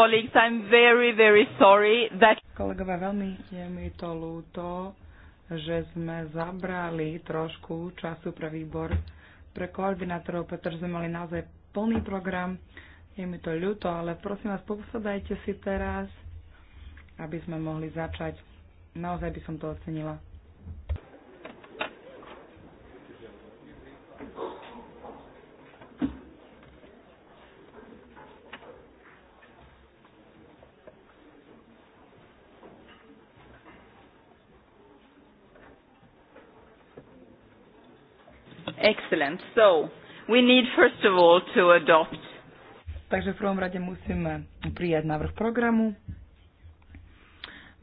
colleagues, I'm very, very sorry that... Kolegové, veľmi je mi to ľúto, že sme zabrali trošku času pre výbor pre koordinátorov, pretože sme mali naozaj plný program. Je mi to ľúto, ale prosím vás, posadajte si teraz, aby sme mohli začať. Naozaj by som to ocenila. Excellent. So, we need first of all to adopt. Takže v prvom rade musíme prijať návrh programu.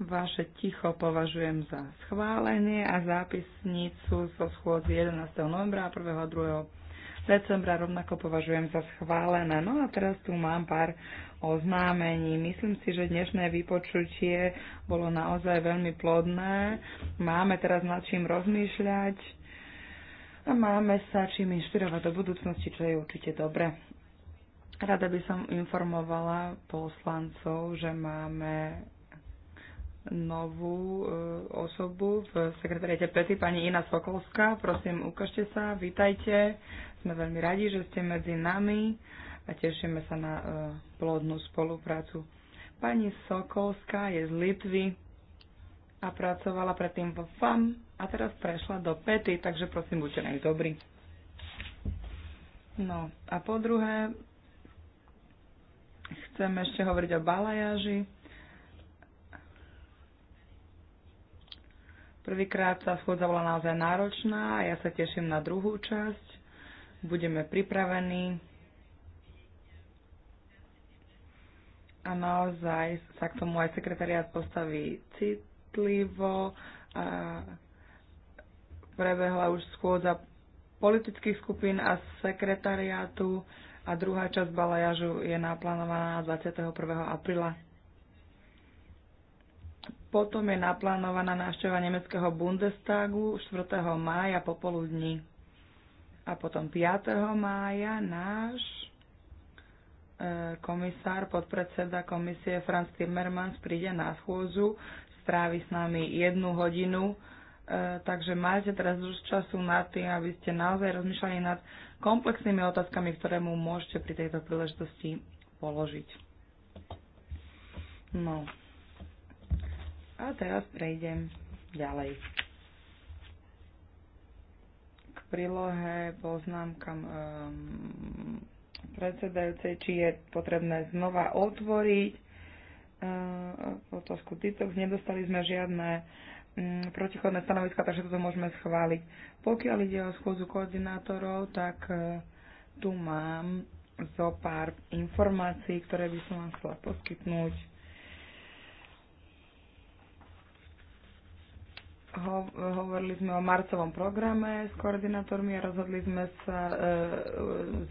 Vaše ticho považujem za schválenie a zápisnicu zo so schôdzi 11. novembra a 1. a 2. decembra rovnako považujem za schválené. No a teraz tu mám pár oznámení. Myslím si, že dnešné vypočutie bolo naozaj veľmi plodné. Máme teraz nad čím rozmýšľať a máme sa čím inšpirovať do budúcnosti, čo je určite dobre. Rada by som informovala poslancov, že máme novú e, osobu v sekretariate Pety pani Ina Sokolská. Prosím, ukážte sa, vítajte. Sme veľmi radi, že ste medzi nami a tešíme sa na e, plodnú spoluprácu. Pani Sokolská je z Litvy a pracovala predtým vo FAM a teraz prešla do PETY, takže prosím, buďte nej dobrí. No a po druhé, chcem ešte hovoriť o balajaži. Prvýkrát sa schôdza bola naozaj náročná a ja sa teším na druhú časť. Budeme pripravení. A naozaj sa k tomu aj sekretariát postaví cit, citlivo a prebehla už schôdza politických skupín a sekretariátu a druhá časť balajažu je naplánovaná na 21. apríla. Potom je naplánovaná návšteva nemeckého Bundestagu 4. mája popoludní. A potom 5. mája náš e, komisár, podpredseda komisie Franz Timmermans príde na schôzu strávi s nami jednu hodinu, e, takže máte teraz už času nad tým, aby ste naozaj rozmýšľali nad komplexnými otázkami, ktoré mu môžete pri tejto príležitosti položiť. No. A teraz prejdem ďalej. K prílohe poznámkam um, predsedajúcej, či je potrebné znova otvoriť Eh, otázku TikTok. Nedostali sme žiadne mm, protichodné stanoviska, takže toto môžeme schváliť. Pokiaľ ide o schôdzu koordinátorov, tak eh, tu mám zo pár informácií, ktoré by som vám chcela poskytnúť. Ho- hovorili sme o marcovom programe s koordinátormi a rozhodli sme sa e,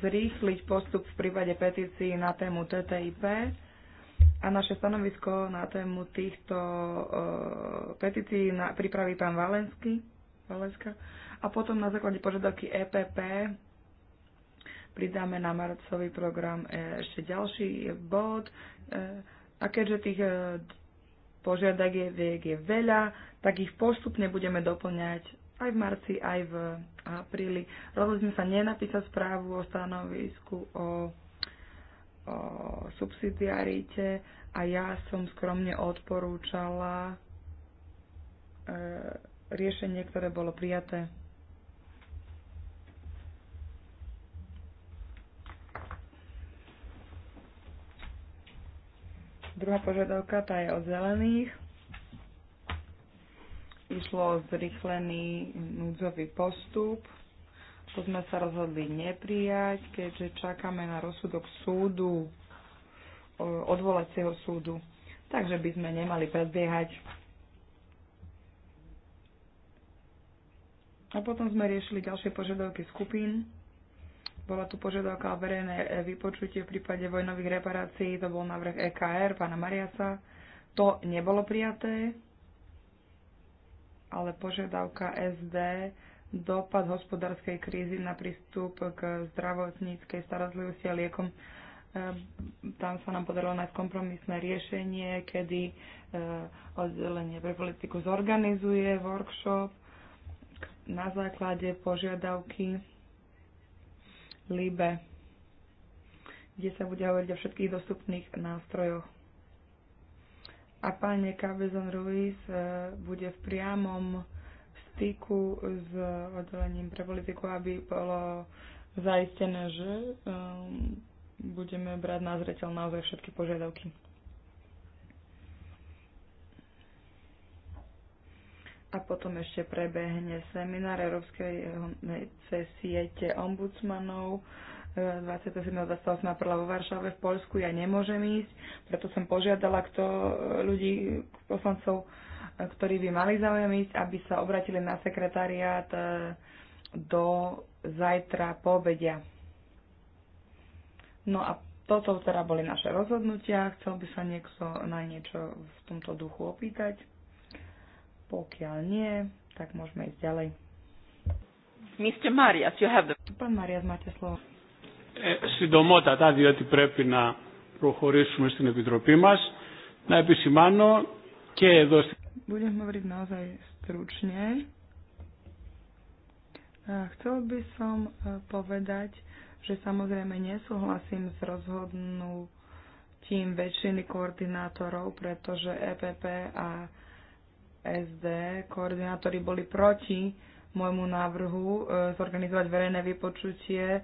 zrýchliť postup v prípade petícií na tému TTIP a naše stanovisko na tému týchto eh, petícií pripraví pán Valensky, Valenska a potom na základe požiadavky EPP pridáme na marcový program eh, ešte ďalší bod. Eh, a keďže tých e, požiadaviek je veľa, tak ich postupne budeme doplňať aj v marci, aj v apríli. Rozhodli sme sa nenapísať správu o stanovisku o o subsidiarite a ja som skromne odporúčala e, riešenie, ktoré bolo prijaté. Druhá požiadavka, tá je od zelených. Išlo o zrychlený núdzový postup. To sme sa rozhodli neprijať, keďže čakáme na rozsudok súdu, odvolacieho súdu. Takže by sme nemali predbiehať. A potom sme riešili ďalšie požiadavky skupín. Bola tu požiadavka o verejné e, vypočutie v prípade vojnových reparácií, to bol návrh EKR, pána Mariasa. To nebolo prijaté, ale požiadavka SD dopad hospodárskej krízy na prístup k zdravotníckej starostlivosti a liekom. Ehm, tam sa nám podarilo nájsť kompromisné riešenie, kedy eh, oddelenie pre politiku zorganizuje workshop na základe požiadavky LIBE, kde sa bude hovoriť o všetkých dostupných nástrojoch a pán Cabezon Ruiz eh, bude v priamom styku s oddelením pre politiku, aby bolo zaistené, že um, budeme brať na zreteľ naozaj všetky požiadavky. A potom ešte prebehne seminár Európskej siete ombudsmanov 27. Eh, a 28. apríla vo Varšave v Poľsku Ja nemôžem ísť, preto som požiadala kto eh, ľudí, poslancov ktorí by mali záujem ísť, aby sa obratili na sekretariát e, do zajtra po obedia. No a toto teda boli naše rozhodnutia. Chcel by sa niekto na niečo v tomto duchu opýtať. Pokiaľ nie, tak môžeme ísť ďalej. Mr. Marias, you have the... Pán Marias, máte slovo. Συντομότατα, διότι πρέπει να προχωρήσουμε στην Επιτροπή μας, να επισημάνω και εδώ στην... Budem hovoriť naozaj stručne. Chcel by som e, povedať, že samozrejme nesúhlasím s rozhodnutím väčšiny koordinátorov, pretože EPP a SD koordinátori boli proti môjmu návrhu e, zorganizovať verejné vypočutie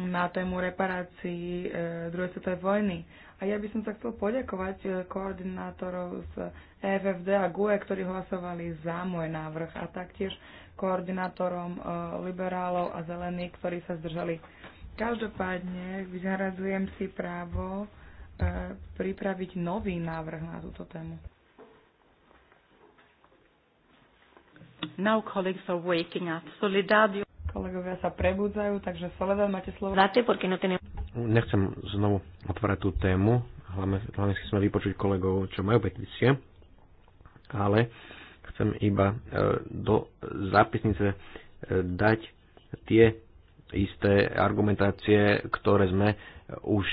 na tému reparácií e, druhej svetovej vojny. A ja by som sa chcel poďakovať e, koordinátorov z EFFD a GUE, ktorí hlasovali za môj návrh a taktiež koordinátorom e, liberálov a zelených, ktorí sa zdržali. Každopádne vyhradzujem si právo e, pripraviť nový návrh na túto tému. Now colleagues are waking up. Kolegovia sa prebudzajú, takže Soledad, máte slovo. Dáte, porque no tenemos... Nechcem znovu otvárať tú tému, hlavne, hlavne si sme vypočuť kolegov, čo majú petície, ale chcem iba e, do zápisnice e, dať tie isté argumentácie, ktoré sme e, už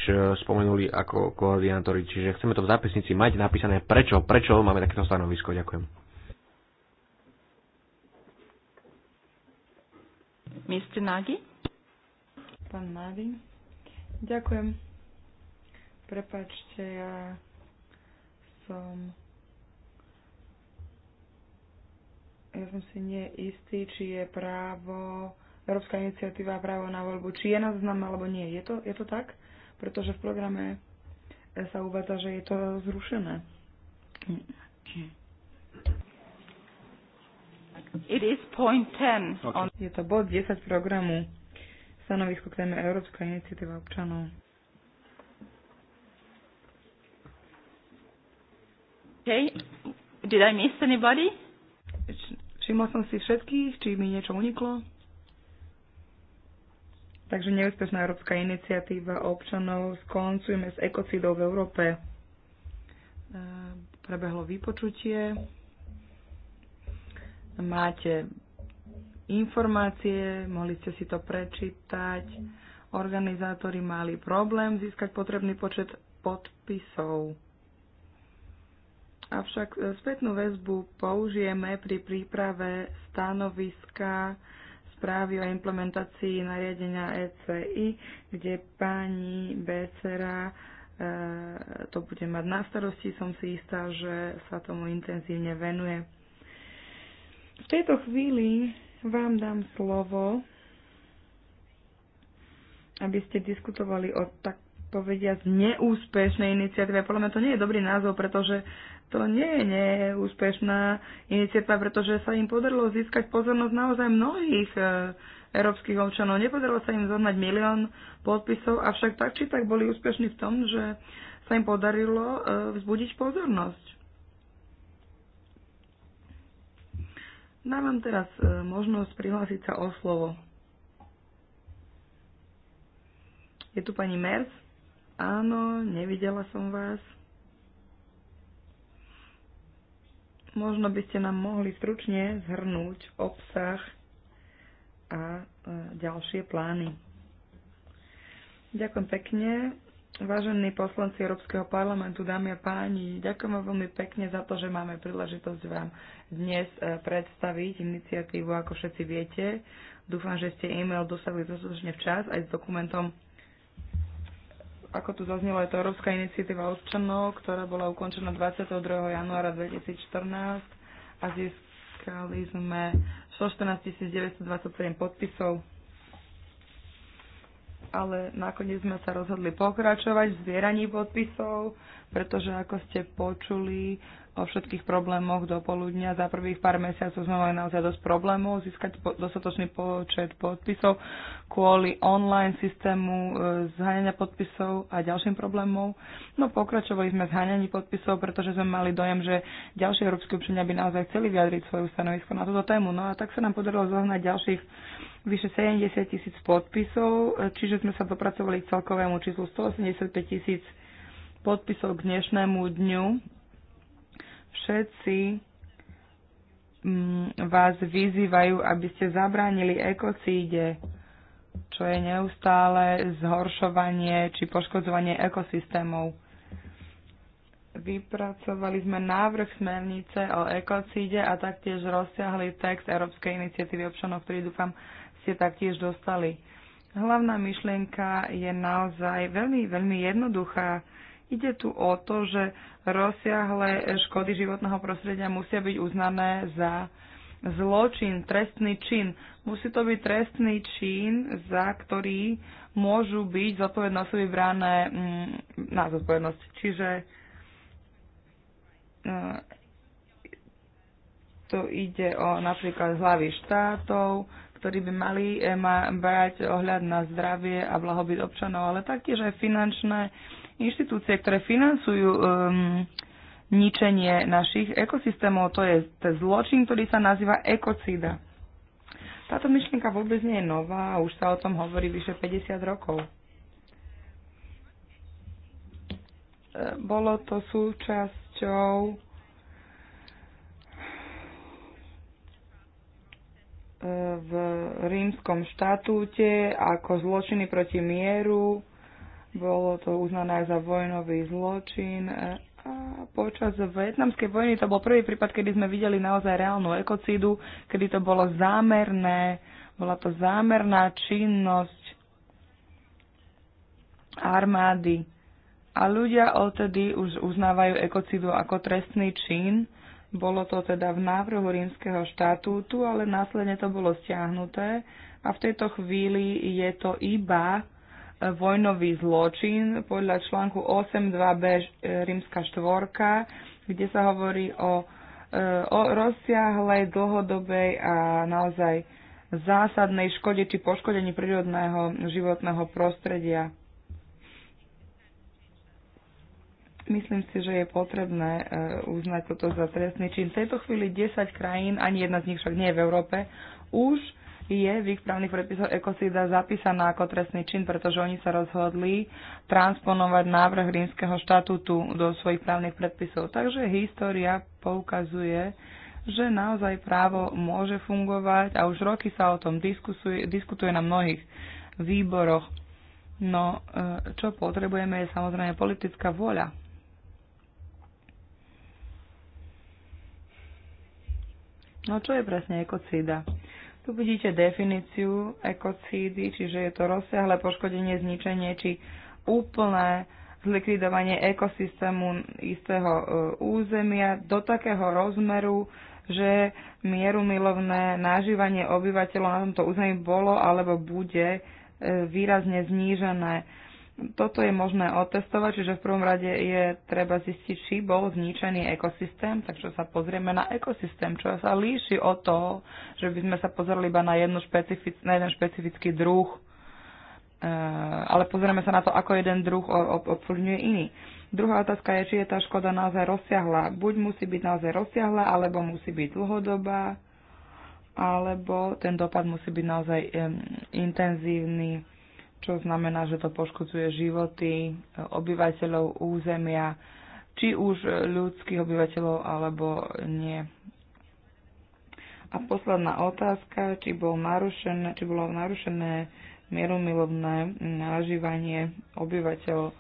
spomenuli ako koordinátori. Čiže chceme to v zápisnici mať napísané, prečo, prečo máme takéto stanovisko. Ďakujem. Mr. Nagy? Pán Nagy? Ďakujem. Prepačte, ja som... Ja som si neistý, či je právo, Európska iniciatíva právo na voľbu, či je na zozname alebo nie. Je to, je to tak? Pretože v programe sa uvádza, že je to zrušené. It is point 10 okay. on... Je to bod 10 programu stanovisko k téme Európska iniciatíva občanov. Okay. Did I miss anybody? Všimla som si všetkých, či mi niečo uniklo. Takže neúspešná európska iniciatíva občanov skoncujeme s ekocidou v Európe. E, prebehlo vypočutie. Máte informácie, mohli ste si to prečítať. Organizátori mali problém získať potrebný počet podpisov. Avšak e, spätnú väzbu použijeme pri príprave stanoviska správy o implementácii nariadenia ECI, kde pani Becera e, to bude mať na starosti. Som si istá, že sa tomu intenzívne venuje. V tejto chvíli vám dám slovo, aby ste diskutovali o tak povediať neúspešnej iniciatíve. Podľa mňa to nie je dobrý názov, pretože to nie je neúspešná iniciatíva, pretože sa im podarilo získať pozornosť naozaj mnohých e, európskych občanov. Nepodarilo sa im zohnať milión podpisov, avšak tak či tak boli úspešní v tom, že sa im podarilo e, vzbudiť pozornosť. Dávam teraz e, možnosť prihlásiť sa o slovo. Je tu pani Merz? Áno, nevidela som vás. Možno by ste nám mohli stručne zhrnúť obsah a e, ďalšie plány. Ďakujem pekne. Vážení poslanci Európskeho parlamentu, dámy a páni, ďakujem vám veľmi pekne za to, že máme príležitosť vám dnes e, predstaviť iniciatívu, ako všetci viete. Dúfam, že ste e-mail dostali dostatočne včas aj s dokumentom ako tu zaznelo, je to Európska iniciatíva občanov, ktorá bola ukončená 22. januára 2014 a získali sme 114 927 podpisov ale nakoniec sme sa rozhodli pokračovať v zbieraní podpisov, pretože ako ste počuli o všetkých problémoch do poludnia, za prvých pár mesiacov sme mali naozaj dosť problémov získať dostatočný počet podpisov kvôli online systému e, zháňania podpisov a ďalším problémom. No pokračovali sme v zháňaní podpisov, pretože sme mali dojem, že ďalšie európske občania by naozaj chceli vyjadriť svoju stanovisko na túto tému. No a tak sa nám podarilo zohnať ďalších vyše 70 tisíc podpisov, čiže sme sa dopracovali k celkovému číslu 185 tisíc podpisov k dnešnému dňu. Všetci mm, vás vyzývajú, aby ste zabránili ekocíde, čo je neustále zhoršovanie či poškodzovanie ekosystémov. Vypracovali sme návrh smernice o ekocíde a taktiež rozsiahli text Európskej iniciatívy občanov, ktorý dúfam ste taktiež dostali. Hlavná myšlienka je naozaj veľmi, veľmi jednoduchá. Ide tu o to, že rozsiahle škody životného prostredia musia byť uznané za zločin, trestný čin. Musí to byť trestný čin, za ktorý môžu byť zodpovedné osoby brané mm, na zodpovednosť. Čiže e, to ide o napríklad hlavy štátov, ktorí by mali eh, brať ohľad na zdravie a blahobyt občanov, ale taktiež aj finančné inštitúcie, ktoré financujú um, ničenie našich ekosystémov. To je ten zločin, ktorý sa nazýva ekocída. Táto myšlienka vôbec nie je nová a už sa o tom hovorí vyše 50 rokov. Eh, bolo to súčasťou v rímskom štatúte ako zločiny proti mieru. Bolo to uznané aj za vojnový zločin. E, a počas vietnamskej vojny to bol prvý prípad, kedy sme videli naozaj reálnu ekocídu, kedy to bolo zámerné, bola to zámerná činnosť armády. A ľudia odtedy už uznávajú ekocidu ako trestný čin, bolo to teda v návrhu rímskeho štatútu, ale následne to bolo stiahnuté a v tejto chvíli je to iba e, vojnový zločin podľa článku 8.2b e, rímska štvorka, kde sa hovorí o, e, o rozsiahlej, dlhodobej a naozaj zásadnej škode či poškodení prírodného životného prostredia. myslím si, že je potrebné e, uznať toto za trestný čin. V tejto chvíli 10 krajín, ani jedna z nich však nie je v Európe, už je v ich právnych predpisoch ekocída zapísaná ako trestný čin, pretože oni sa rozhodli transponovať návrh rímskeho štatútu do svojich právnych predpisov. Takže história poukazuje, že naozaj právo môže fungovať a už roky sa o tom diskusuje, diskutuje na mnohých výboroch. No, e, čo potrebujeme je samozrejme politická vôľa No čo je presne ekocída? Tu vidíte definíciu ekocídy, čiže je to rozsiahle poškodenie, zničenie či úplné zlikvidovanie ekosystému istého e, územia do takého rozmeru, že mierumilovné nažívanie obyvateľov na tomto území bolo alebo bude e, výrazne znížené toto je možné otestovať, čiže v prvom rade je treba zistiť, či bol zničený ekosystém, takže sa pozrieme na ekosystém, čo sa líši od toho, že by sme sa pozreli iba na, jednu špecific, na jeden špecifický druh, eh, ale pozrieme sa na to, ako jeden druh obslužňuje iný. Druhá otázka je, či je tá škoda naozaj rozsiahla. Buď musí byť naozaj rozsiahla, alebo musí byť dlhodobá, alebo ten dopad musí byť naozaj um, intenzívny čo znamená, že to poškodzuje životy e, obyvateľov územia, či už ľudských obyvateľov alebo nie. A posledná otázka, či, bol narušené, či bolo narušené mierumilovné nažívanie obyvateľov.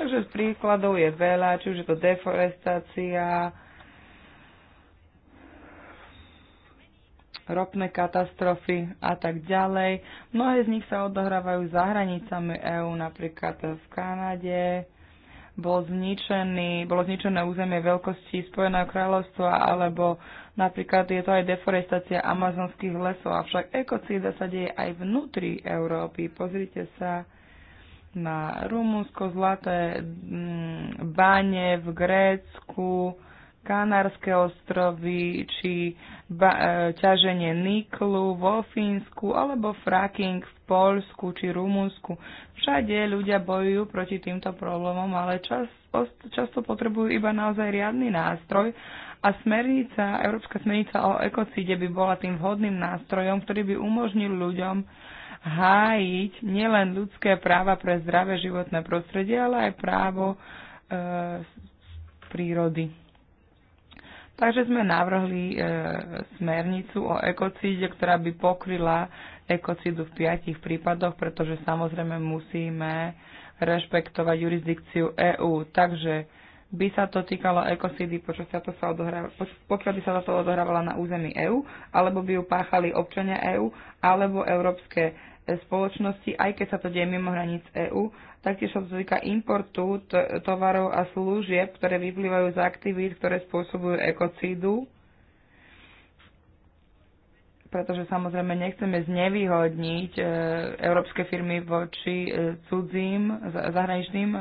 Takže príkladov je veľa, či už je to deforestácia, ropné katastrofy a tak ďalej. Mnohé z nich sa odohrávajú za hranicami EÚ, napríklad v Kanade. Bol zničený, bolo zničené územie veľkosti Spojeného kráľovstva, alebo napríklad je to aj deforestácia amazonských lesov. Avšak ekocída sa deje aj vnútri Európy. Pozrite sa na Rumunsko, zlaté mm, báne v Grécku, Kanárske ostrovy, či ba- e, ťaženie niklu vo Fínsku, alebo fracking v Polsku či Rumunsku. Všade ľudia bojujú proti týmto problémom, ale čas, často potrebujú iba naozaj riadny nástroj a smernica, Európska smernica o ekocide by bola tým vhodným nástrojom, ktorý by umožnil ľuďom hájiť nielen ľudské práva pre zdravé životné prostredie, ale aj právo e, prírody. Takže sme navrhli e, smernicu o ekocíde, ktorá by pokryla ekocídu v piatich prípadoch, pretože samozrejme musíme rešpektovať jurisdikciu EÚ. Takže by sa to týkalo ekocídy, pokiaľ by sa toto odohrávala na území EÚ, alebo by ju páchali občania EÚ, alebo európske E, spoločnosti, aj keď sa to deje mimo hraníc EÚ. Taktiež sa to týka importu tovarov a služieb, ktoré vyplývajú z aktivít, ktoré spôsobujú ekocídu, pretože samozrejme nechceme znevýhodniť e, európske firmy voči e, cudzím, zahraničným e,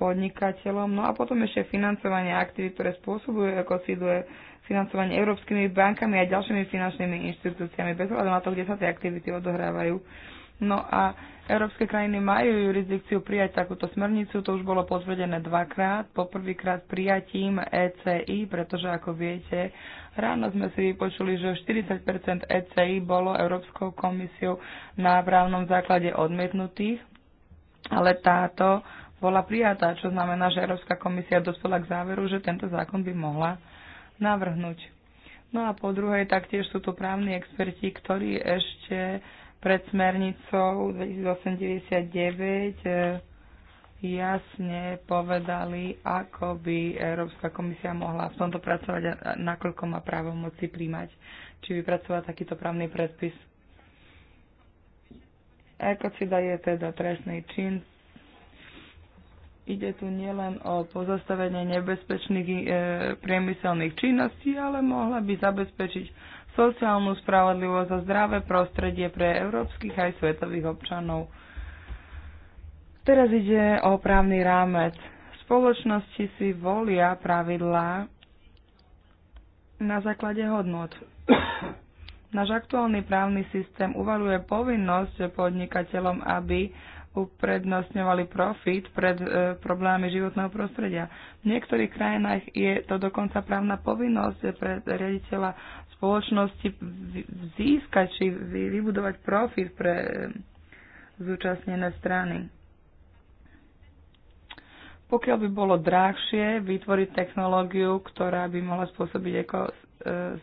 podnikateľom. No a potom ešte financovanie aktivít, ktoré spôsobujú ekocídu, e, financovanie európskymi bankami a ďalšími finančnými inštitúciami, bez hľadu na to, kde sa tie aktivity odohrávajú. No a európske krajiny majú jurisdikciu prijať takúto smernicu, to už bolo potvrdené dvakrát, poprvýkrát prijatím ECI, pretože ako viete, ráno sme si vypočuli, že 40 ECI bolo Európskou komisiou na právnom základe odmietnutých, ale táto bola prijatá, čo znamená, že Európska komisia dospela k záveru, že tento zákon by mohla navrhnúť. No a po druhej taktiež sú tu právni experti, ktorí ešte pred smernicou 2899 e, jasne povedali, ako by Európska komisia mohla v tomto pracovať a nakoľko má moci príjmať, či vypracovať takýto právny predpis. Ekocida je teda trestný čin. Ide tu nielen o pozastavenie nebezpečných e, priemyselných činností, ale mohla by zabezpečiť sociálnu spravodlivosť a zdravé prostredie pre európskych aj svetových občanov. Teraz ide o právny rámec. Spoločnosti si volia pravidlá na základe hodnot. Náš aktuálny právny systém uvaluje povinnosť podnikateľom, aby uprednostňovali profit pred e, problémami životného prostredia. V niektorých krajinách je to dokonca právna povinnosť pre riaditeľa spoločnosti získať či vybudovať profit pre e, zúčastnené strany. Pokiaľ by bolo drahšie vytvoriť technológiu, ktorá by mohla spôsobiť ako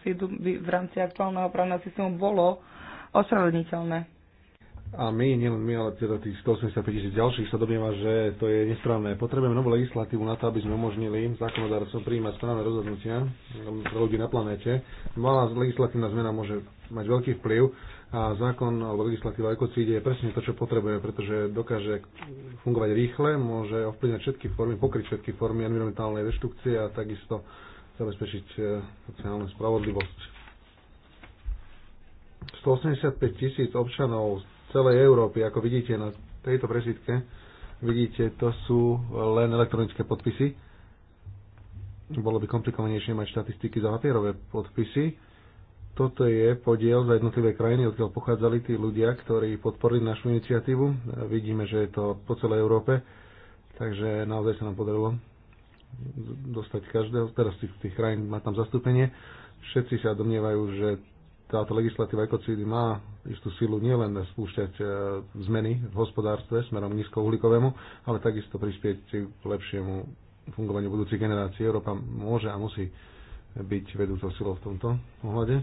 si, by v rámci aktuálneho právneho systému bolo ospravedlniteľné. A my, nielen my, ale teda tých 185 tisíc ďalších sa domnieva, že to je nesprávne. Potrebujeme novú legislatívu na to, aby sme umožnili zákonodárcom prijímať správne rozhodnutia pre ľudí na planéte. Malá legislatívna zmena môže mať veľký vplyv a zákon alebo legislatíva ekocíde je presne to, čo potrebujeme, pretože dokáže fungovať rýchle, môže ovplyvňovať všetky formy, pokryť všetky formy environmentálnej reštrukcie a takisto zabezpečiť eh, sociálnu spravodlivosť. 185 tisíc občanov celej Európy. Ako vidíte na tejto prežitke, vidíte, to sú len elektronické podpisy. Bolo by komplikovanejšie mať štatistiky za papierové podpisy. Toto je podiel za jednotlivé krajiny, odkiaľ pochádzali tí ľudia, ktorí podporili našu iniciatívu. Vidíme, že je to po celej Európe, takže naozaj sa nám podarilo dostať každého, teraz z tých, tých krajín má tam zastúpenie. Všetci sa domnievajú, že táto legislatíva ekocídy má istú silu nielen spúšťať e, zmeny v hospodárstve smerom nízkouhlíkovému, ale takisto prispieť k lepšiemu fungovaniu budúcich generácií. Európa môže a musí byť vedúcou silou v tomto ohľade.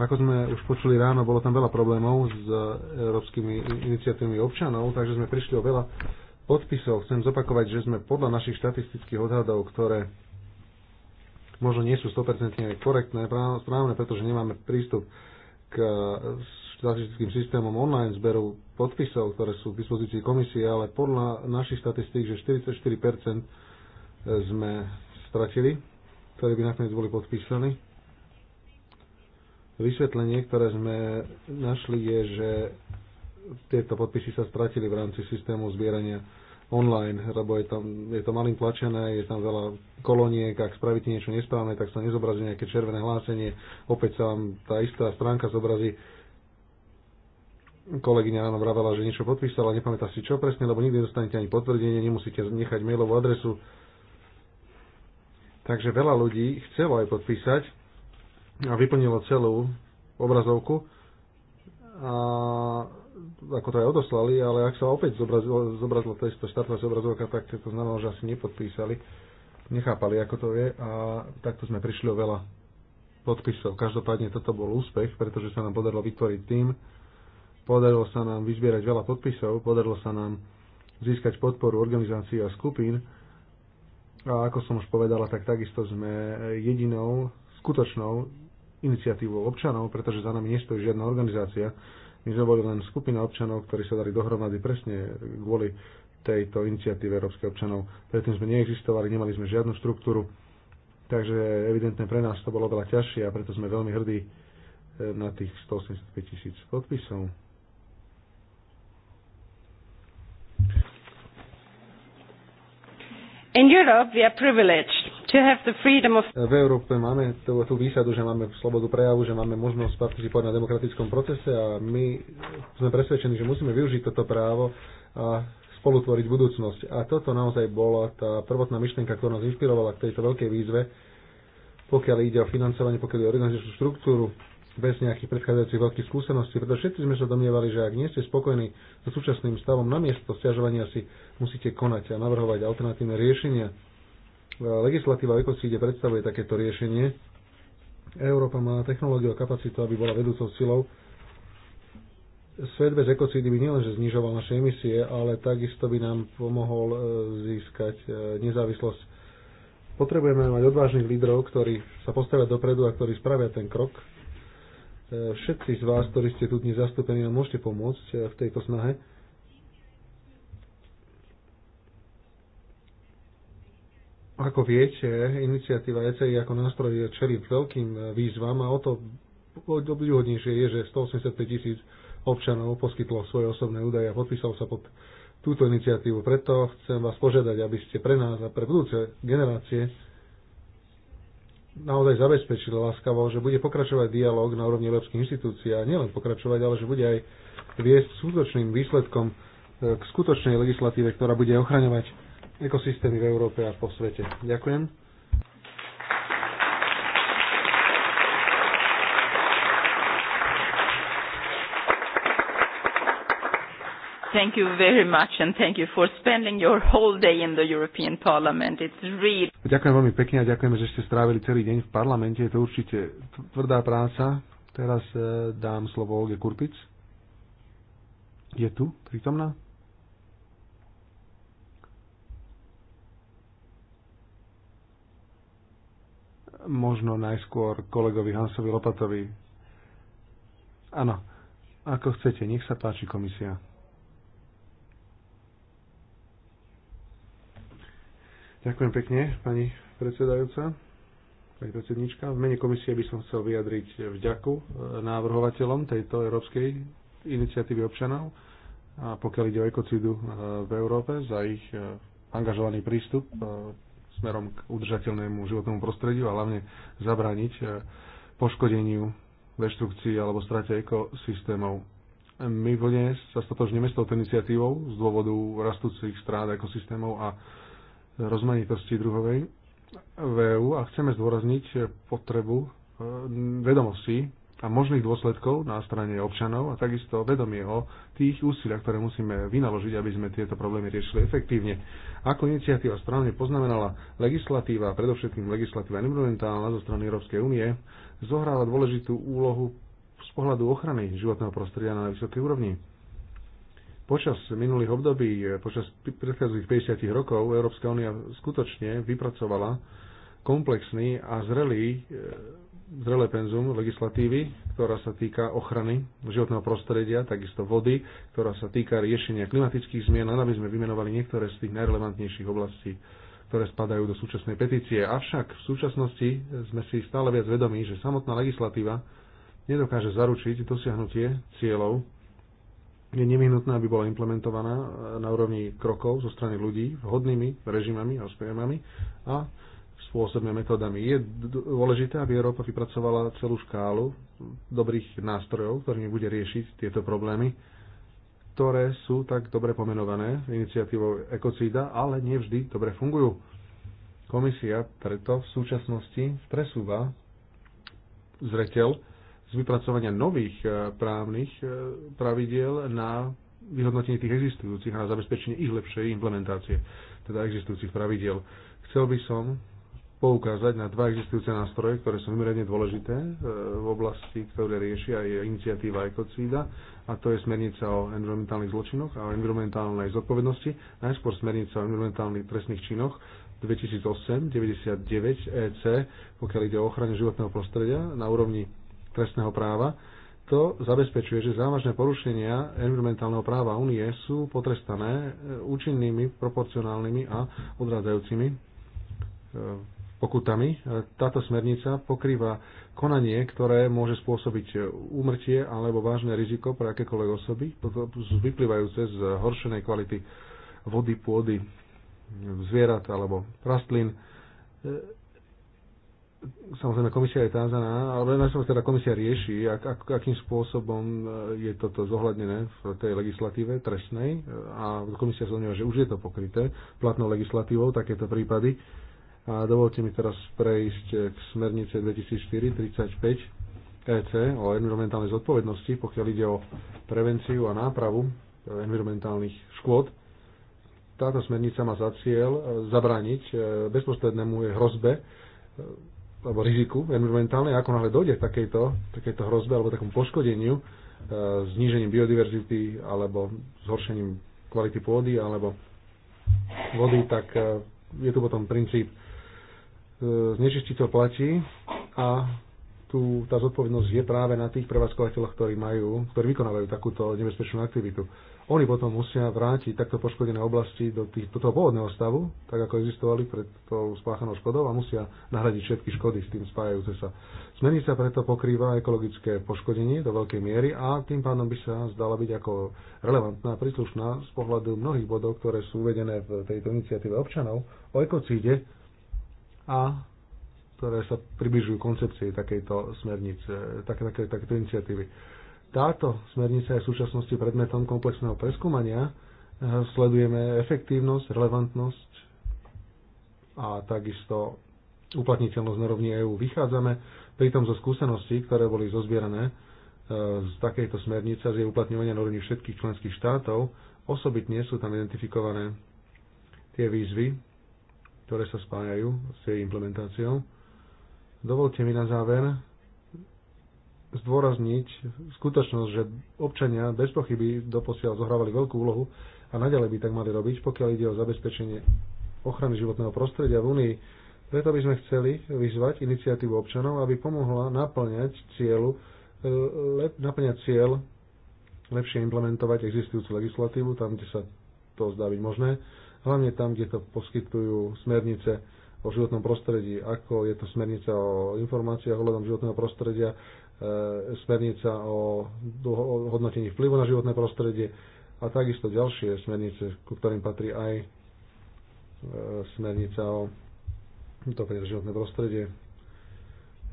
Ako sme už počuli ráno, bolo tam veľa problémov s e, európskymi iniciatívami občanov, takže sme prišli o veľa podpisov. Chcem zopakovať, že sme podľa našich štatistických odhadov, ktoré možno nie sú 100% korektné, správne, pretože nemáme prístup k statistickým systémom online zberu podpisov, ktoré sú v dispozícii komisie, ale podľa našich statistík, že 44% sme stratili, ktorí by nakoniec boli podpísaní. Vysvetlenie, ktoré sme našli, je, že tieto podpisy sa stratili v rámci systému zbierania online, lebo je, tam, je to malým tlačené, je tam veľa koloniek, ak spravíte niečo nesprávne, tak sa nezobrazí nejaké červené hlásenie, opäť sa vám tá istá stránka zobrazí. Kolegyňa nám vravela, že niečo podpísala, nepamätá si čo presne, lebo nikdy nedostanete ani potvrdenie, nemusíte nechať mailovú adresu. Takže veľa ľudí chcelo aj podpísať a vyplnilo celú obrazovku a ako to aj odoslali, ale ak sa opäť zobrazila, tá to štátna zobrazovka, tak to znamená, že asi nepodpísali, nechápali, ako to je a takto sme prišli o veľa podpisov. Každopádne toto bol úspech, pretože sa nám podarilo vytvoriť tým, podarilo sa nám vyzbierať veľa podpisov, podarilo sa nám získať podporu organizácií a skupín a ako som už povedala, tak takisto sme jedinou skutočnou iniciatívou občanov, pretože za nami nestojí žiadna organizácia, my sme boli len skupina občanov, ktorí sa dali dohromady presne kvôli tejto iniciatíve európskych občanov. Predtým sme neexistovali, nemali sme žiadnu štruktúru, takže evidentne pre nás to bolo veľa ťažšie a preto sme veľmi hrdí e, na tých 185 tisíc podpisov. In Europe we are privileged v Európe máme tú, tú výsadu, že máme slobodu prejavu, že máme možnosť participovať na demokratickom procese a my sme presvedčení, že musíme využiť toto právo a spolutvoriť budúcnosť. A toto naozaj bola tá prvotná myšlienka, ktorá nás inšpirovala k tejto veľkej výzve, pokiaľ ide o financovanie, pokiaľ ide o organizačnú štruktúru, bez nejakých predchádzajúcich veľkých skúseností, pretože všetci sme sa domnievali, že ak nie ste spokojní so súčasným stavom, namiesto stiažovania si musíte konať a navrhovať alternatívne riešenia legislatíva ekocíde predstavuje takéto riešenie. Európa má technológiu a kapacitu, aby bola vedúcou silou. Svet bez ekocídy by nielenže znižoval naše emisie, ale takisto by nám pomohol e, získať e, nezávislosť. Potrebujeme mať odvážnych lídrov, ktorí sa postavia dopredu a ktorí spravia ten krok. E, všetci z vás, ktorí ste tu dnes zastúpení, nám môžete pomôcť v tejto snahe Ako viete, iniciatíva ECI ako nástroj je čelí veľkým eh, výzvam a o to obdivodnejšie je, že 185 tisíc občanov poskytlo svoje osobné údaje a podpísal sa pod túto iniciatívu. Preto chcem vás požiadať, aby ste pre nás a pre budúce generácie naozaj zabezpečili láskavo, že bude pokračovať dialog na úrovni európskych inštitúcií a nielen pokračovať, ale že bude aj viesť skutočným výsledkom eh, k skutočnej legislatíve, ktorá bude ochraňovať ekosystémy v Európe a po svete. Ďakujem. Thank you very much and thank you for spending your whole day in the European Parliament. It's really... Ďakujem veľmi pekne a ďakujeme, že ste strávili celý deň v parlamente. Je to určite tvrdá práca. Teraz eh, dám slovo Olge Kurpic. Je tu prítomná? možno najskôr kolegovi Hansovi Lopatovi. Áno, ako chcete, nech sa páči komisia. Ďakujem pekne, pani predsedajúca, pani predsednička. V mene komisie by som chcel vyjadriť vďaku e, návrhovateľom tejto európskej iniciatívy občanov, a pokiaľ ide o ekocidu e, v Európe, za ich e, angažovaný prístup smerom k udržateľnému životnému prostrediu a hlavne zabrániť e, poškodeniu deštrukcii alebo strate ekosystémov. My v sa stotožníme s touto iniciatívou z dôvodu rastúcich strát ekosystémov a rozmanitosti druhovej v EU a chceme zdôrazniť potrebu e, vedomostí a možných dôsledkov na strane občanov a takisto vedomie o tých úsiliach, ktoré musíme vynaložiť, aby sme tieto problémy riešili efektívne. Ako iniciatíva správne poznamenala legislatíva, predovšetkým legislatíva environmentálna zo strany Európskej únie, zohráva dôležitú úlohu z pohľadu ochrany životného prostredia na vysokej úrovni. Počas minulých období, počas predchádzajúcich 50 rokov, Európska únia skutočne vypracovala komplexný a zrelý e, zrelé penzum legislatívy, ktorá sa týka ochrany životného prostredia, takisto vody, ktorá sa týka riešenia klimatických zmien, len aby sme vymenovali niektoré z tých najrelevantnejších oblastí, ktoré spadajú do súčasnej petície. Avšak v súčasnosti sme si stále viac vedomí, že samotná legislatíva nedokáže zaručiť dosiahnutie cieľov. Je nevyhnutné, aby bola implementovaná na úrovni krokov zo strany ľudí vhodnými režimami a spriemami a spôsobmi a metódami. Je dôležité, aby Európa vypracovala celú škálu dobrých nástrojov, ktorými bude riešiť tieto problémy, ktoré sú tak dobre pomenované iniciatívou ekocída, ale nevždy dobre fungujú. Komisia preto v súčasnosti presúva zreteľ z vypracovania nových e, právnych e, pravidiel na vyhodnotenie tých existujúcich a na zabezpečenie ich lepšej implementácie, teda existujúcich pravidiel. Chcel by som poukázať na dva existujúce nástroje, ktoré sú mimoriadne dôležité e, v oblasti, ktoré riešia je iniciatíva ekocída a to je smernica o environmentálnych zločinoch a o environmentálnej zodpovednosti, najskôr smernica o environmentálnych trestných činoch 2008-99 EC, pokiaľ ide o ochranu životného prostredia na úrovni trestného práva. To zabezpečuje, že závažné porušenia environmentálneho práva únie sú potrestané e, účinnými, proporcionálnymi a odrádzajúcimi e, pokutami. E, táto smernica pokrýva konanie, ktoré môže spôsobiť úmrtie alebo vážne riziko pre akékoľvek osoby, vyplývajúce z horšenej kvality vody, pôdy, zvierat alebo rastlín. E, samozrejme, komisia je tázaná, ale najskôr teda komisia rieši, ak, ak, akým spôsobom e, je toto zohľadnené v tej legislatíve trestnej a komisia zhodnila, že už je to pokryté platnou legislatívou, takéto prípady a dovolte mi teraz prejsť k smernice 2004-35 EC o environmentálnej zodpovednosti, pokiaľ ide o prevenciu a nápravu environmentálnych škôd. Táto smernica má za cieľ zabrániť e, bezprostrednému hrozbe e, alebo riziku environmentálnej, ako náhle dojde k takejto, takejto hrozbe alebo takom poškodeniu, e, znížením biodiverzity alebo zhoršením kvality pôdy alebo vody, tak je tu potom princíp E, znečistiteľ platí a tu tá zodpovednosť je práve na tých prevádzkovateľoch, ktorí majú, ktorí vykonávajú takúto nebezpečnú aktivitu. Oni potom musia vrátiť takto poškodené oblasti do, tých, do toho pôvodného stavu, tak ako existovali pred tou spáchanou škodou a musia nahradiť všetky škody s tým spájajúce sa. Smernica preto pokrýva ekologické poškodenie do veľkej miery a tým pádom by sa zdala byť ako relevantná, príslušná z pohľadu mnohých bodov, ktoré sú uvedené v tejto iniciatíve občanov o ekocíde, a ktoré sa približujú koncepcii takejto smernice, také, také, takéto iniciatívy. Táto smernica je v súčasnosti predmetom komplexného preskúmania. Eh, sledujeme efektívnosť, relevantnosť a takisto uplatniteľnosť na rovni EÚ. Vychádzame pritom zo skúseností, ktoré boli zozbierané eh, z takejto smernice, z jej uplatňovania na rovni všetkých členských štátov. Osobitne sú tam identifikované tie výzvy, ktoré sa spájajú s jej implementáciou. Dovolte mi na záver zdôrazniť skutočnosť, že občania bez pochyby doposiaľ zohrávali veľkú úlohu a naďalej by tak mali robiť, pokiaľ ide o zabezpečenie ochrany životného prostredia v Únii. Preto by sme chceli vyzvať iniciatívu občanov, aby pomohla naplňať, cieľu, e, lep, naplňať cieľ lepšie implementovať existujúcu legislatívu tam, kde sa to zdá byť možné hlavne tam, kde to poskytujú smernice o životnom prostredí, ako je to smernica o informáciách ohľadom životného prostredia, e, smernica o hodnotení vplyvu na životné prostredie a takisto ďalšie smernice, ku ktorým patrí aj e, smernica o to životné prostredie.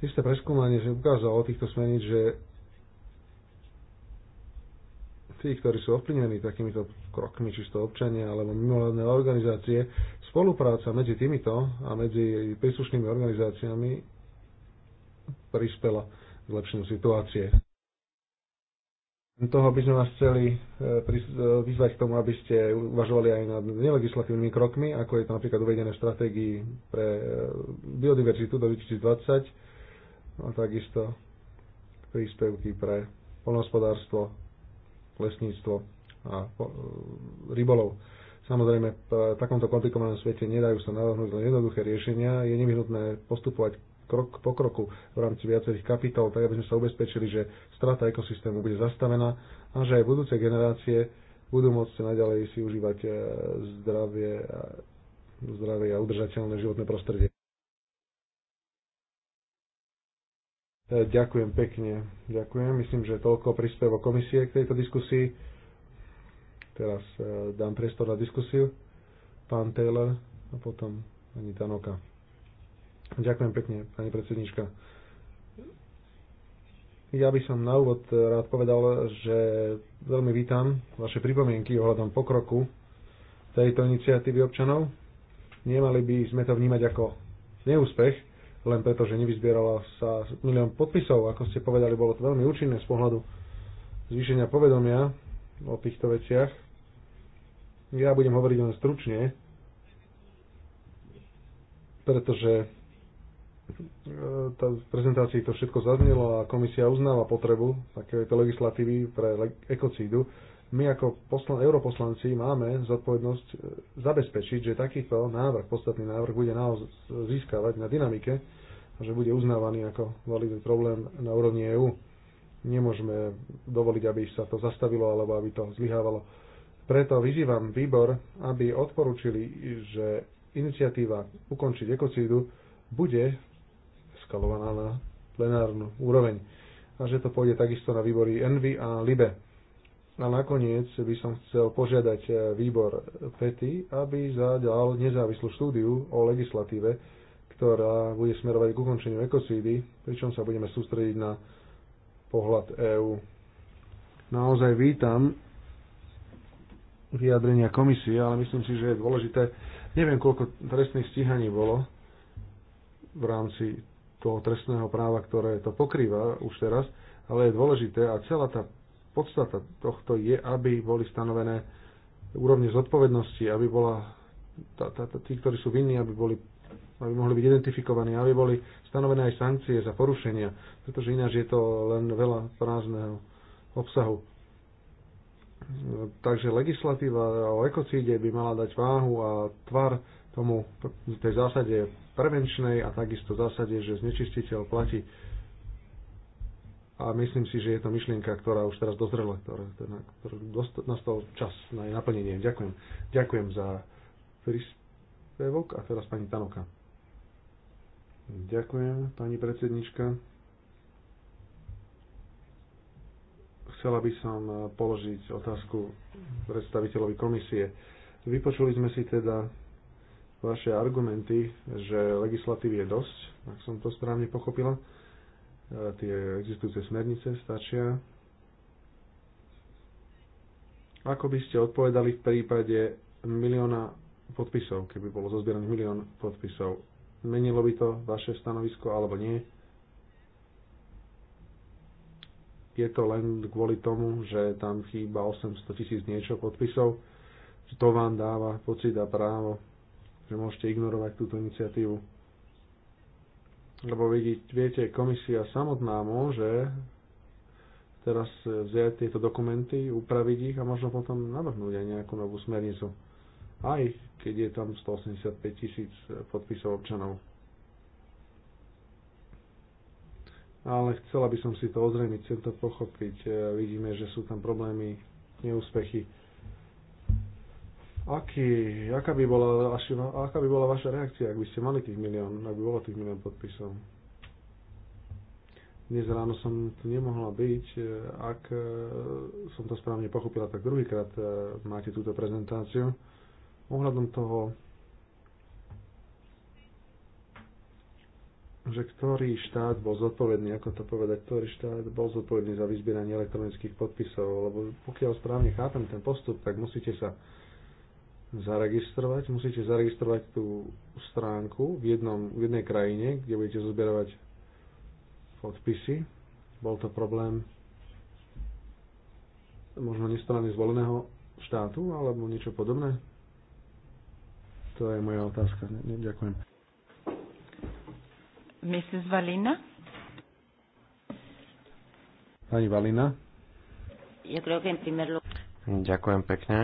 Isté preskúmanie že ukázalo týchto smerníc, že tí, ktorí sú ovplyvnení takýmito krokmi, či to občania alebo mimovládne organizácie, spolupráca medzi týmito a medzi príslušnými organizáciami prispela k zlepšeniu situácie. Toho by sme vás chceli e, e, vyzvať k tomu, aby ste uvažovali aj nad nelegislatívnymi krokmi, ako je to napríklad uvedené v stratégii pre e, biodiverzitu do 2020 a takisto príspevky pre polnohospodárstvo lesníctvo a e, rybolov. Samozrejme, v takomto komplikovanom svete nedajú sa navrhnúť len jednoduché riešenia. Je nevyhnutné postupovať krok po kroku v rámci viacerých kapitol, tak aby sme sa ubezpečili, že strata ekosystému bude zastavená a že aj budúce generácie budú môcť naďalej si užívať e, zdravie, zdravie a udržateľné životné prostredie. E, ďakujem pekne. Ďakujem. Myslím, že toľko príspevo komisie k tejto diskusii. Teraz e, dám priestor na diskusiu. Pán Taylor a potom pani Tanoka. Ďakujem pekne, pani predsednička. Ja by som na úvod rád povedal, že veľmi vítam vaše pripomienky ohľadom pokroku tejto iniciatívy občanov. Nemali by sme to vnímať ako neúspech, len preto, že nevyzbierala sa milión podpisov. Ako ste povedali, bolo to veľmi účinné z pohľadu zvýšenia povedomia o týchto veciach. Ja budem hovoriť len stručne, pretože e, tá, v prezentácii to všetko zaznelo a komisia uznáva potrebu takéto legislatívy pre ekocídu my ako poslan- europoslanci máme zodpovednosť e, zabezpečiť, že takýto návrh, podstatný návrh, bude naozaj získavať na dynamike a že bude uznávaný ako validný problém na úrovni EÚ. Nemôžeme dovoliť, aby sa to zastavilo alebo aby to zlyhávalo. Preto vyzývam výbor, aby odporúčili, že iniciatíva ukončiť ekocídu bude skalovaná na plenárnu úroveň a že to pôjde takisto na výbory Envy a Libe a nakoniec by som chcel požiadať eh, výbor PETI, aby zadal nezávislú štúdiu o legislatíve, ktorá bude smerovať k ukončeniu ekocídy, pričom sa budeme sústrediť na pohľad EÚ. Naozaj vítam vyjadrenia komisie, ale myslím si, že je dôležité, neviem koľko trestných stíhaní bolo v rámci toho trestného práva, ktoré to pokrýva už teraz, ale je dôležité a celá tá podstata tohto je, aby boli stanovené úrovne zodpovednosti, aby bola tá, tá, tá, tí, ktorí sú vinní, aby boli aby mohli byť identifikovaní, aby boli stanovené aj sankcie za porušenia, pretože ináč je to len veľa prázdneho obsahu. Takže legislatíva o ekocíde by mala dať váhu a tvar tomu tej zásade prevenčnej a takisto zásade, že znečistiteľ platí a myslím si, že je to myšlienka, ktorá už teraz dozrela, ktorá, ktorá, ktorá dost, nastal čas na jej naplnenie. Ďakujem. Ďakujem za príspevok a teraz pani Tanoka. Ďakujem, pani predsednička. Chcela by som položiť otázku predstaviteľovi komisie. Vypočuli sme si teda vaše argumenty, že legislatívy je dosť, ak som to správne pochopila E, tie existujúce smernice stačia. Ako by ste odpovedali v prípade milióna podpisov, keby bolo zozbieraných milión podpisov? Menilo by to vaše stanovisko alebo nie? Je to len kvôli tomu, že tam chýba 800 tisíc niečo podpisov. To vám dáva pocit a právo, že môžete ignorovať túto iniciatívu lebo viete, komisia samotná môže teraz eh, vziať tieto dokumenty, upraviť ich a možno potom navrhnúť aj nejakú novú smernicu. Aj keď je tam 185 tisíc eh, podpisov občanov. Ale chcela by som si to ozrejmiť, chcem to pochopiť. Eh, vidíme, že sú tam problémy, neúspechy Aký, aká, by bola vaši, aká by bola vaša reakcia, ak by ste mali tých milión, ak by bolo tých milión podpisov? Dnes ráno som tu nemohla byť. E, ak e, som to správne pochopila, tak druhýkrát e, máte túto prezentáciu. Ohľadom toho, že ktorý štát bol zodpovedný, ako to povedať, ktorý štát bol zodpovedný za vyzbieranie elektronických podpisov, lebo pokiaľ správne chápem ten postup, tak musíte sa zaregistrovať. Musíte zaregistrovať tú stránku v, jednom, v jednej krajine, kde budete zozbierovať podpisy. Bol to problém možno nestrany zvoleného štátu alebo niečo podobné? To je moja otázka. Ne, ne, ďakujem. Mrs. Valina? Pani Valina? Ďakujem pekne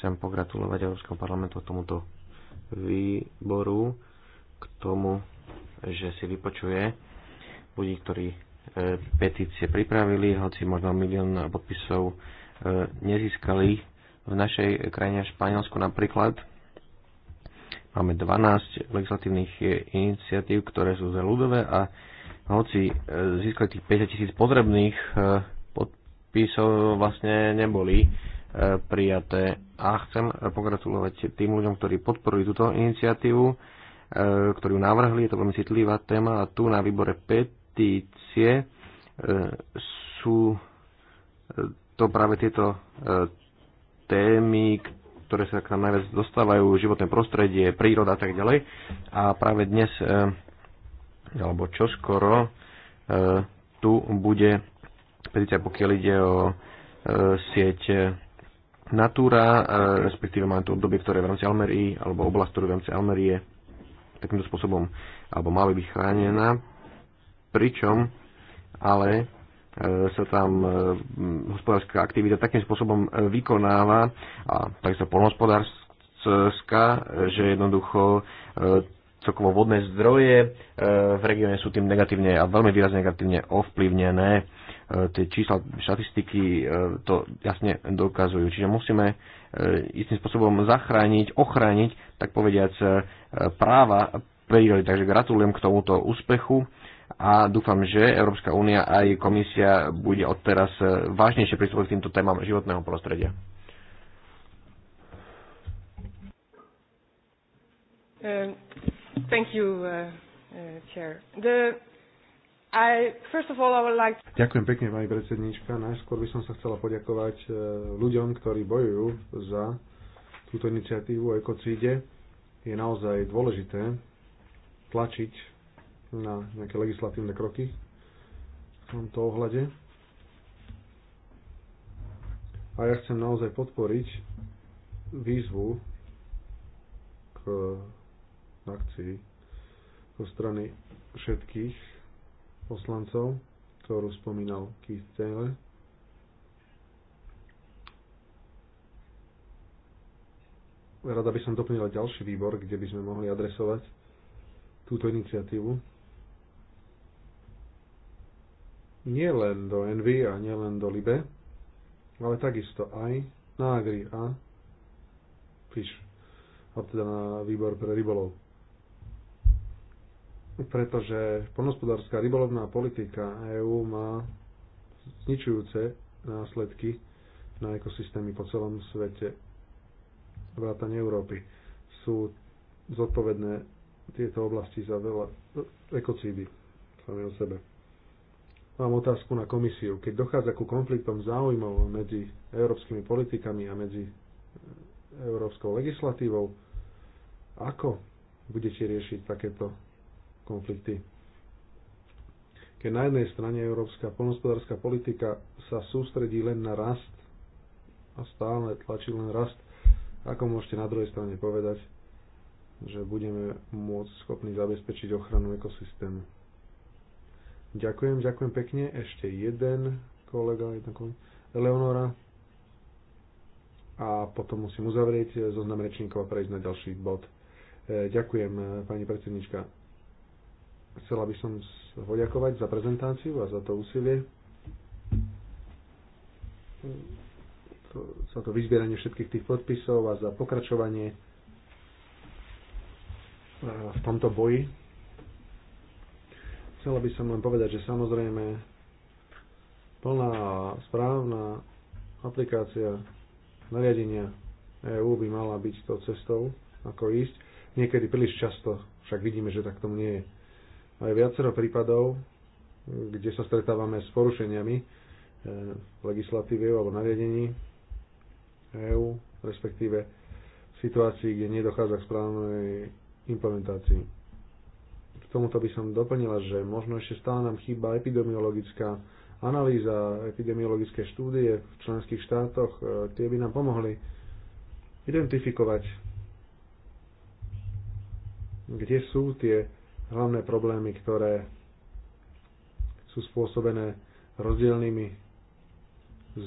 chcem pogratulovať Európskom parlamentu k tomuto výboru, k tomu, že si vypočuje ľudí, ktorí e, petície pripravili, hoci možno milión podpisov e, nezískali. V našej krajine Španielsku napríklad máme 12 legislatívnych e, iniciatív, ktoré sú za ľudové a hoci získali tých 50 tisíc potrebných podpisov vlastne neboli prijaté. A chcem pogratulovať tým ľuďom, ktorí podporujú túto iniciatívu, e, ktorú navrhli. Je to veľmi citlivá téma a tu na výbore petície e, sú e, to práve tieto témy, ktoré sa k nám najviac dostávajú, životné prostredie, príroda a tak ďalej. A práve dnes, alebo čoskoro, tu bude petícia, pokiaľ ide o sieť Natúra, e, respektíve máme tu obdobie, ktoré v rámci Almerii, alebo oblasť, ktorú v rámci Almerie takýmto spôsobom, alebo mali byť chránená, pričom ale e, sa tam e, hospodárska aktivita takým spôsobom vykonáva a takisto polnospodárska, že jednoducho celkovo vodné zdroje v regióne sú tým negatívne a veľmi výrazne negatívne ovplyvnené E, tie čísla, štatistiky e, to jasne dokazujú. Čiže musíme e, istým spôsobom zachrániť, ochrániť, tak povediac, práva prírody. Takže gratulujem k tomuto úspechu a dúfam, že Európska únia aj komisia bude odteraz vážnejšie pristúpiť k týmto témam životného prostredia. Um, thank you, uh, uh, Chair. The i, all, like... Ďakujem pekne, pani predsednička. Najskôr by som sa chcela poďakovať e, ľuďom, ktorí bojujú za túto iniciatívu o ekocíde. Je naozaj dôležité tlačiť na nejaké legislatívne kroky v tomto ohľade. A ja chcem naozaj podporiť výzvu k akcii zo strany všetkých poslancov, ktorú spomínal Keith Taylor. Rada by som doplnila ďalší výbor, kde by sme mohli adresovať túto iniciatívu. Nie len do Envy a nie len do Libe, ale takisto aj na Agri a Fish, a teda na výbor pre rybolov pretože poľnospodárska rybolovná politika EÚ má zničujúce následky na ekosystémy po celom svete, vrátane Európy. Sú zodpovedné tieto oblasti za veľa ekocídy sami o sebe. Mám otázku na komisiu. Keď dochádza ku konfliktom záujmov medzi európskymi politikami a medzi e, európskou legislatívou, ako budete riešiť takéto konflikty. Keď na jednej strane európska poľnospodárska politika sa sústredí len na rast a stále tlačí len rast, ako môžete na druhej strane povedať, že budeme môcť schopní zabezpečiť ochranu ekosystému. Ďakujem, ďakujem pekne. Ešte jeden kolega, jedna kolega, Eleonora. A potom musím uzavrieť zoznam rečníkov a prejsť na ďalší bod. E, ďakujem, pani predsednička. Chcela by som poďakovať za prezentáciu a za to úsilie za to vyzbieranie všetkých tých podpisov a za pokračovanie e, v tomto boji. Chcela by som len povedať, že samozrejme plná správna aplikácia nariadenia EÚ by mala byť tou cestou, ako ísť. Niekedy príliš často však vidíme, že tak tomu nie je aj viacero prípadov, kde sa stretávame s porušeniami e, legislatívy alebo nariadení EÚ, respektíve v situácii, kde nedochádza k správnej implementácii. K tomuto by som doplnila, že možno ešte stále nám chýba epidemiologická analýza, epidemiologické štúdie v členských štátoch, e, tie by nám pomohli identifikovať, kde sú tie hlavné problémy, ktoré sú spôsobené rozdielnými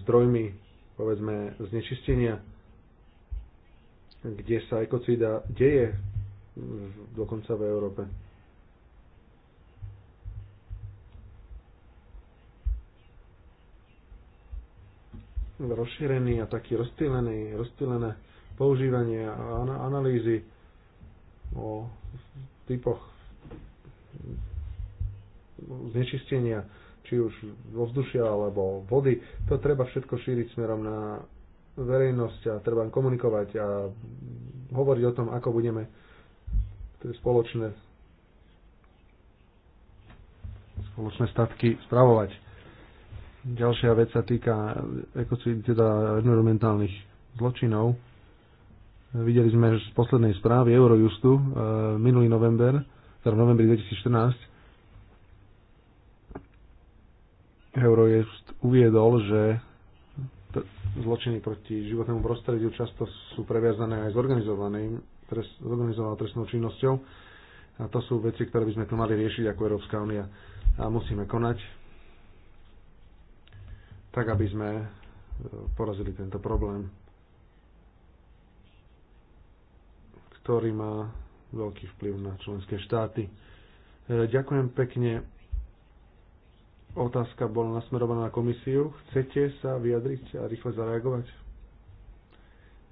zdrojmi, povedzme, znečistenia, kde sa ekocída deje dokonca v Európe. rozšírený a taký rozstýlený, rozstýlené používanie a analýzy o typoch znečistenia, či už vzdušia alebo vody. To treba všetko šíriť smerom na verejnosť a treba komunikovať a hovoriť o tom, ako budeme spoločné, spoločné statky spravovať. Ďalšia vec sa týka ekocid, teda environmentálnych zločinov. Videli sme z poslednej správy Eurojustu eh, minulý november, teda v novembri 2014, Eurojust uviedol, že zločiny proti životnému prostrediu často sú previazané aj s, trest, s organizovanou trestnou činnosťou a to sú veci, ktoré by sme tu mali riešiť ako Európska únia a musíme konať tak, aby sme e, porazili tento problém, ktorý má veľký vplyv na členské štáty. E, ďakujem pekne Otázka bola nasmerovaná na komisiu. Chcete sa vyjadriť a rýchle zareagovať?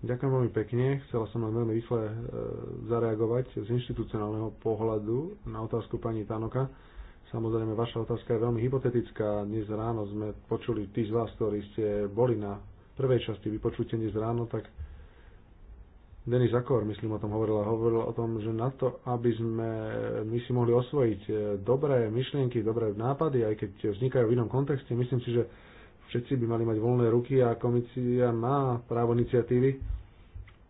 Ďakujem veľmi pekne. Chcela som len veľmi rýchle e, zareagovať z inštitucionálneho pohľadu na otázku pani Tanoka. Samozrejme, vaša otázka je veľmi hypotetická. Dnes ráno sme počuli tí z vás, ktorí ste boli na prvej časti vypočutie dnes ráno, tak Denis Akor, myslím, o tom hovorila. Hovoril o tom, že na to, aby sme my si mohli osvojiť eh, dobré myšlienky, dobré nápady, aj keď vznikajú v inom kontexte, myslím si, že všetci by mali mať voľné ruky a komisia má právo iniciatívy.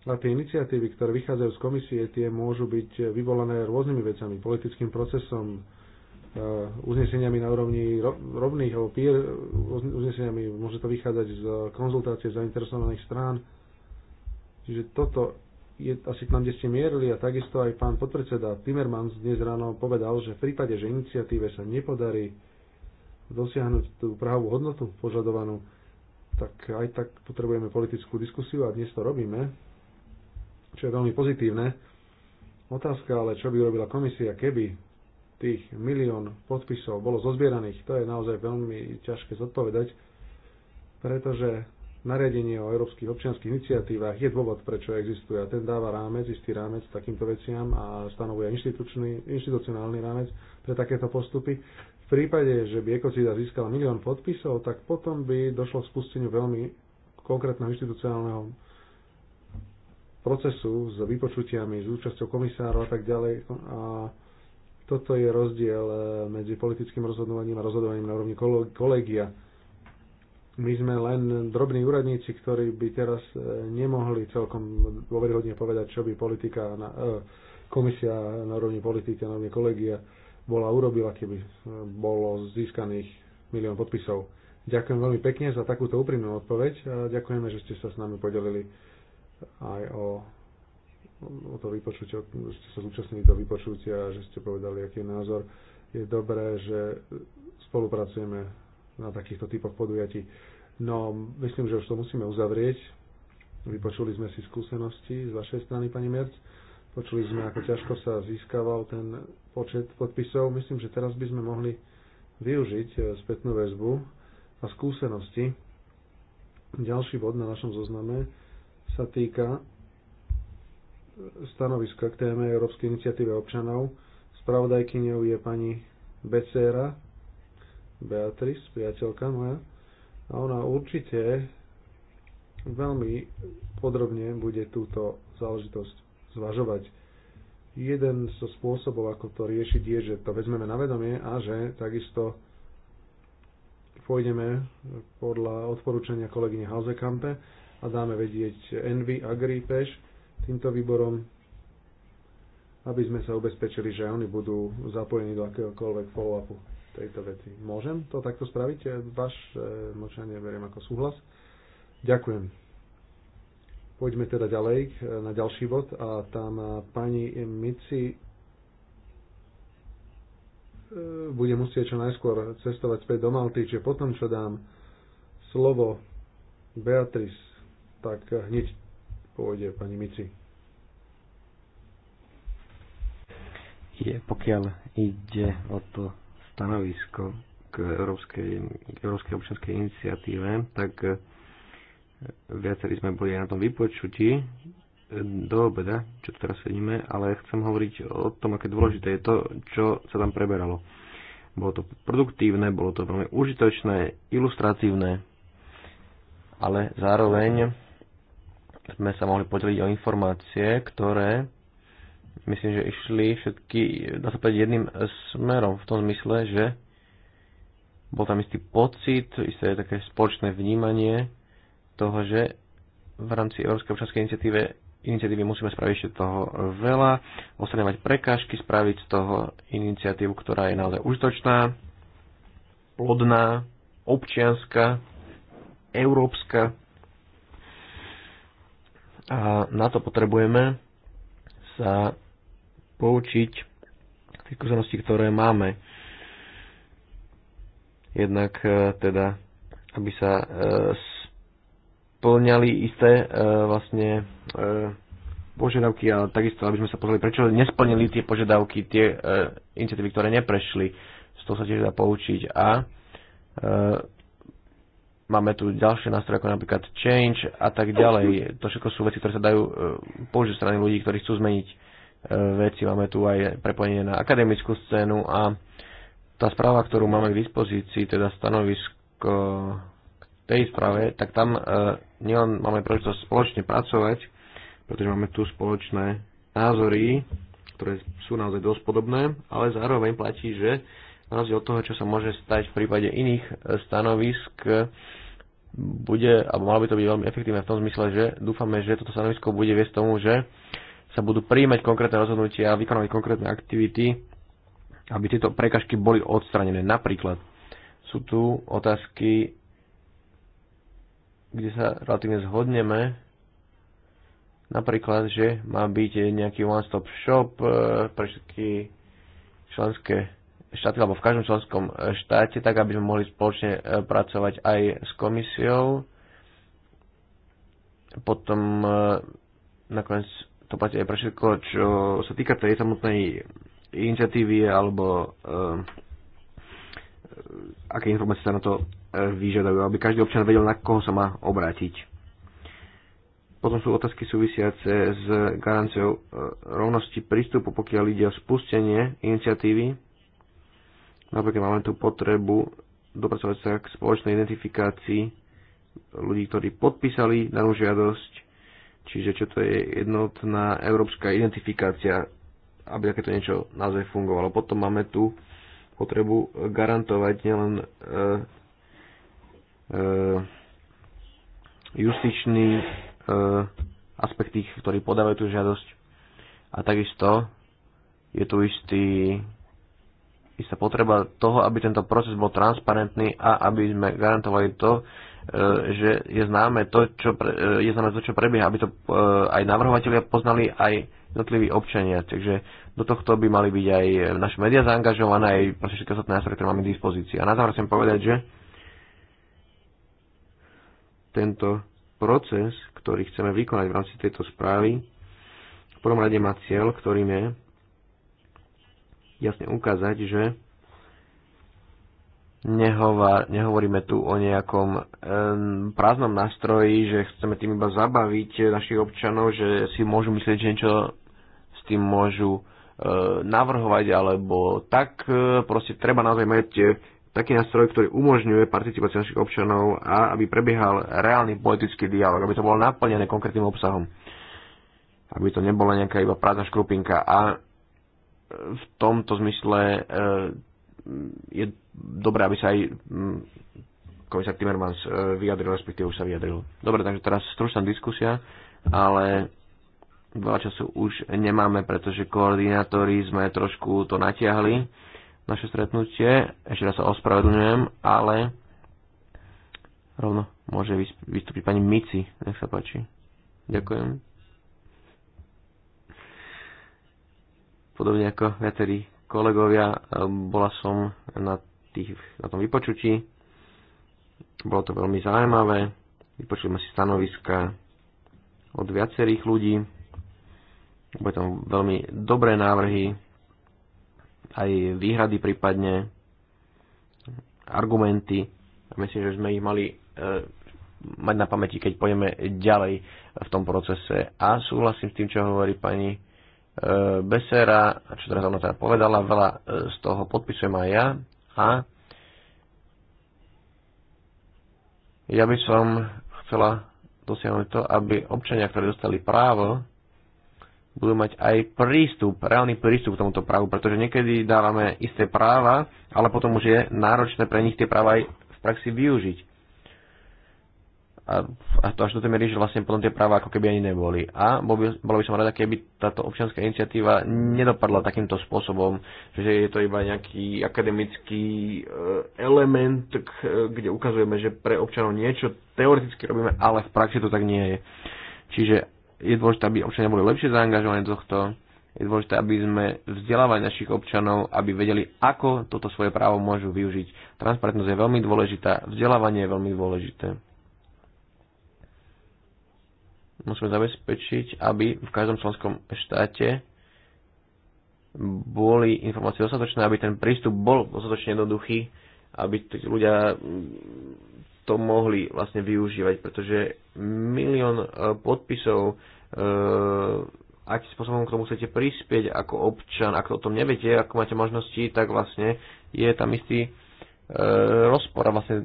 A tie iniciatívy, ktoré vychádzajú z komisie, tie môžu byť vyvolané rôznymi vecami, politickým procesom, eh, uzneseniami na úrovni rovných alebo peer uzneseniami, môže to vychádzať z konzultácie zainteresovaných strán, Čiže toto je asi tam, kde ste mierili a takisto aj pán podpredseda Timmermans dnes ráno povedal, že v prípade, že iniciatíve sa nepodarí dosiahnuť tú prahovú hodnotu požadovanú, tak aj tak potrebujeme politickú diskusiu a dnes to robíme, čo je veľmi pozitívne. Otázka ale, čo by urobila komisia, keby tých milión podpisov bolo zozbieraných, to je naozaj veľmi ťažké zodpovedať, pretože nariadenie o európskych občianských iniciatívach je dôvod, prečo existuje. A ten dáva rámec, istý rámec takýmto veciam a stanovuje inštitucionálny rámec pre takéto postupy. V prípade, že by ekocida získal milión podpisov, tak potom by došlo k spusteniu veľmi konkrétneho inštitucionálneho procesu s vypočutiami, s účasťou komisárov a tak ďalej. A toto je rozdiel eh, medzi politickým rozhodovaním a rozhodovaním na úrovni kolegia my sme len drobní úradníci, ktorí by teraz e, nemohli celkom dôveryhodne povedať, čo by politika na, e, komisia na úrovni politiky, na úrovni kolegia bola urobila, keby e, bolo získaných milión podpisov. Ďakujem veľmi pekne za takúto úprimnú odpoveď a ďakujeme, že ste sa s nami podelili aj o, o to vypočutie, ste sa zúčastnili do vypočutia a že ste povedali, aký je názor. Je dobré, že spolupracujeme na takýchto typoch podujatí. No, myslím, že už to musíme uzavrieť. Vypočuli sme si skúsenosti z vašej strany, pani Merc. Počuli sme, ako ťažko sa získaval ten počet podpisov. Myslím, že teraz by sme mohli využiť e, spätnú väzbu a skúsenosti. Ďalší bod na našom zozname sa týka stanoviska k téme Európskej iniciatíve občanov. Spravodajkyňou je pani Becera, Beatrice, priateľka moja. A ona určite veľmi podrobne bude túto záležitosť zvažovať. Jeden zo spôsobov, ako to riešiť, je, že to vezmeme na vedomie a že takisto pôjdeme podľa odporúčania kolegyne Hausekampe a dáme vedieť Envy, Agri, týmto výborom, aby sme sa ubezpečili, že oni budú zapojení do akéhokoľvek follow-upu tejto veci. Môžem to takto spraviť? Váš e, močanie beriem ako súhlas. Ďakujem. Poďme teda ďalej e, na ďalší bod a tam e, pani Mici e, bude musieť čo najskôr cestovať späť do Malty, čiže potom, čo dám slovo Beatrice, tak hneď pôjde pani Mici. je, pokiaľ ide o to stanovisko k Európskej, k Európskej občianskej iniciatíve, tak eh, viacerí sme boli aj na tom vypočutí eh, do obeda, čo tu teraz sedíme, ale chcem hovoriť o tom, aké dôležité je to, čo sa tam preberalo. Bolo to produktívne, bolo to veľmi užitočné, ilustratívne, ale zároveň sme sa mohli podeliť o informácie, ktoré myslím, že išli všetky, dá sa povedať, jedným smerom v tom zmysle, že bol tam istý pocit, isté také spoločné vnímanie toho, že v rámci Európskej občanskej iniciatíve, iniciatívy musíme spraviť ešte toho veľa, odstraňovať prekážky, spraviť z toho iniciatívu, ktorá je naozaj užitočná, plodná, občianská, európska. A na to potrebujeme sa poučiť z tých skúseností, ktoré máme. Jednak e, teda, aby sa e, splňali isté e, vlastne požiadavky a takisto, aby sme sa pozreli, prečo nesplnili tie požiadavky, tie iniciatívy, ktoré neprešli. Z toho sa tiež dá poučiť a máme tu ďalšie nástroje ako napríklad change a tak ďalej. To všetko sú veci, ktoré sa dajú použiť strany ľudí, ktorí chcú zmeniť veci. Máme tu aj prepojenie na akademickú scénu a tá správa, ktorú máme k dispozícii, teda stanovisko k tej správe, tak tam e, nielen máme príležitosť spoločne pracovať, pretože máme tu spoločné názory, ktoré sú naozaj dosť podobné, ale zároveň platí, že na rozdiel od toho, čo sa môže stať v prípade iných e, stanovisk, bude, alebo malo by to byť veľmi efektívne v tom zmysle, že dúfame, že toto stanovisko bude viesť tomu, že sa budú príjmať konkrétne rozhodnutia a vykonávať konkrétne aktivity, aby tieto prekažky boli odstranené. Napríklad sú tu otázky, kde sa relatívne zhodneme, napríklad, že má byť nejaký one-stop shop e, pre všetky členské štáty, alebo v každom členskom štáte, tak aby sme mohli spoločne e, pracovať aj s komisiou. Potom e, nakoniec to platí aj pre všetko, čo sa týka tej samotnej iniciatívy alebo uh, aké informácie sa na to eh, vyžadujú, aby každý občan vedel, na koho sa má obrátiť. Potom sú otázky súvisiace s garanciou eh, rovnosti prístupu, pokiaľ ide o spustenie iniciatívy. Napríklad máme tu potrebu dopracovať sa k spoločnej identifikácii ľudí, ktorí podpísali danú žiadosť Čiže čo to je jednotná európska identifikácia, aby takéto niečo naozaj fungovalo. Potom máme tu potrebu garantovať nielen e, e, justičný e, aspekt tých, ktorí podávajú tú žiadosť. A takisto je tu istý, istá potreba toho, aby tento proces bol transparentný a aby sme garantovali to, E, že je známe to, čo, pre, e, je známe to, čo prebieha, aby to e, aj navrhovateľia poznali, aj jednotliví občania. Takže do tohto by mali byť aj naše médiá zaangažované, aj proste všetky ostatné nástroje, ktoré máme k dispozícii. A na záver chcem povedať, že tento proces, ktorý chceme vykonať v rámci tejto správy, v prvom rade má cieľ, ktorým je jasne ukázať, že Nehovor, nehovoríme tu o nejakom um, prázdnom nástroji, že chceme tým iba zabaviť našich občanov, že si môžu myslieť, že niečo s tým môžu uh, navrhovať, alebo tak uh, proste treba naozaj mať e, taký nástroj, ktorý umožňuje participáciu našich občanov a aby prebiehal reálny politický dialog, aby to bolo naplnené konkrétnym obsahom. Aby to nebola nejaká iba prázdna škrupinka. A v tomto zmysle uh, je dobré, aby sa aj mm, komisár Timmermans e, vyjadril, respektíve už sa vyjadril. Dobre, takže teraz stručná diskusia, ale veľa času už nemáme, pretože koordinátori sme trošku to natiahli, naše stretnutie. Ešte raz sa ospravedlňujem, ale rovno môže vystúpiť pani Mici, nech sa páči. Ďakujem. Podobne ako viacerí kolegovia, e, bola som na tých, na tom vypočutí. Bolo to veľmi zaujímavé. Vypočuli sme si stanoviska od viacerých ľudí. Boli tam veľmi dobré návrhy, aj výhrady prípadne, argumenty. A myslím, že sme ich mali e, mať na pamäti, keď pôjdeme ďalej v tom procese. A súhlasím s tým, čo hovorí pani e, Besera, čo teraz ona teda povedala, veľa e, z toho podpisujem aj ja. A ja by som chcela dosiahnuť to, aby občania, ktorí dostali právo, budú mať aj prístup, reálny prístup k tomuto právu, pretože niekedy dávame isté práva, ale potom už je náročné pre nich tie práva aj v praxi využiť a, a to až do tej miery, že vlastne potom tie práva ako keby ani neboli. A bol by, bolo by som rada, keby táto občianská iniciatíva nedopadla takýmto spôsobom, že je to iba nejaký akademický e, element, e, kde ukazujeme, že pre občanov niečo teoreticky robíme, ale v praxi to tak nie je. Čiže je dôležité, aby občania boli lepšie zaangažovaní do tohto, je dôležité, aby sme vzdelávali našich občanov, aby vedeli, ako toto svoje právo môžu využiť. Transparentnosť je veľmi dôležitá, vzdelávanie je veľmi dôležité musíme zabezpečiť, aby v každom členskom štáte boli informácie dostatočné, aby ten prístup bol dostatočne jednoduchý, aby tí ľudia to mohli vlastne využívať, pretože milión e, podpisov, e, akým spôsobom k tomu chcete prispieť ako občan, ak to o tom neviete, ako máte možnosti, tak vlastne je tam istý E, rozpor a vlastne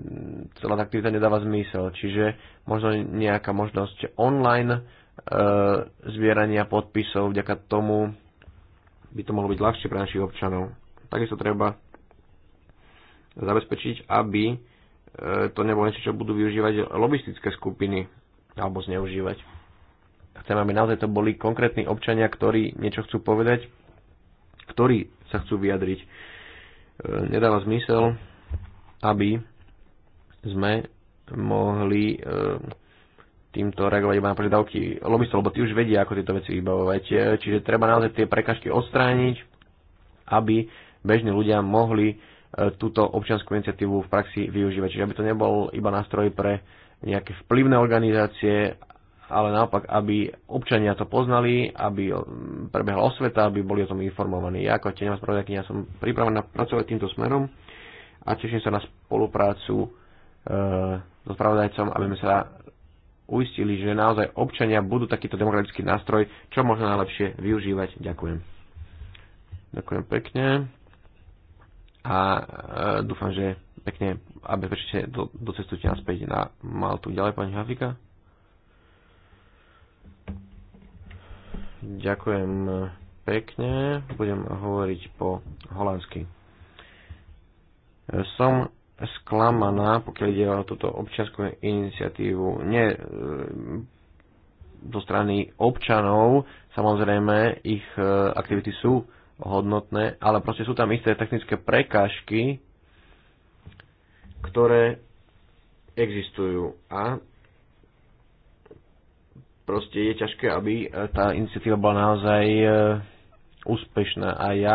celá tá aktivita nedáva zmysel. Čiže možno nejaká možnosť online e, zbierania podpisov, vďaka tomu by to mohlo byť ľahšie pre našich občanov. Takisto treba zabezpečiť, aby e, to nebolo niečo, čo budú využívať lobistické skupiny alebo zneužívať. Chcem, aby naozaj to boli konkrétni občania, ktorí niečo chcú povedať, ktorí sa chcú vyjadriť. E, nedáva zmysel aby sme mohli e, týmto reagovať iba na požiadavky lobbystov, lebo tí už vedia, ako tieto veci vybavovať. E, čiže treba naozaj tie prekažky odstrániť, aby bežní ľudia mohli e, túto občianskú iniciatívu v praxi využívať. Čiže aby to nebol iba nástroj pre nejaké vplyvné organizácie, ale naopak, aby občania to poznali, aby prebehla osveta, aby boli o tom informovaní. Ja ako tenová spravodajkynia som pripravená pracovať týmto smerom a teším sa na spoluprácu e, so spravodajcom, aby sme sa uistili, že naozaj občania budú takýto demokratický nástroj čo možno najlepšie využívať. Ďakujem. Ďakujem pekne a e, dúfam, že pekne a bezpečne do, docestujte naspäť na Maltu. Ďalej, pani Hafika. Ďakujem e, pekne. Budem hovoriť po holandsky. Som sklamaná, pokiaľ ide o túto občianskú iniciatívu. Nie e, zo strany občanov, samozrejme, ich e, aktivity sú hodnotné, ale proste sú tam isté technické prekážky, ktoré existujú a proste je ťažké, aby e, tá iniciatíva bola naozaj úspešná a ja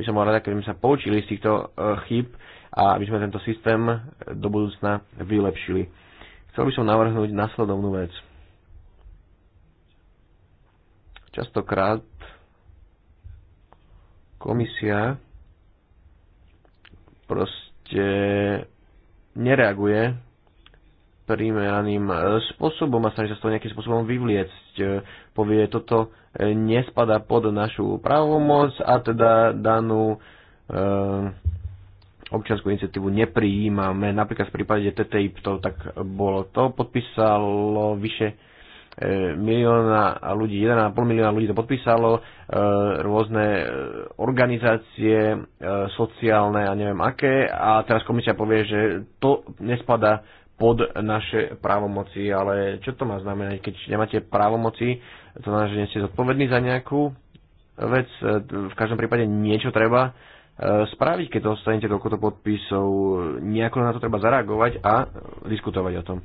by som bol rada, keby sme sa poučili z týchto chýb a aby sme tento systém eh, do budúcna vylepšili. Chcel by som navrhnúť nasledovnú vec. Častokrát komisia proste nereaguje primeraným eh, spôsobom a snaží sa toho nejakým spôsobom vyvliecť. Eh, povie, toto nespada pod našu právomoc a teda danú e, občianskú iniciatívu neprijímame. Napríklad v prípade TTIP to tak bolo. To podpísalo vyše e, milióna ľudí, 1,5 milióna ľudí to podpísalo, e, rôzne e, organizácie sociálne a neviem aké a teraz komisia povie, že to nespada pod naše právomoci, ale čo to má znamenať, keď nemáte právomoci, to znamená, že nie ste zodpovední za nejakú vec, v každom prípade niečo treba E, spraviť, keď dostanete toľkoto podpisov? Nejako na to treba zareagovať a diskutovať o tom.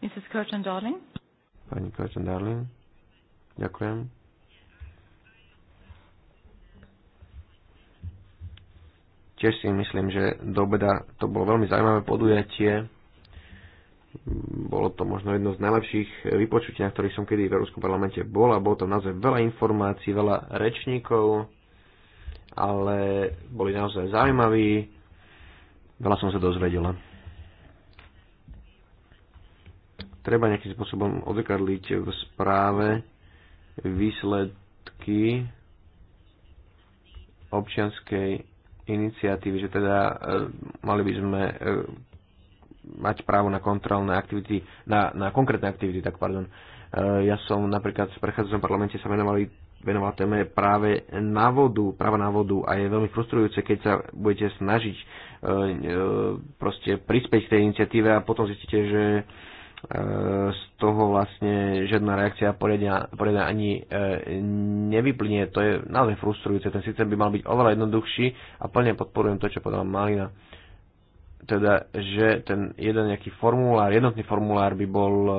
Mrs. Curtin Darling. Pani Curtin Darling. Ďakujem. Tiež si myslím, že do obeda to bolo veľmi zaujímavé podujatie bolo to možno jedno z najlepších vypočutí, na ktorých som kedy v Európskom parlamente bol a bolo tam naozaj veľa informácií, veľa rečníkov, ale boli naozaj zaujímaví. Veľa som sa dozvedela. Treba nejakým spôsobom odekadliť v správe výsledky občianskej iniciatívy, že teda e, mali by sme e, mať právo na kontrolné aktivity, na, na konkrétne aktivity, tak pardon. E, ja som napríklad v prechádzajúcom parlamente sa venovali, venoval téme práve na vodu, práva na vodu a je veľmi frustrujúce, keď sa budete snažiť e, e, proste prispieť k tej iniciatíve a potom zistíte, že z toho vlastne žiadna reakcia poriadne, ani ani nevyplnie. To je naozaj frustrujúce. Ten systém by mal byť oveľa jednoduchší a plne podporujem to, čo podala Malina teda, že ten jeden nejaký formulár, jednotný formulár by bol e,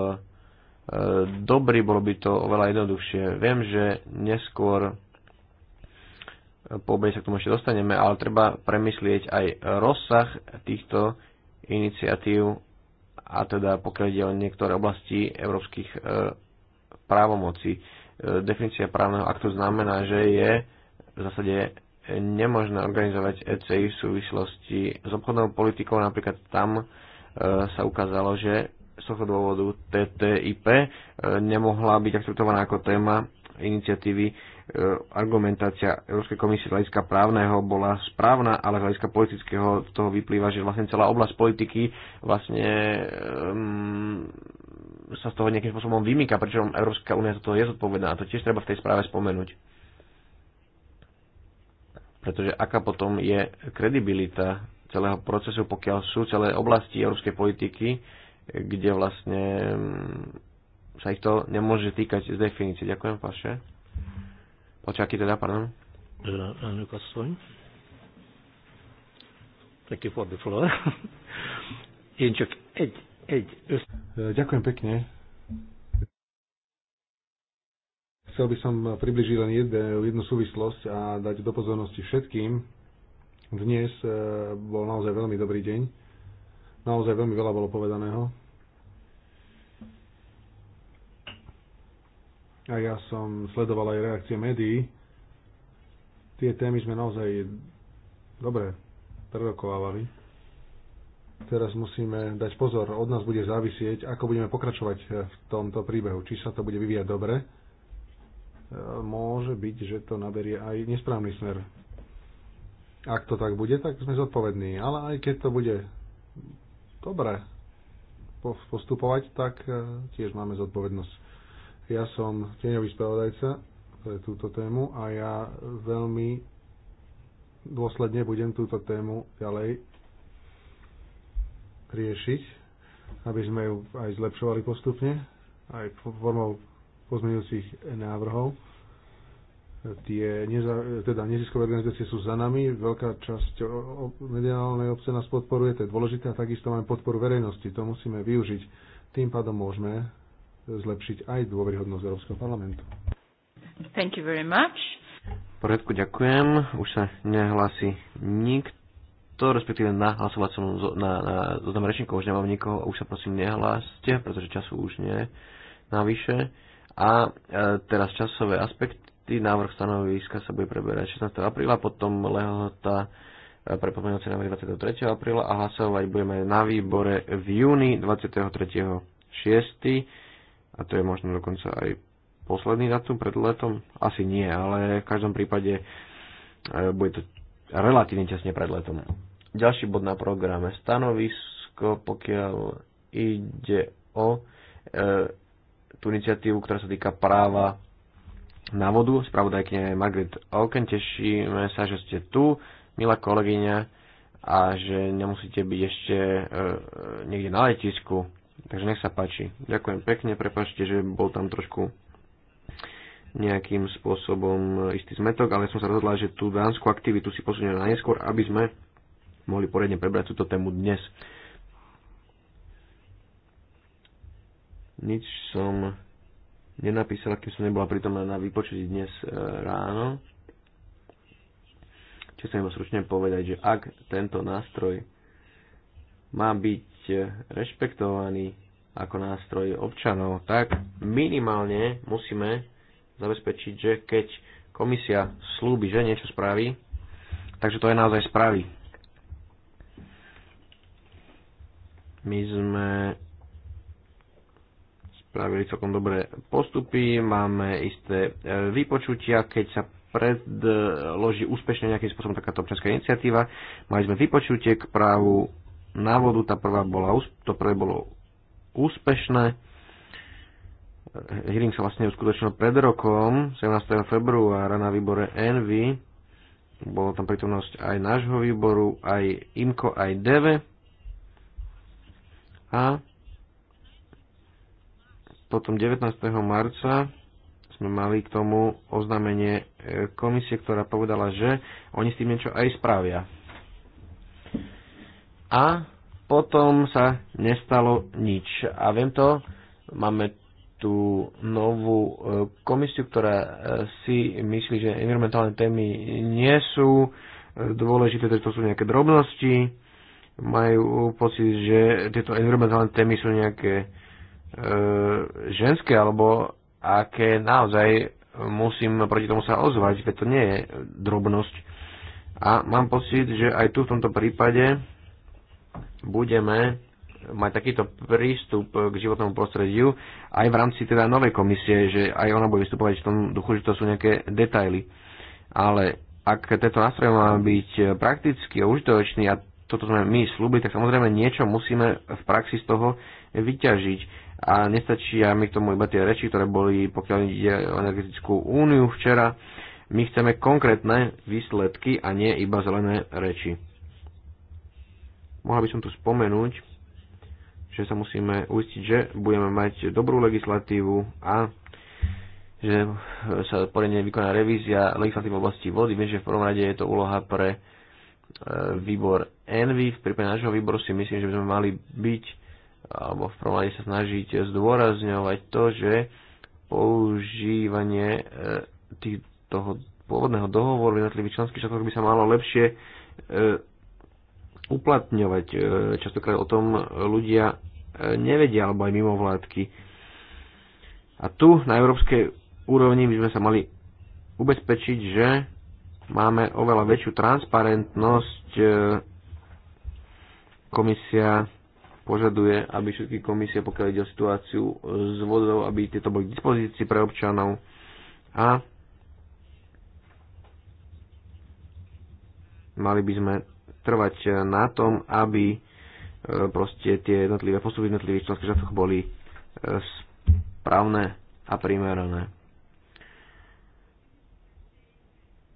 dobrý, bolo by to oveľa jednoduchšie. Viem, že neskôr po obede sa k tomu ešte dostaneme, ale treba premyslieť aj rozsah týchto iniciatív a teda pokiaľ ide o niektoré oblasti európskych e, právomocí. E, definícia právneho aktu znamená, že je v zásade nemožné organizovať ECI v súvislosti s obchodnou politikou. Napríklad tam e, sa ukázalo, že z toho dôvodu TTIP e, nemohla byť akceptovaná ako téma iniciatívy. E, argumentácia Európskej komisie z hľadiska právneho bola správna, ale z hľadiska politického toho vyplýva, že vlastne celá oblasť politiky vlastne um, sa z toho nejakým spôsobom vymýka, pričom Európska únia za to je zodpovedná a to tiež treba v tej správe spomenúť pretože aká potom je kredibilita celého procesu, pokiaľ sú celé oblasti európskej politiky, kde vlastne mm, sa ich to nemôže týkať z definície. Ďakujem, Paše. Počaky teda, pardon. Thank you for the floor. Ďakujem pekne Chcel by som približiť len jednu, jednu súvislosť a dať do pozornosti všetkým. Dnes e, bol naozaj veľmi dobrý deň. Naozaj veľmi veľa bolo povedaného. A ja som sledoval aj reakcie médií. Tie témy sme naozaj dobre prerokovávali. Teraz musíme dať pozor, od nás bude závisieť, ako budeme pokračovať e, v tomto príbehu. Či sa to bude vyvíjať dobre, môže byť, že to naberie aj nesprávny smer. Ak to tak bude, tak sme zodpovední. Ale aj keď to bude dobre postupovať, tak e, tiež máme zodpovednosť. Ja som tieňový spravodajca pre túto tému a ja veľmi dôsledne budem túto tému ďalej riešiť, aby sme ju aj zlepšovali postupne, aj formou pozmeňujúcich návrhov. Tie neza, teda neziskové organizácie sú za nami, veľká časť mediálnej obce nás podporuje, to je dôležité a takisto máme podporu verejnosti, to musíme využiť. Tým pádom môžeme zlepšiť aj dôveryhodnosť Európskeho parlamentu. Thank you very much. V poriadku, ďakujem. Už sa nehlási nikto, respektíve na hlasovacom na, na zoznam rečníkov už nemám nikoho, už sa prosím nehláste, pretože času už nie. Navyše. A e, teraz časové aspekty. Návrh stanoviska sa bude preberať 16. apríla, potom lehota e, pre pozmeňovacie návrhy 23. apríla a hlasovať budeme na výbore v júni 23. 6. A to je možno dokonca aj posledný datum pred letom? Asi nie, ale v každom prípade e, bude to relatívne tesne pred letom. Ďalší bod na programe stanovisko, pokiaľ ide o tú iniciatívu, ktorá sa týka práva na vodu. Spravodajkne Margaret Oken, tešíme sa, že ste tu, milá kolegyňa, a že nemusíte byť ešte e, e, niekde na letisku. Takže nech sa páči. Ďakujem pekne, prepačte, že bol tam trošku nejakým spôsobom e, istý zmetok, ale som sa rozhodla, že tú dánsku aktivitu si posunieme na neskôr, aby sme mohli poriadne prebrať túto tému dnes. Nič som nenapísal, kým som nebola pritom na vypočutí dnes e, ráno. Čiže som iba stručne povedať, že ak tento nástroj má byť e, rešpektovaný ako nástroj občanov, tak minimálne musíme zabezpečiť, že keď komisia slúbi, že niečo spraví, takže to je naozaj spraví. My sme spravili celkom dobré postupy, máme isté e, vypočutia, keď sa predloží úspešne nejakým spôsobom takáto občianská iniciatíva. Mali sme vypočutie k právu návodu, tá prvá bola, to prvé bolo úspešné. E, hearing sa vlastne uskutočnil pred rokom, 17. februára na výbore Envy. Bolo tam prítomnosť aj nášho výboru, aj IMCO, aj DEVE. A potom 19. marca sme mali k tomu oznámenie e, komisie, ktorá povedala, že oni s tým niečo aj spravia. A potom sa nestalo nič. A viem to, máme tú novú e, komisiu, ktorá e, si myslí, že environmentálne témy nie sú dôležité, že to sú nejaké drobnosti, majú pocit, že tieto environmentálne témy sú nejaké E, ženské, alebo aké naozaj musím proti tomu sa ozvať, keď to nie je drobnosť. A mám pocit, že aj tu v tomto prípade budeme mať takýto prístup k životnému prostrediu aj v rámci teda novej komisie, že aj ona bude vystupovať v tom duchu, že to sú nejaké detaily. Ale ak tento nástroj má byť praktický a užitočný a toto sme my slúbili, tak samozrejme niečo musíme v praxi z toho vyťažiť a nestačia mi k tomu iba tie reči, ktoré boli, pokiaľ ide o energetickú úniu včera. My chceme konkrétne výsledky a nie iba zelené reči. Mohla by som tu spomenúť, že sa musíme uistiť, že budeme mať dobrú legislatívu a že sa poriadne vykoná revízia legislatívy v oblasti vody. Viem, že v prvom rade je to úloha pre e, výbor Envy. V prípade nášho výboru si myslím, že by sme mali byť alebo v prvom rade sa snažiť zdôrazňovať to, že používanie e, tých, toho pôvodného dohovoru jednotlivých členských štátov by sa malo lepšie e, uplatňovať. E, častokrát o tom ľudia nevedia, alebo aj vládky. A tu na európskej úrovni by sme sa mali ubezpečiť, že máme oveľa väčšiu transparentnosť. komisia požaduje, aby všetky komisie, pokiaľ ide o situáciu e, s vodou, aby tieto boli k dispozícii pre občanov a mali by sme trvať na tom, aby e, proste tie jednotlivé postupy jednotlivých členských štátoch boli e, správne a primerané.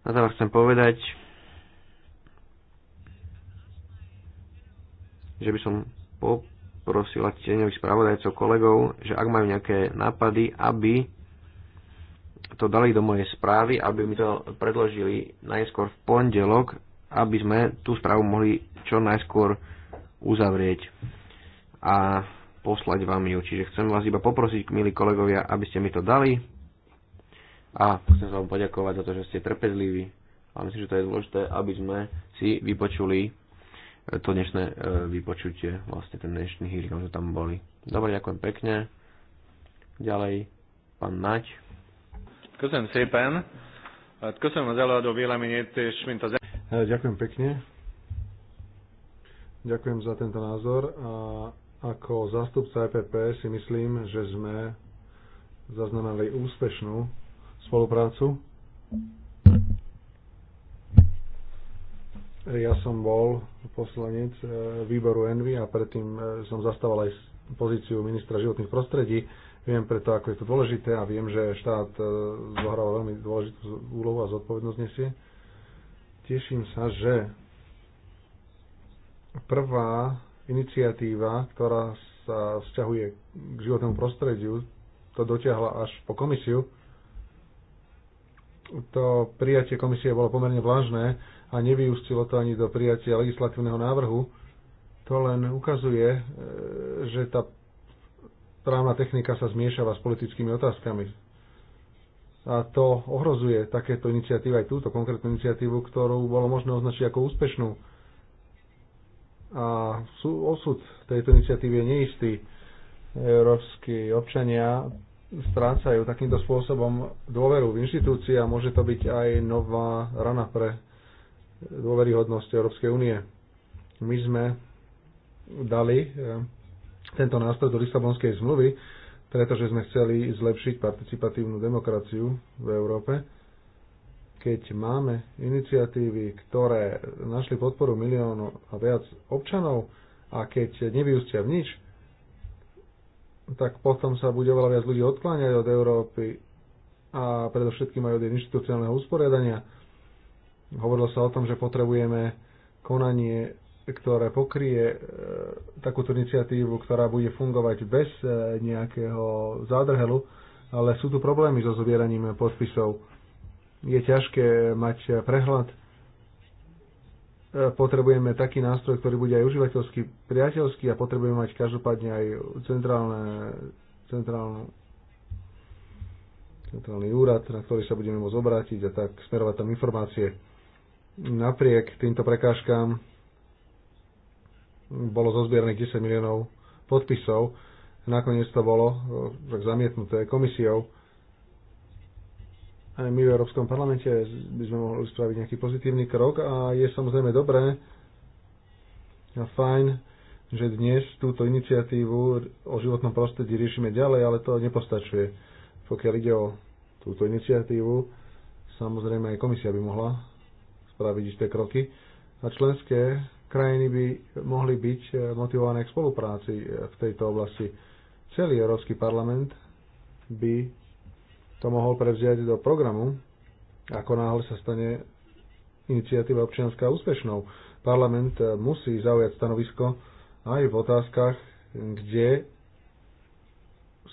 Na záver chcem povedať, že by som poprosila tieňových spravodajcov, kolegov, že ak majú nejaké nápady, aby to dali do mojej správy, aby mi to predložili najskôr v pondelok, aby sme tú správu mohli čo najskôr uzavrieť a poslať vám ju. Čiže chcem vás iba poprosiť, milí kolegovia, aby ste mi to dali a chcem sa vám poďakovať za to, že ste trpezliví a myslím, že to je dôležité, aby sme si vypočuli to dnešné e, vypočutie, vlastne ten dnešný hearing, že tam boli. Dobre, ďakujem pekne. Ďalej, pán Naď. Köszönöm szépen. Köszönöm az előadó véleményét, e, Ďakujem pekne. Ďakujem za tento názor. A ako zástupca EPP si myslím, že sme zaznamenali úspešnú spoluprácu. Ja som bol poslanec e, výboru Envy a predtým e, som zastával aj pozíciu ministra životných prostredí. Viem preto, ako je to dôležité a viem, že štát e, zohráva veľmi dôležitú úlohu a zodpovednosť nesie. Teším sa, že prvá iniciatíva, ktorá sa vzťahuje k životnému prostrediu, to dotiahla až po komisiu. To prijatie komisie bolo pomerne vlážne a nevyústilo to ani do prijatia legislatívneho návrhu. To len ukazuje, e, že tá právna technika sa zmiešava s politickými otázkami. A to ohrozuje takéto iniciatívy, aj túto konkrétnu iniciatívu, ktorú bolo možné označiť ako úspešnú. A osud tejto iniciatívy je neistý. Európsky občania strácajú takýmto spôsobom dôveru v inštitúcii a môže to byť aj nová rana pre dôveryhodnosť Európskej únie. My sme dali eh, tento nástroj do Lisabonskej zmluvy, pretože sme chceli zlepšiť participatívnu demokraciu v Európe. Keď máme iniciatívy, ktoré našli podporu miliónu a viac občanov a keď nevyústia v nič, tak potom sa bude veľa viac ľudí odkláňať od Európy a predovšetkým aj od inštitucionálneho usporiadania Hovorilo sa o tom, že potrebujeme konanie, ktoré pokrie e, takúto iniciatívu, ktorá bude fungovať bez e, nejakého zádrhelu, ale sú tu problémy so zbieraním podpisov. Je ťažké mať prehľad e, potrebujeme taký nástroj, ktorý bude aj užívateľský, priateľský a potrebujeme mať každopádne aj centrálne, centrálne, centrálny úrad, na ktorý sa budeme môcť obrátiť a tak smerovať tam informácie. Napriek týmto prekážkám bolo zozbieraných 10 miliónov podpisov. Nakoniec to bolo eh, tak zamietnuté komisiou. Aj my v Európskom parlamente by sme mohli spraviť nejaký pozitívny krok a je samozrejme dobré a fajn, že dnes túto iniciatívu o životnom prostredí riešime ďalej, ale to nepostačuje. Pokiaľ ide o túto iniciatívu, samozrejme aj komisia by mohla spraviť isté kroky a členské krajiny by mohli byť eh, motivované k spolupráci eh, v tejto oblasti. Celý Európsky parlament by to mohol prevziať do programu, ako náhle sa stane iniciatíva občianská úspešnou. Parlament eh, musí zaujať stanovisko aj v otázkach, kde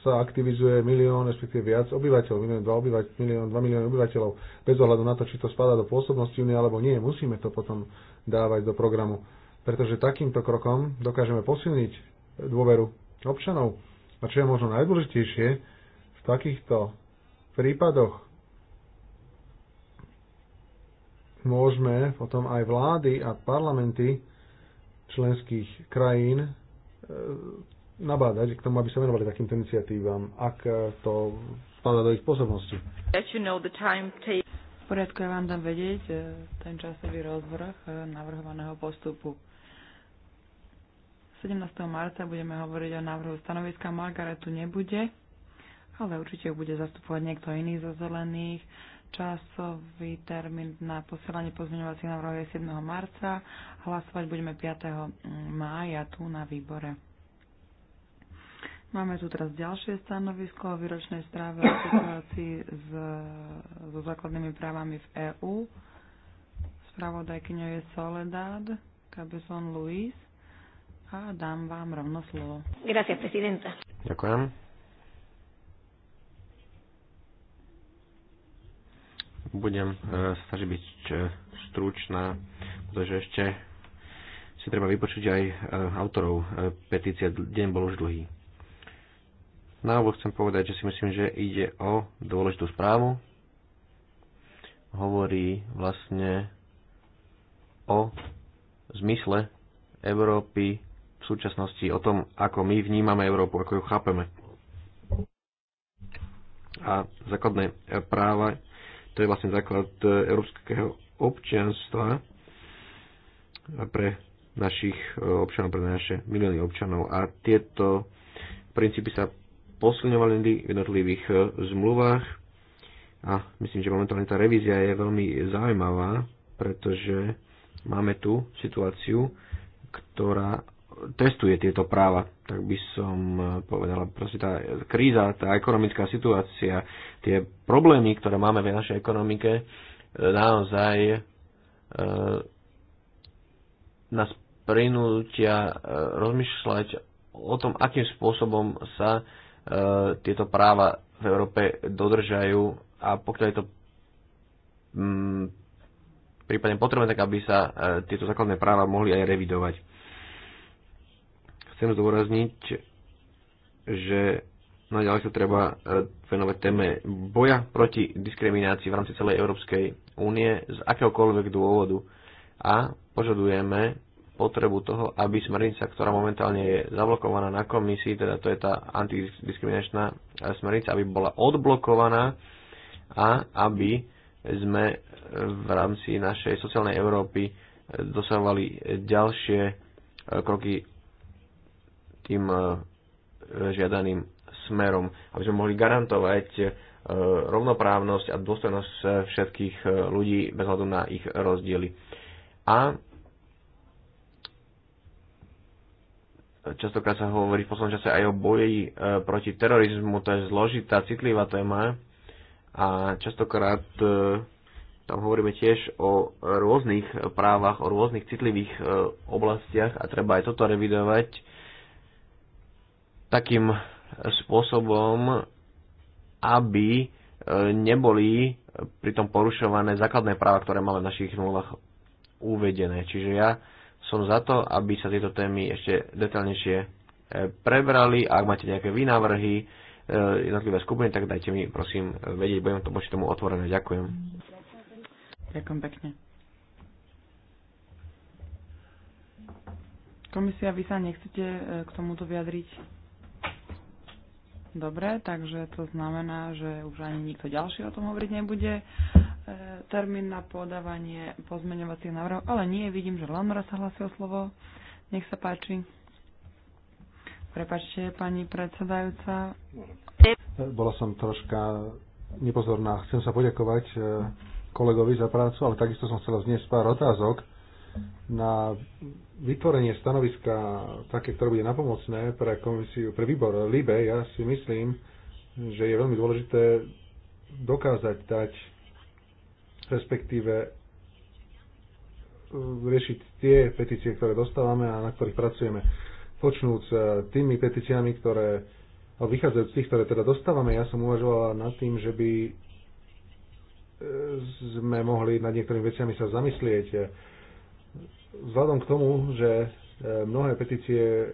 sa aktivizuje milión, respektíve viac obyvateľov, milión, dva, obyvateľ, milión, dva milióny obyvateľov, bez ohľadu na to, či to spadá do pôsobnosti únie alebo nie, musíme to potom dávať do programu. Pretože takýmto krokom dokážeme posilniť dôveru občanov. A čo je možno najdôležitejšie, v takýchto prípadoch môžeme potom aj vlády a parlamenty členských krajín e, nabádať k tomu, aby sa venovali takýmto iniciatívam, ak eh, to spada do ich pozornosti. V poriadku, ja vám dám vedieť eh, ten časový rozvrh eh, navrhovaného postupu. 17. marca budeme hovoriť o návrhu stanoviska. Margaret tu nebude, ale určite bude zastupovať niekto iný zo zelených. Časový termín na posielanie pozmeňovacích návrhov je 7. marca. Hlasovať budeme 5. Mm, mája tu na výbore. Máme tu teraz ďalšie stanovisko o výročnej správe o situácii s, so základnými právami v EÚ. Spravodajkyňou je Soledad Cabezón Luis a dám vám rovno slovo. Gracias, presidenta. Ďakujem. Budem uh, snažiť byť e, stručná, pretože ešte si treba vypočuť aj uh, autorov uh, petície. Deň bol už dlhý. Na úvod chcem povedať, že si myslím, že ide o dôležitú správu. Hovorí vlastne o zmysle Európy v súčasnosti, o tom, ako my vnímame Európu, ako ju chápeme. A základné práva, to je vlastne základ európskeho občianstva pre našich občanov, pre naše milióny občanov. A tieto princípy sa posilňovali v jednotlivých e, zmluvách a myslím, že momentálne tá revízia je veľmi zaujímavá, pretože máme tu situáciu, ktorá testuje tieto práva, tak by som e, povedala, proste tá kríza, tá ekonomická situácia, tie problémy, ktoré máme v našej ekonomike, e, naozaj e, nás prinútia rozmýšľať o tom, akým spôsobom sa e, E, tieto práva v Európe dodržajú a pokiaľ je to mm, prípadne potrebné, tak aby sa e, tieto základné práva mohli aj revidovať. Chcem zdôrazniť, že naďalej sa treba e, venovať téme boja proti diskriminácii v rámci celej Európskej únie z akéhokoľvek dôvodu a požadujeme potrebu toho, aby smernica, ktorá momentálne je zablokovaná na komisii, teda to je tá antidiskriminačná smernica, aby bola odblokovaná a aby sme v rámci našej sociálnej Európy dosahovali ďalšie e, kroky tým e, žiadaným smerom, aby sme mohli garantovať e, rovnoprávnosť a dôstojnosť všetkých ľudí bez hľadu na ich rozdiely. A Častokrát sa hovorí v poslednom čase aj o boji e, proti terorizmu, to je zložitá, citlivá téma a častokrát e, tam hovoríme tiež o rôznych právach, o rôznych citlivých e, oblastiach a treba aj toto revidovať takým spôsobom, aby neboli pritom porušované základné práva, ktoré máme v našich nulách uvedené. Čiže ja som za to, aby sa tieto témy ešte detaľnejšie e, prebrali. A ak máte nejaké vynávrhy, e, jednotlivé skupiny, tak dajte mi prosím vedieť, budem to voči tomu otvorené. Ďakujem. Ďakujem pekne. Komisia, vy sa nechcete e, k tomuto vyjadriť? Dobre, takže to znamená, že už ani nikto ďalší o tom hovoriť nebude. E, termín na podávanie pozmeňovacích návrhov, ale nie, vidím, že Lamra sa hlasí o slovo. Nech sa páči. Prepačte, pani predsedajúca. Bola som troška nepozorná. Chcem sa poďakovať e, kolegovi za prácu, ale takisto som chcela zniesť pár otázok na vytvorenie stanoviska také, ktoré bude napomocné pre komisiu, pre výbor LIBE. Ja si myslím, že je veľmi dôležité dokázať dať respektíve e, riešiť tie petície, ktoré dostávame a na ktorých pracujeme. Počnúc e, tými petíciami, ktoré no, vychádzajú z tých, ktoré teda dostávame, ja som uvažoval nad tým, že by e, sme mohli nad niektorými veciami sa zamyslieť. Vzhľadom k tomu, že mnohé petície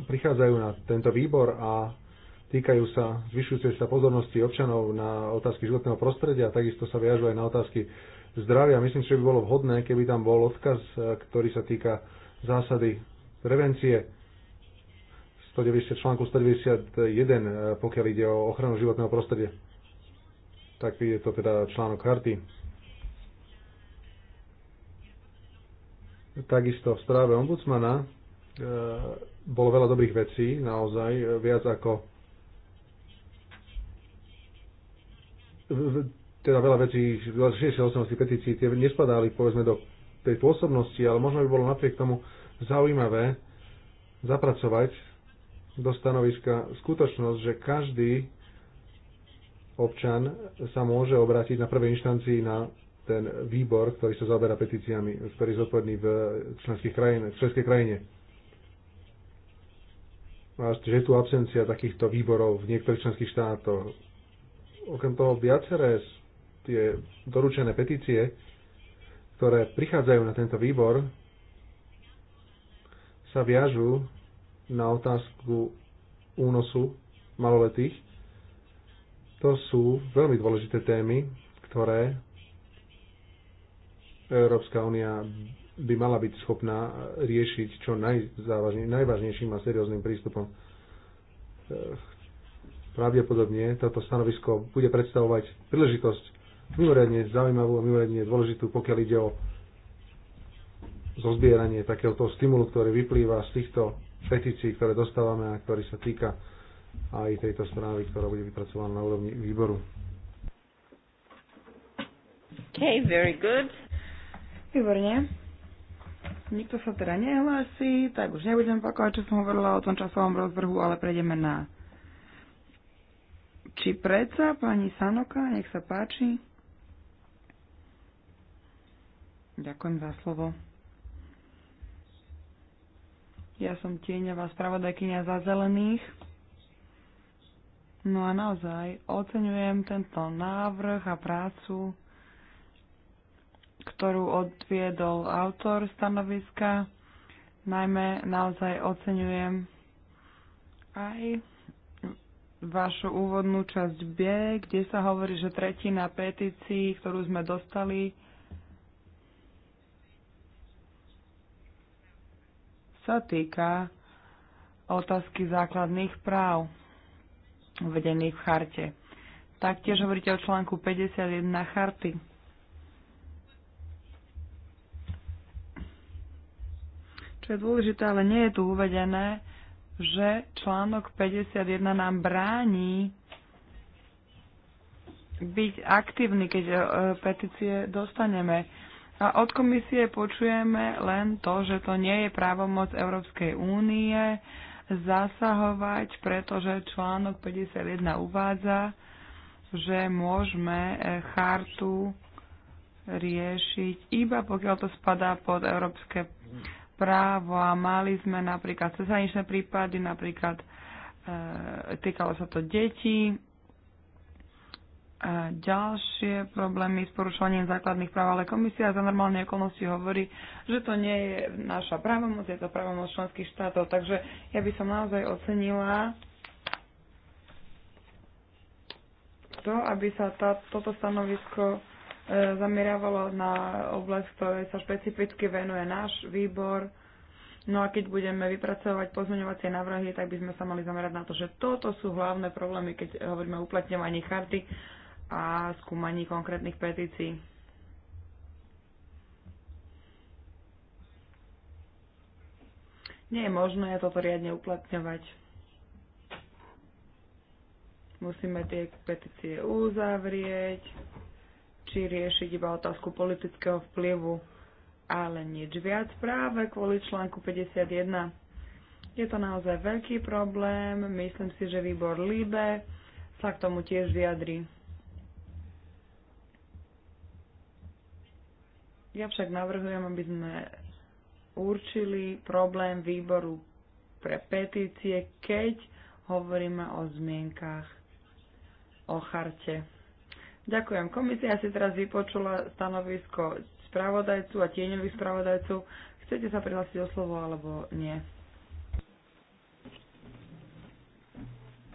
prichádzajú na tento výbor a týkajú sa zvyšujúcej sa pozornosti občanov na otázky životného prostredia, takisto sa viažú aj na otázky zdravia. Myslím si, že by bolo vhodné, keby tam bol odkaz, e, ktorý sa týka zásady prevencie 190, článku 191, e, pokiaľ ide o ochranu životného prostredia. Tak je to teda článok karty. Takisto v správe ombudsmana e, bolo veľa dobrých vecí, naozaj viac ako teda veľa vecí, 68 petícií, tie nespadali povedzme do tej pôsobnosti, ale možno by bolo napriek tomu zaujímavé zapracovať do stanoviska skutočnosť, že každý občan sa môže obrátiť na prvej inštancii na ten výbor, ktorý sa zaoberá petíciami, ktorý je zodpovedný v členských krajine, v členskej krajine. A že je tu absencia takýchto výborov v niektorých členských štátoch Okrem toho viaceré tie doručené petície, ktoré prichádzajú na tento výbor, sa viažu na otázku únosu maloletých. To sú veľmi dôležité témy, ktoré Európska únia by mala byť schopná riešiť čo najvážnejším a serióznym prístupom pravdepodobne toto stanovisko bude predstavovať príležitosť mimoriadne zaujímavú a mimoriadne dôležitú, pokiaľ ide o zozbieranie takéhoto stimulu, ktorý vyplýva z týchto petícií, ktoré dostávame a ktorý sa týka aj tejto správy, ktorá bude vypracovaná na úrovni výboru. Okay, very good. Výborne. Nikto sa teda nehlási, tak už nebudem pakovať, čo som hovorila o tom časovom rozvrhu, ale prejdeme na či predsa pani Sanoka, nech sa páči. Ďakujem za slovo. Ja som tieňová spravodajkynia za zelených. No a naozaj oceňujem tento návrh a prácu, ktorú odviedol autor stanoviska. Najmä naozaj oceňujem aj vašu úvodnú časť B, kde sa hovorí, že tretina petícií, ktorú sme dostali, sa týka otázky základných práv uvedených v charte. Taktiež hovoríte o článku 51 charty. Čo je dôležité, ale nie je tu uvedené, že článok 51 nám bráni byť aktívny, keď e, e, petície dostaneme. A od komisie počujeme len to, že to nie je právomoc Európskej únie zasahovať, pretože článok 51 uvádza, že môžeme e, chartu riešiť iba pokiaľ to spadá pod európske právo a mali sme napríklad cezaničné prípady, napríklad e, týkalo sa to detí. A e, ďalšie problémy s porušovaním základných práv, ale komisia za normálne okolnosti hovorí, že to nie je naša právomoc, je to právomoc členských štátov. Takže ja by som naozaj ocenila to, aby sa tá, toto stanovisko zamerávalo na oblasť, ktoré sa špecificky venuje náš výbor. No a keď budeme vypracovať pozmeňovacie návrhy, tak by sme sa mali zamerať na to, že toto sú hlavné problémy, keď hovoríme o uplatňovaní charty a skúmaní konkrétnych petícií. Nie je možné toto riadne uplatňovať. Musíme tie petície uzavrieť stačí riešiť iba otázku politického vplyvu, ale nič viac práve kvôli článku 51. Je to naozaj veľký problém, myslím si, že výbor Líbe sa k tomu tiež vyjadrí. Ja však navrhujem, aby sme určili problém výboru pre petície, keď hovoríme o zmienkách o charte. Ďakujem. Komisia si teraz vypočula stanovisko spravodajcu a tieňových spravodajcov. Chcete sa prihlásiť o slovo alebo nie?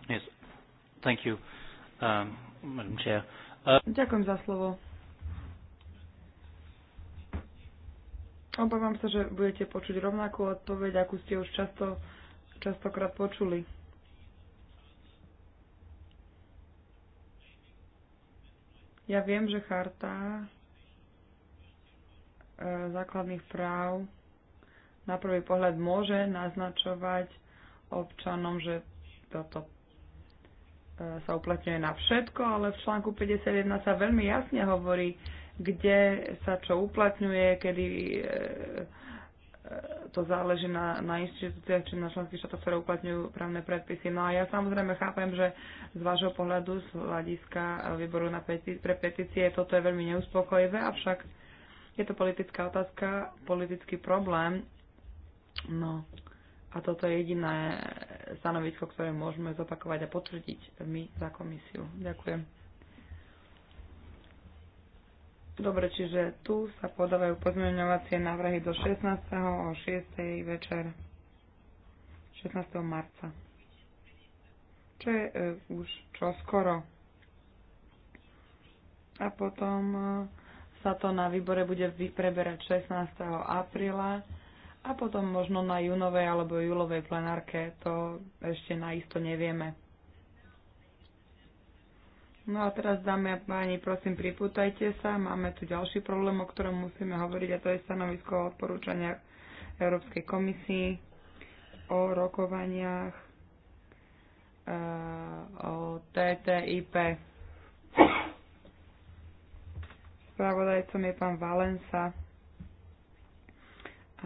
Yes. Thank you, um, Madam Chair. Uh... Ďakujem za slovo. Obávam sa, že budete počuť rovnakú odpoveď, akú ste už často, častokrát počuli. Ja viem, že charta e, základných práv na prvý pohľad môže naznačovať občanom, že toto e, sa uplatňuje na všetko, ale v článku 51 sa veľmi jasne hovorí, kde sa čo uplatňuje, kedy e, to záleží na, na inštitúciách či na členských štátoch, ktoré uplatňujú právne predpisy. No a ja samozrejme chápem, že z vášho pohľadu, z hľadiska výboru na peti- pre petície, toto je veľmi neuspokojivé, avšak je to politická otázka, politický problém. No a toto je jediné stanovisko, ktoré môžeme zopakovať a potvrdiť my za komisiu. Ďakujem. Dobre, čiže tu sa podávajú pozmeňovacie návrhy do 16. o 6. večer 16. marca. Čo je e, už čoskoro. A potom e, sa to na výbore bude preberať 16. apríla a potom možno na junovej alebo júlovej plenárke, to ešte naisto nevieme. No a teraz, dámy a páni, prosím, pripútajte sa. Máme tu ďalší problém, o ktorom musíme hovoriť, a to je stanovisko o odporúčaniach Európskej komisii, o rokovaniach, eh, o TTIP. Spravodajcom je pán Valensa.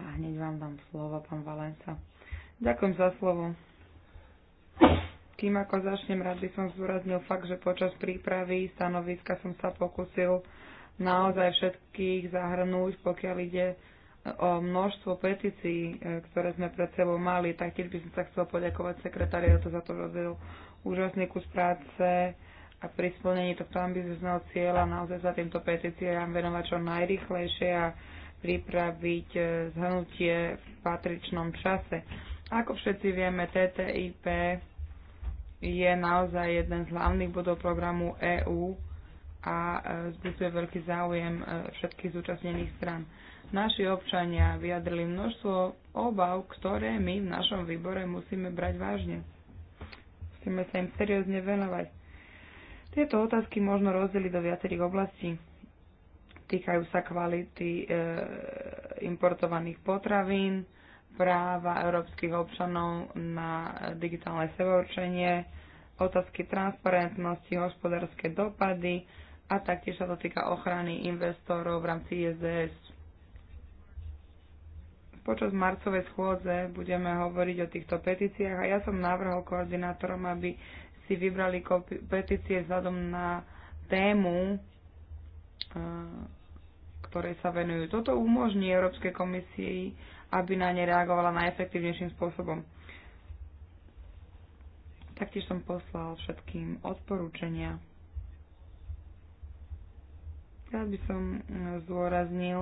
A hneď vám dám slovo, pán Valensa. Ďakujem za slovo. Kým ako začnem, rád by som zúraznil fakt, že počas prípravy stanoviska som sa pokusil naozaj všetkých zahrnúť, pokiaľ ide e, o množstvo petícií, e, ktoré sme pred sebou mali. tak tiež by som sa chcel poďakovať sekretariatu za to, že robil úžasný kus práce a pri splnení tohto ambiciozného cieľa naozaj za týmto petíciám venovať čo najrychlejšie a pripraviť e, zhrnutie v patričnom čase. Ako všetci vieme, TTIP je naozaj jeden z hlavných bodov programu EÚ a e, zbudzuje veľký záujem e, všetkých zúčastnených stran. Naši občania vyjadrili množstvo obav, ktoré my v našom výbore musíme brať vážne. Musíme sa im seriózne venovať. Tieto otázky možno rozdeliť do viacerých oblastí. Týkajú sa kvality e, importovaných potravín, práva európskych občanov na digitálne sebaurčenie, otázky transparentnosti, hospodárske dopady a taktiež sa to týka ochrany investorov v rámci ISDS. Počas marcovej schôdze budeme hovoriť o týchto petíciách a ja som navrhol koordinátorom, aby si vybrali petície vzhľadom na tému, eh, ktorej sa venujú. Toto umožní Európskej komisii aby na ne reagovala najefektívnejším spôsobom. Taktiež som poslal všetkým odporúčania. Teraz by som e, zdôraznil,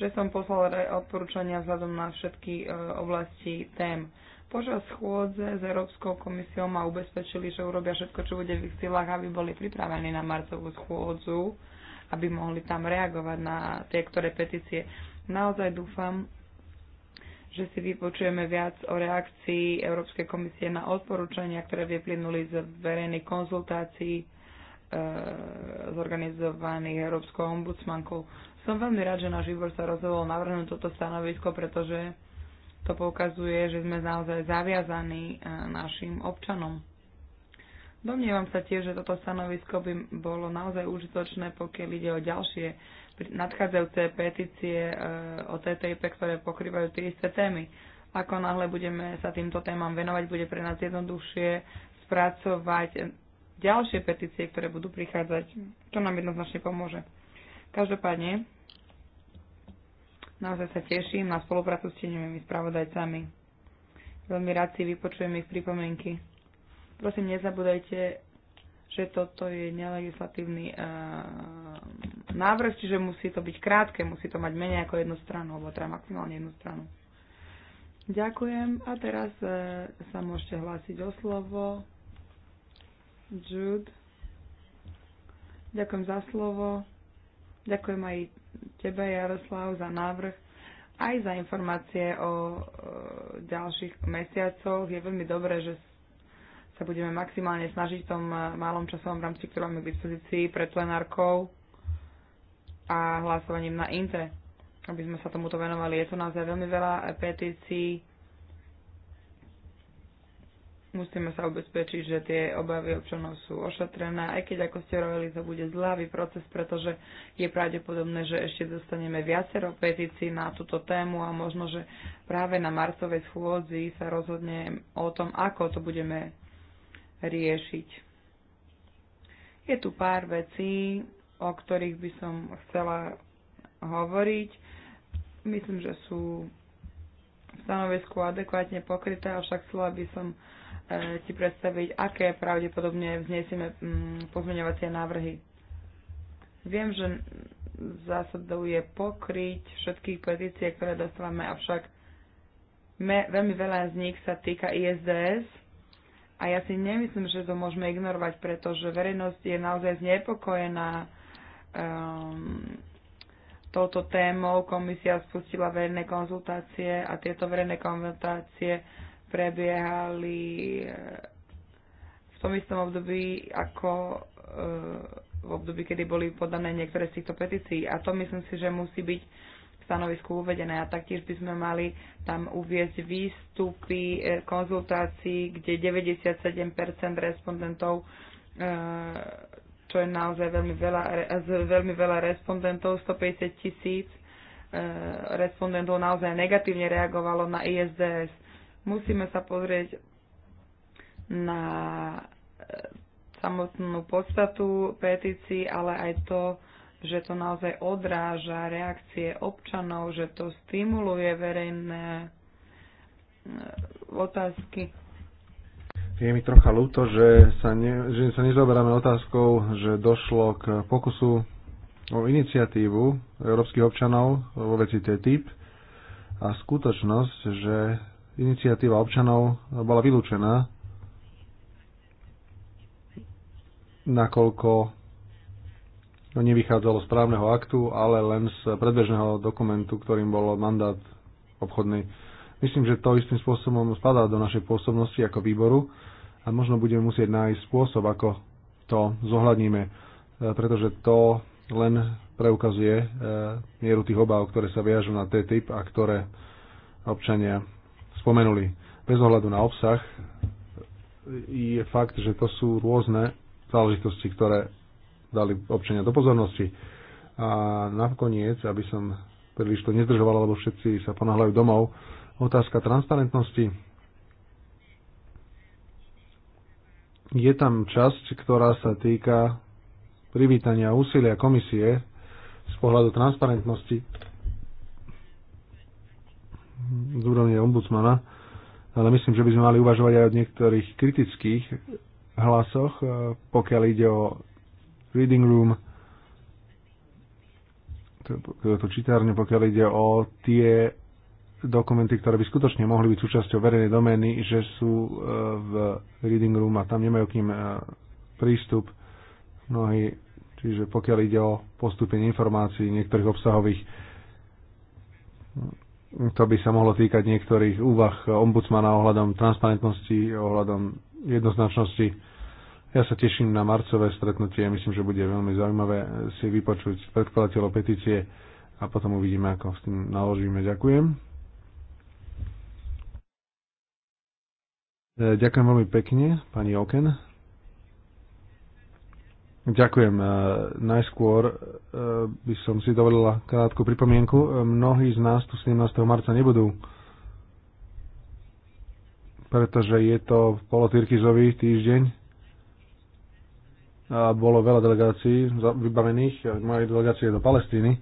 že som poslal odporúčania vzhľadom na všetky e, oblasti tém počas schôdze s Európskou komisiou ma ubezpečili, že urobia všetko, čo bude v ich silách, aby boli pripravení na marcovú schôdzu, aby mohli tam reagovať na tie, ktoré petície. Naozaj dúfam, že si vypočujeme viac o reakcii Európskej komisie na odporúčania, ktoré vyplynuli z verejných konzultácií e, zorganizovaných Európskou ombudsmankou. Som veľmi rád, že náš výbor sa rozhodol navrhnúť toto stanovisko, pretože to poukazuje, že sme naozaj zaviazaní e, našim občanom. Domnievam sa tiež, že toto stanovisko by bolo naozaj užitočné, pokiaľ ide o ďalšie nadchádzajúce petície e, o TTIP, ktoré pokrývajú tie isté témy. Ako náhle budeme sa týmto témam venovať, bude pre nás jednoduchšie spracovať ďalšie petície, ktoré budú prichádzať, čo nám jednoznačne pomôže. Každopádne, Naozaj sa teším na spoluprácu s tenými spravodajcami. Veľmi rád si vypočujem ich pripomienky. Prosím, nezabúdajte, že toto je nelegislatívny uh, návrh, čiže musí to byť krátke, musí to mať menej ako jednu stranu, alebo teda maximálne jednu stranu. Ďakujem a teraz uh, sa môžete hlásiť o slovo. Jude. Ďakujem za slovo. Ďakujem aj tebe, Jaroslav, za návrh aj za informácie o e, ďalších mesiacoch. Je veľmi dobré, že sa budeme maximálne snažiť v tom e, malom časovom rámci, ktorý máme k dispozícii pred plenárkou a hlasovaním na INTE, aby sme sa tomuto venovali. Je to naozaj veľmi veľa petícií, Musíme sa ubezpečiť, že tie obavy občanov sú ošetrené, aj keď ako ste rovili, to bude zľavý proces, pretože je pravdepodobné, že ešte dostaneme viacero petícií na túto tému a možno, že práve na marcovej schôdzi sa rozhodne o tom, ako to budeme riešiť. Je tu pár vecí, o ktorých by som chcela hovoriť. Myslím, že sú v stanovisku adekvátne pokryté, avšak chcela by som E, ti predstaviť, aké pravdepodobne vznesieme mm, pozmeňovacie návrhy. Viem, že zásadou je pokryť všetkých petície, ktoré dostávame, avšak me, veľmi veľa z nich sa týka ISDS a ja si nemyslím, že to môžeme ignorovať, pretože verejnosť je naozaj znepokojená um, touto témou. Komisia spustila verejné konzultácie a tieto verejné konzultácie prebiehali eh, v tom istom období ako eh, v období, kedy boli podané niektoré z týchto petícií. A to myslím si, že musí byť v stanovisku uvedené. A taktiež by sme mali tam uviezť výstupy eh, konzultácií, kde 97% respondentov, čo je naozaj veľmi veľa, veľmi veľa respondentov, 150 tisíc respondentov naozaj negatívne reagovalo na ISDS. Musíme sa pozrieť na e, samotnú podstatu petícií, ale aj to, že to naozaj odráža reakcie občanov, že to stimuluje verejné e, otázky. Je mi trocha ľúto, že sa, ne, že sa nezoberáme otázkou, že došlo k pokusu o iniciatívu európskych občanov vo veci TTIP a skutočnosť, že iniciatíva občanov bola vylúčená, nakoľko nevychádzalo z právneho aktu, ale len z predbežného dokumentu, ktorým bol mandát obchodný. Myslím, že to istým spôsobom spadá do našej pôsobnosti ako výboru a možno budeme musieť nájsť spôsob, ako to zohľadníme, e, pretože to len preukazuje e, mieru tých obáv, ktoré sa viažú na TTIP a ktoré občania spomenuli. Bez ohľadu na obsah je fakt, že to sú rôzne záležitosti, ktoré dali občania do pozornosti. A nakoniec, aby som príliš to nezdržoval, lebo všetci sa ponáhľajú domov, otázka transparentnosti. Je tam časť, ktorá sa týka privítania úsilia komisie z pohľadu transparentnosti z úrovne ombudsmana, ale myslím, že by sme mali uvažovať aj o niektorých kritických hlasoch, e, pokiaľ ide o reading room, to, to čítárne, pokiaľ ide o tie dokumenty, ktoré by skutočne mohli byť súčasťou verejnej domény, že sú e, v reading room a tam nemajú k ním e, prístup mnohí, čiže pokiaľ ide o postupenie informácií niektorých obsahových to by sa mohlo týkať niektorých úvah ombudsmana ohľadom transparentnosti, ohľadom jednoznačnosti. Ja sa teším na marcové stretnutie, myslím, že bude veľmi zaujímavé si vypočuť predkladateľov petície a potom uvidíme, ako s tým naložíme. Ďakujem. E, ďakujem veľmi pekne, pani Oken. Ďakujem. E, najskôr e, by som si dovolila krátku pripomienku. E, mnohí z nás tu 17. marca nebudú, pretože je to polotyrkizový týždeň. A bolo veľa delegácií vybavených. delegácia delegácie do Palestíny.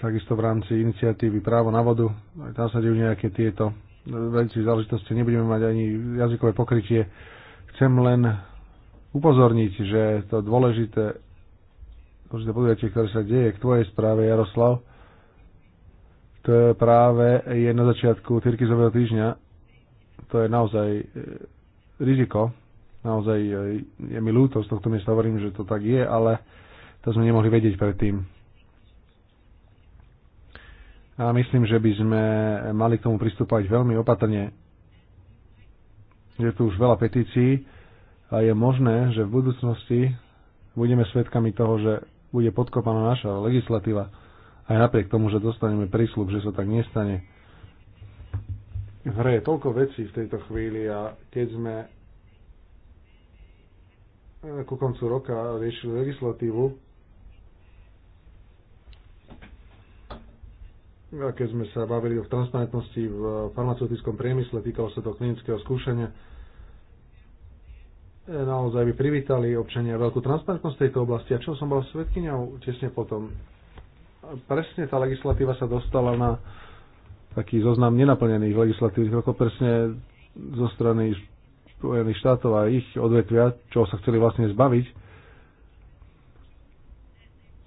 Takisto v rámci iniciatívy Právo na vodu. Aj tam sa dejú nejaké tieto vedúcich záležitosti nebudeme mať ani jazykové pokrytie. Chcem len upozorniť, že to dôležité, dôležité podujatie, ktoré sa deje k tvojej správe, Jaroslav, to je práve je na začiatku Tyrkizového týždňa. To je naozaj e, riziko. Naozaj e, je mi ľúto, z tohto miesta hovorím, že to tak je, ale to sme nemohli vedieť predtým a myslím, že by sme mali k tomu pristúpať veľmi opatrne. Je tu už veľa petícií a je možné, že v budúcnosti budeme svedkami toho, že bude podkopaná naša legislatíva aj napriek tomu, že dostaneme prísľub, že sa tak nestane. hre je toľko vecí v tejto chvíli a keď sme eh, ku koncu roka riešili legislatívu, keď sme sa bavili o transparentnosti v farmaceutickom priemysle, týkalo sa to klinického skúšania, e, naozaj by privítali občania veľkú transparentnosť tejto oblasti. A čo som bol svetkyňou tesne potom, presne tá legislatíva sa dostala na taký zoznam nenaplnených legislatívnych ako presne zo strany Spojených štátov a ich odvetvia, čo sa chceli vlastne zbaviť.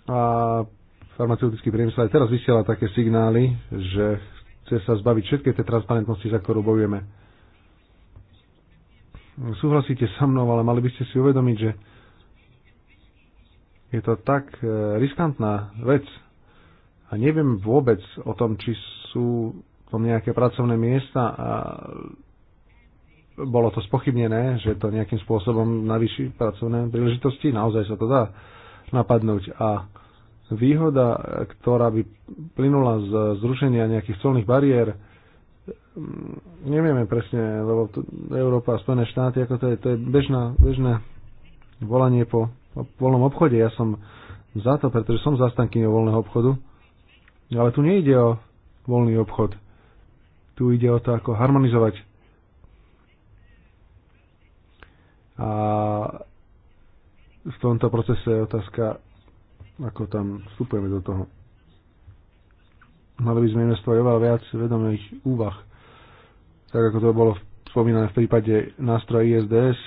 A farmaceutický priemysel aj teraz vysiela také signály, že chce sa zbaviť všetkej tej transparentnosti, za ktorú bojujeme. Súhlasíte so mnou, ale mali by ste si uvedomiť, že je to tak e, riskantná vec a neviem vôbec o tom, či sú tam nejaké pracovné miesta a bolo to spochybnené, že to nejakým spôsobom navýši pracovné príležitosti, naozaj sa to dá napadnúť a výhoda, ktorá by plynula z zrušenia nejakých colných bariér, mm, nevieme presne, lebo Európa a Spojené štáty, ako to je, to je bežná, bežné volanie po, po voľnom obchode. Ja som za to, pretože som zastankyňou voľného obchodu, ale tu nejde o voľný obchod. Tu ide o to, ako harmonizovať a v tomto procese je otázka ako tam vstupujeme do toho. Mali by sme investovať oveľa viac vedomých úvah, tak ako to bolo spomínané v prípade nástroja ISDS.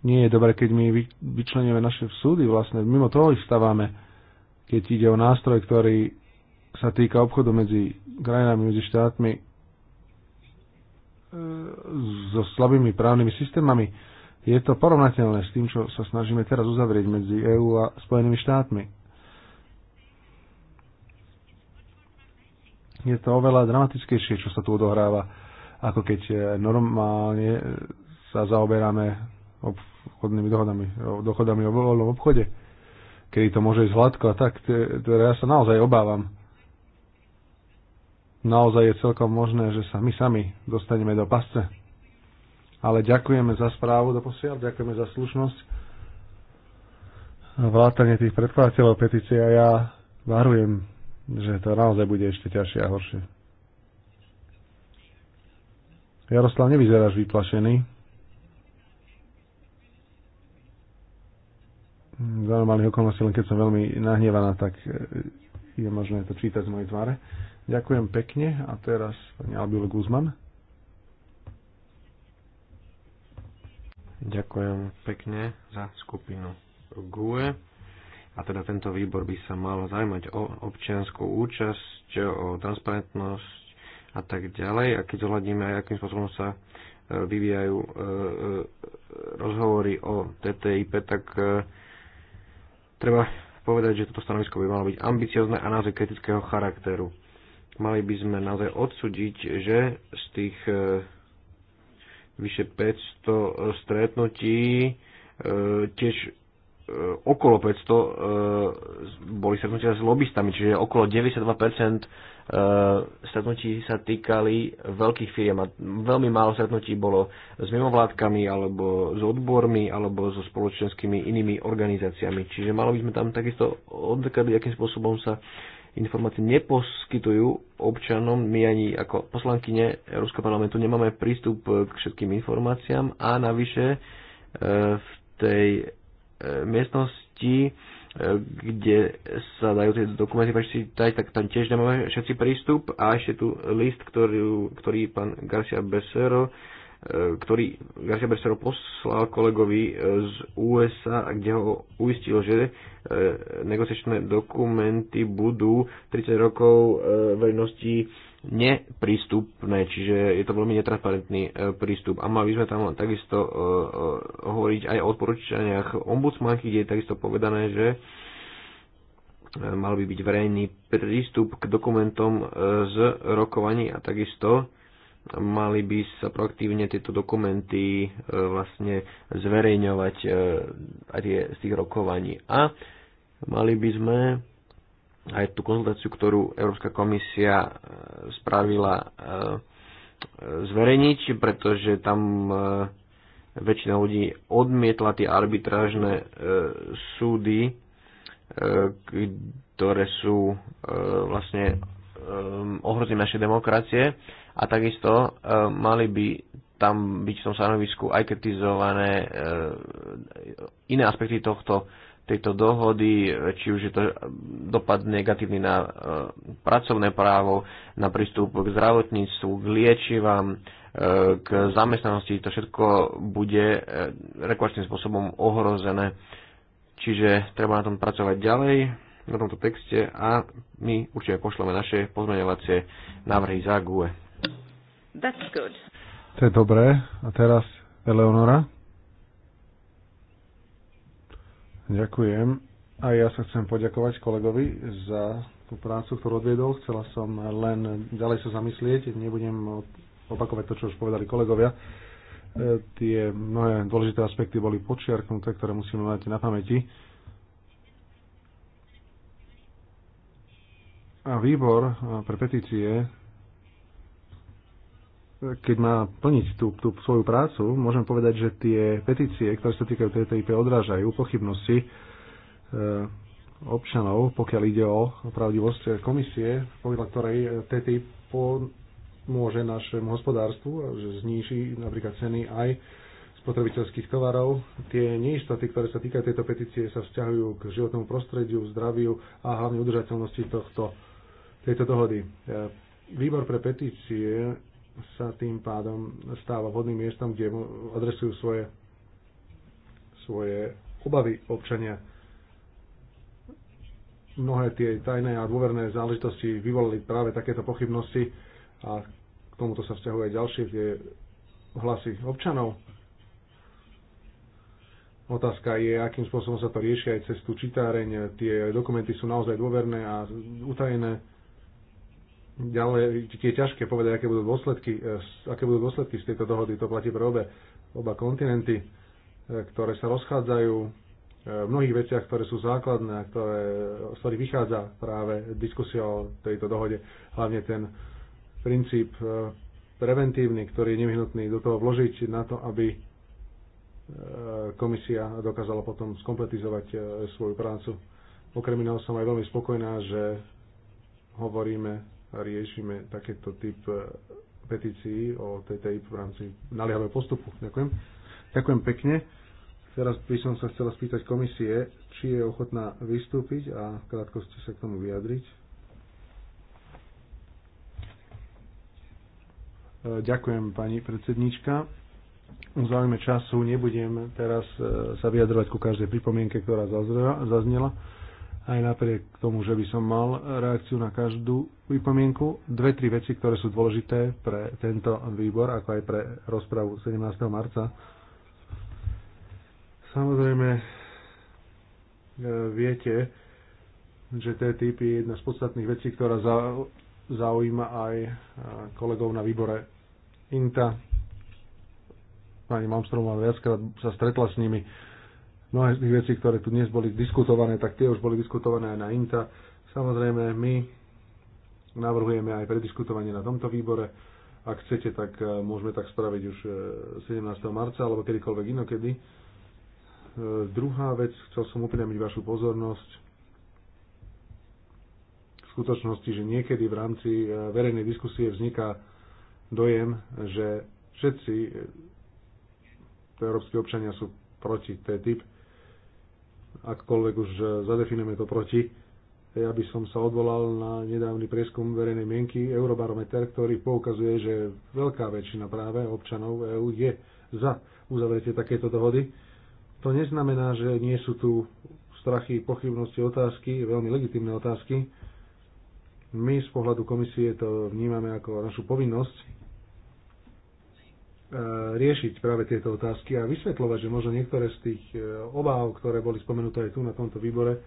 Nie je dobre, keď my vyčlenieme naše súdy, vlastne mimo toho ich stávame, keď ide o nástroj, ktorý sa týka obchodu medzi krajinami, medzi štátmi e, so slabými právnymi systémami, je to porovnateľné s tým, čo sa snažíme teraz uzavrieť medzi EÚ a Spojenými štátmi. Je to oveľa dramatickejšie, čo sa tu odohráva, ako keď e, normálne e, sa zaoberáme obchodnými dohodami, dochodami o voľnom obchode, kedy to môže ísť hladko a tak, teda ja sa naozaj obávam. Naozaj je celkom možné, že sa my sami dostaneme do pasce ale ďakujeme za správu do posiaľ, ďakujeme za slušnosť vrátanie tých predkladateľov petície a ja varujem, že to naozaj bude ešte ťažšie a horšie. Jaroslav, nevyzeráš vyplašený. Za normálnych okolností, len keď som veľmi nahnevaná, tak e, je možné to čítať z mojej tváre. Ďakujem pekne a teraz pani Albilo Guzman. Ďakujem pekne za skupinu GUE. A teda tento výbor by sa mal zaujímať o občianskú účasť, o transparentnosť a tak ďalej. A keď zohľadíme aj, akým spôsobom sa e, vyvíjajú e, e, rozhovory o TTIP, tak treba povedať, že toto stanovisko by malo byť ambiciozne a naozaj kritického charakteru. Mali by sme naozaj odsúdiť, že z tých vyše 500 e, stretnutí, e, tiež e, okolo 500 boli stretnutia s lobbystami, čiže okolo 92% stretnutí sa týkali veľkých firiem a veľmi málo stretnutí bolo s mimovládkami alebo s odbormi alebo so spoločenskými inými organizáciami. Čiže malo by sme tam takisto odkedy, akým spôsobom sa informácie neposkytujú občanom. My ani ako poslankyne Európskeho parlamentu nemáme prístup k všetkým informáciám a navyše e, v tej e, miestnosti, e, kde sa dajú tie dokumenty prečítať, tak tam tiež nemáme všetci prístup. A ešte tu list, ktorý, ktorý pán Garcia Besero E, ktorý Garcia Bersero poslal kolegovi e, z USA, kde ho uistil, že e, negociačné dokumenty budú 30 rokov verejnosti neprístupné, čiže je to veľmi netransparentný prístup. A mali sme tam takisto hovoriť aj o odporúčaniach ombudsmanky, kde je takisto povedané, že mal by byť verejný prístup k dokumentom z rokovaní a takisto mali by sa proaktívne tieto dokumenty e, vlastne zverejňovať e, aj tie, z tých rokovaní. A mali by sme aj tú konzultáciu, ktorú Európska komisia e, spravila zverejniť, pretože tam väčšina ľudí odmietla tie arbitrážne súdy, ktoré sú vlastne ohrozené naše demokracie a takisto e, mali by tam byť v tom stanovisku aj kritizované e, iné aspekty tohto tejto dohody, či už je to dopad negatívny na e, pracovné právo, na prístup k zdravotníctvu, k liečivám, k zamestnanosti, to všetko bude rekvačným spôsobom ohrozené. Čiže treba na tom pracovať ďalej, na tomto texte a my určite pošleme naše pozmeňovacie návrhy za GUE. That's good. To je dobré. A teraz Eleonora. Ďakujem. A ja sa chcem poďakovať kolegovi za tú prácu, ktorú odviedol. Chcela som len ďalej sa zamyslieť. Nebudem opakovať to, čo už povedali kolegovia. E, tie mnohé dôležité aspekty boli počiarknuté, ktoré musíme mať na pamäti. A výbor e, pre petície keď má plniť tú, tú svoju prácu, môžem povedať, že tie petície, ktoré sa týkajú TTIP, odrážajú pochybnosti e, občanov, pokiaľ ide o pravdivosť komisie, podľa ktorej TTIP pomôže našemu hospodárstvu, že zníži napríklad ceny aj spotrebiteľských tovarov. Tie neistoty, ktoré sa týkajú tejto petície, sa vzťahujú k životnému prostrediu, zdraviu a hlavne udržateľnosti tohto, tejto dohody. E, výbor pre petície sa tým pádom stáva vhodným miestom, kde adresujú svoje, svoje obavy občania. Mnohé tie tajné a dôverné záležitosti vyvolali práve takéto pochybnosti a k tomuto sa vzťahuje ďalšie tie hlasy občanov. Otázka je, akým spôsobom sa to rieši aj cez tú čitáreň. Tie dokumenty sú naozaj dôverné a utajené Ďalej je ťažké povedať, aké budú dôsledky, e, aké budú dôsledky z tejto dohody. To platí pre obe, oba kontinenty, e, ktoré sa rozchádzajú e, v mnohých veciach, ktoré sú základné a ktoré, z ktorých vychádza práve diskusia o tejto dohode. Hlavne ten princíp preventívny, ktorý je nevyhnutný do toho vložiť na to, aby komisia dokázala potom skompletizovať svoju prácu. Okrem iného som aj veľmi spokojná, že hovoríme riešime takéto typ e, petícií o TTI v rámci naliehavého postupu. Ďakujem. Ďakujem pekne. Teraz by som sa chcela spýtať komisie, či je ochotná vystúpiť a v krátkosti sa k tomu vyjadriť. E, ďakujem, pani predsednička. V záujme času nebudem teraz e, sa vyjadrovať ku každej pripomienke, ktorá zaznela aj napriek tomu, že by som mal reakciu na každú pripomienku. Dve, tri veci, ktoré sú dôležité pre tento výbor, ako aj pre rozpravu 17. marca. Samozrejme, e, viete, že TTIP je jedna z podstatných vecí, ktorá zaujíma aj e, kolegov na výbore INTA. Pani Malmstromová viackrát sa stretla s nimi Mnohé z tých vecí, ktoré tu dnes boli diskutované, tak tie už boli diskutované aj na INTA. Samozrejme, my navrhujeme aj prediskutovanie na tomto výbore. Ak chcete, tak e, môžeme tak spraviť už 17. E, marca alebo kedykoľvek inokedy. E, druhá vec, chcel som upriamiť vašu pozornosť v skutočnosti, že niekedy v rámci verejnej diskusie vzniká dojem, že všetci európsky občania sú proti TTIP akkoľvek už zadefinujeme to proti. Ja by som sa odvolal na nedávny prieskum verejnej mienky Eurobarometer, ktorý poukazuje, že veľká väčšina práve občanov EÚ je za uzavretie takéto dohody. To neznamená, že nie sú tu strachy, pochybnosti, otázky, veľmi legitimné otázky. My z pohľadu komisie to vnímame ako našu povinnosť E, riešiť práve tieto otázky a vysvetľovať, že možno niektoré z tých e, obáv, ktoré boli spomenuté aj tu na tomto výbore, e,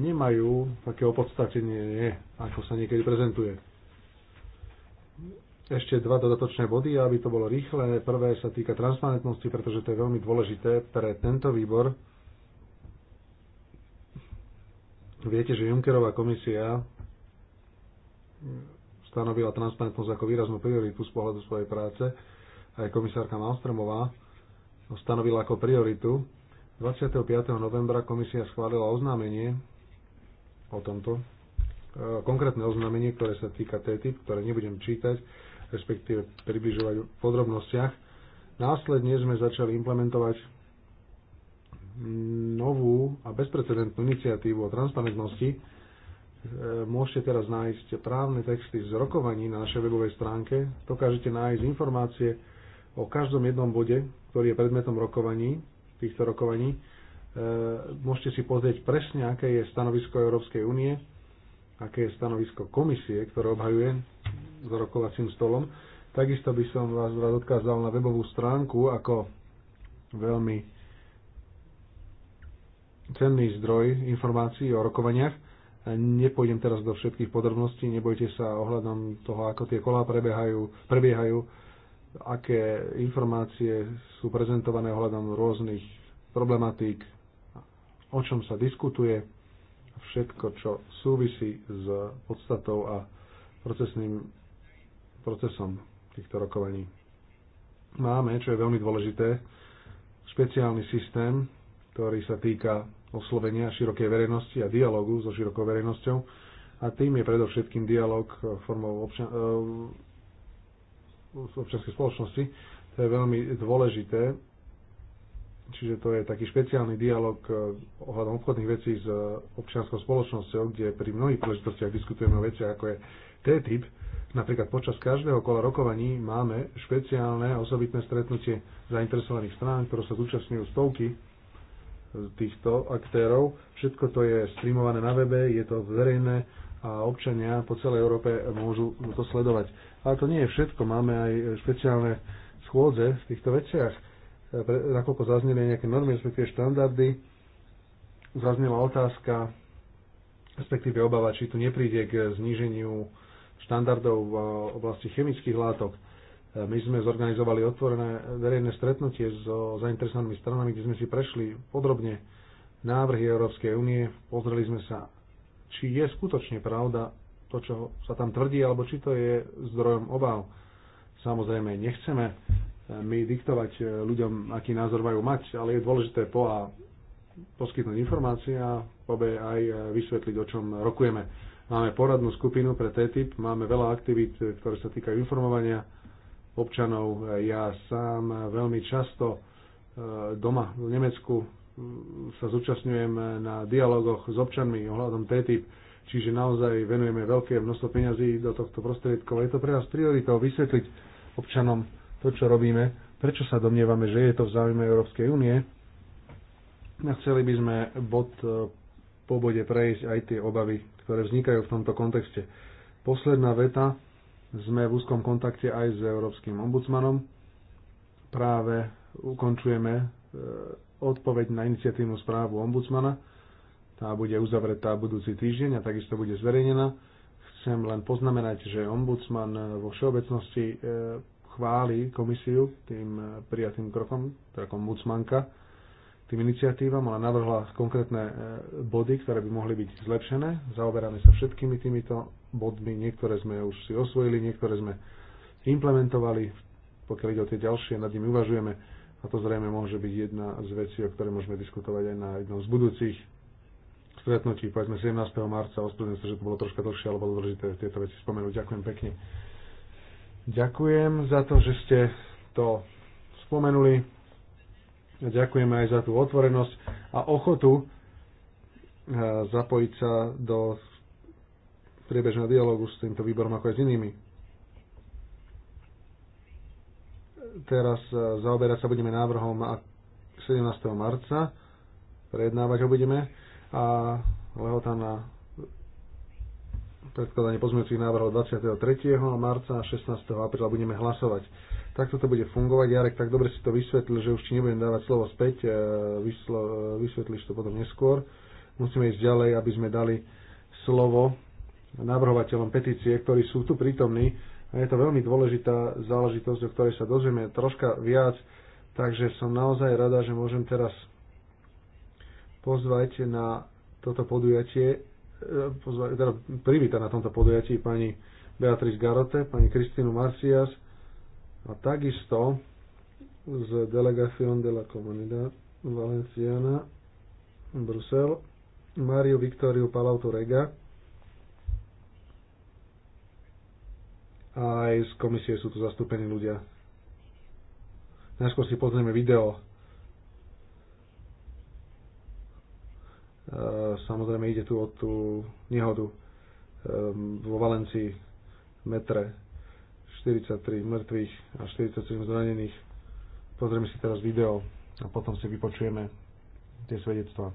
nemajú také opodstatenie, ako sa niekedy prezentuje. Ešte dva dodatočné body, aby to bolo rýchle. Prvé sa týka transparentnosti, pretože to je veľmi dôležité pre tento výbor. Viete, že Junckerová komisia stanovila transparentnosť ako výraznú prioritu z pohľadu svojej práce. Aj komisárka Malstromová stanovila ako prioritu. 25. novembra komisia schválila oznámenie o tomto. E, konkrétne oznámenie, ktoré sa týka TTIP, ktoré nebudem čítať, respektíve približovať v podrobnostiach. Následne sme začali implementovať novú a bezprecedentnú iniciatívu o transparentnosti, E, môžete teraz nájsť právne texty z rokovaní na našej webovej stránke. Dokážete nájsť informácie o každom jednom bode, ktorý je predmetom rokovaní, týchto rokovaní. E, môžete si pozrieť presne, aké je stanovisko Európskej únie, aké je stanovisko komisie, ktoré obhajuje s rokovacím stolom. Takisto by som vás rád odkázal na webovú stránku ako veľmi cenný zdroj informácií o rokovaniach. Nepôjdem teraz do všetkých podrobností, nebojte sa ohľadom toho, ako tie kolá prebiehajú, prebiehajú aké informácie sú prezentované ohľadom rôznych problematík, o čom sa diskutuje, všetko, čo súvisí s podstatou a procesným procesom týchto rokovaní. Máme, čo je veľmi dôležité, špeciálny systém, ktorý sa týka oslovenia širokej verejnosti a dialogu so širokou verejnosťou. A tým je predovšetkým dialog e, formou občan- e, občianskej spoločnosti. To je veľmi dôležité. Čiže to je taký špeciálny dialog e, ohľadom obchodných vecí s občianskou spoločnosťou, kde pri mnohých príležitostiach diskutujeme o veciach, ako je TTIP. Napríklad počas každého kola rokovaní máme špeciálne osobitné stretnutie zainteresovaných strán, ktoré sa zúčastňujú stovky týchto aktérov. Všetko to je streamované na webe, je to verejné a občania po celej Európe môžu to sledovať. Ale to nie je všetko. Máme aj špeciálne schôdze v týchto veciach. E, nakoľko zazneli nejaké normy, respektíve štandardy, zaznela otázka, respektíve obava, či tu nepríde k zníženiu štandardov v oblasti chemických látok. My sme zorganizovali otvorené verejné stretnutie so zainteresovanými stranami, kde sme si prešli podrobne návrhy Európskej únie, pozreli sme sa, či je skutočne pravda to, čo sa tam tvrdí, alebo či to je zdrojom obav. Samozrejme, nechceme eh, my diktovať eh, ľuďom, aký názor majú mať, ale je dôležité po a poskytnúť informácie a po aj eh, vysvetliť, o čom rokujeme. Máme poradnú skupinu pre TTIP, máme veľa aktivít, ktoré sa týkajú informovania, občanov. Ja sám veľmi často e, doma v Nemecku sa zúčastňujem na dialogoch s občanmi ohľadom TTIP, čiže naozaj venujeme veľké množstvo peňazí do tohto prostriedkov. Je to pre nás prioritou vysvetliť občanom to, čo robíme, prečo sa domnievame, že je to v záujme Európskej únie. A no, chceli by sme bod e, po bode prejsť aj tie obavy, ktoré vznikajú v tomto kontexte. Posledná veta sme v úzkom kontakte aj s Európskym ombudsmanom. Práve ukončujeme e, odpoveď na iniciatívnu správu ombudsmana. Tá bude uzavretá budúci týždeň a takisto bude zverejnená. Chcem len poznamenať, že ombudsman vo všeobecnosti e, chváli komisiu tým e, prijatým krokom, teda ombudsmanka, tým iniciatívam, ona navrhla konkrétne e, body, ktoré by mohli byť zlepšené. Zaoberáme sa všetkými týmito bodmi, niektoré sme už si osvojili, niektoré sme implementovali, pokiaľ ide o tie ďalšie, nad nimi uvažujeme a to zrejme môže byť jedna z vecí, o ktorej môžeme diskutovať aj na jednom z budúcich stretnutí, povedzme 17. marca, ospravedlňujem sa, že to bolo troška dlhšie, alebo dôležité tieto veci spomenúť. Ďakujem pekne. Ďakujem za to, že ste to spomenuli. Ďakujeme aj za tú otvorenosť a ochotu e, zapojiť sa do priebežného dialogu s týmto výborom ako aj s inými. Teraz e, zaoberať sa budeme návrhom 17. marca, prejednávať ho budeme a lehota na predkladanie pozmeňujúcich návrhov 23. marca a 16. apríla budeme hlasovať. Takto to bude fungovať. Jarek tak dobre si to vysvetlil, že už ti nebudem dávať slovo späť, e, vyslo, e, vysvetlíš to potom neskôr. Musíme ísť ďalej, aby sme dali slovo navrhovateľom petície, ktorí sú tu prítomní. A je to veľmi dôležitá záležitosť, o ktorej sa dozvieme troška viac. Takže som naozaj rada, že môžem teraz pozvať na toto podujatie pozva, teda privíta na tomto podujatí pani Beatrice Garote, pani Kristínu Marcias a takisto z Delegación de la Comunidad Valenciana Brusel Mario Victoriu Palauto Rega a aj z komisie sú tu zastúpení ľudia. Najskôr si pozrieme video Eh, samozrejme ide tu o tú nehodu ehm, vo Valencii metre 43 mŕtvych a 47 zranených. Pozrieme si teraz video a potom si vypočujeme tie svedectvá.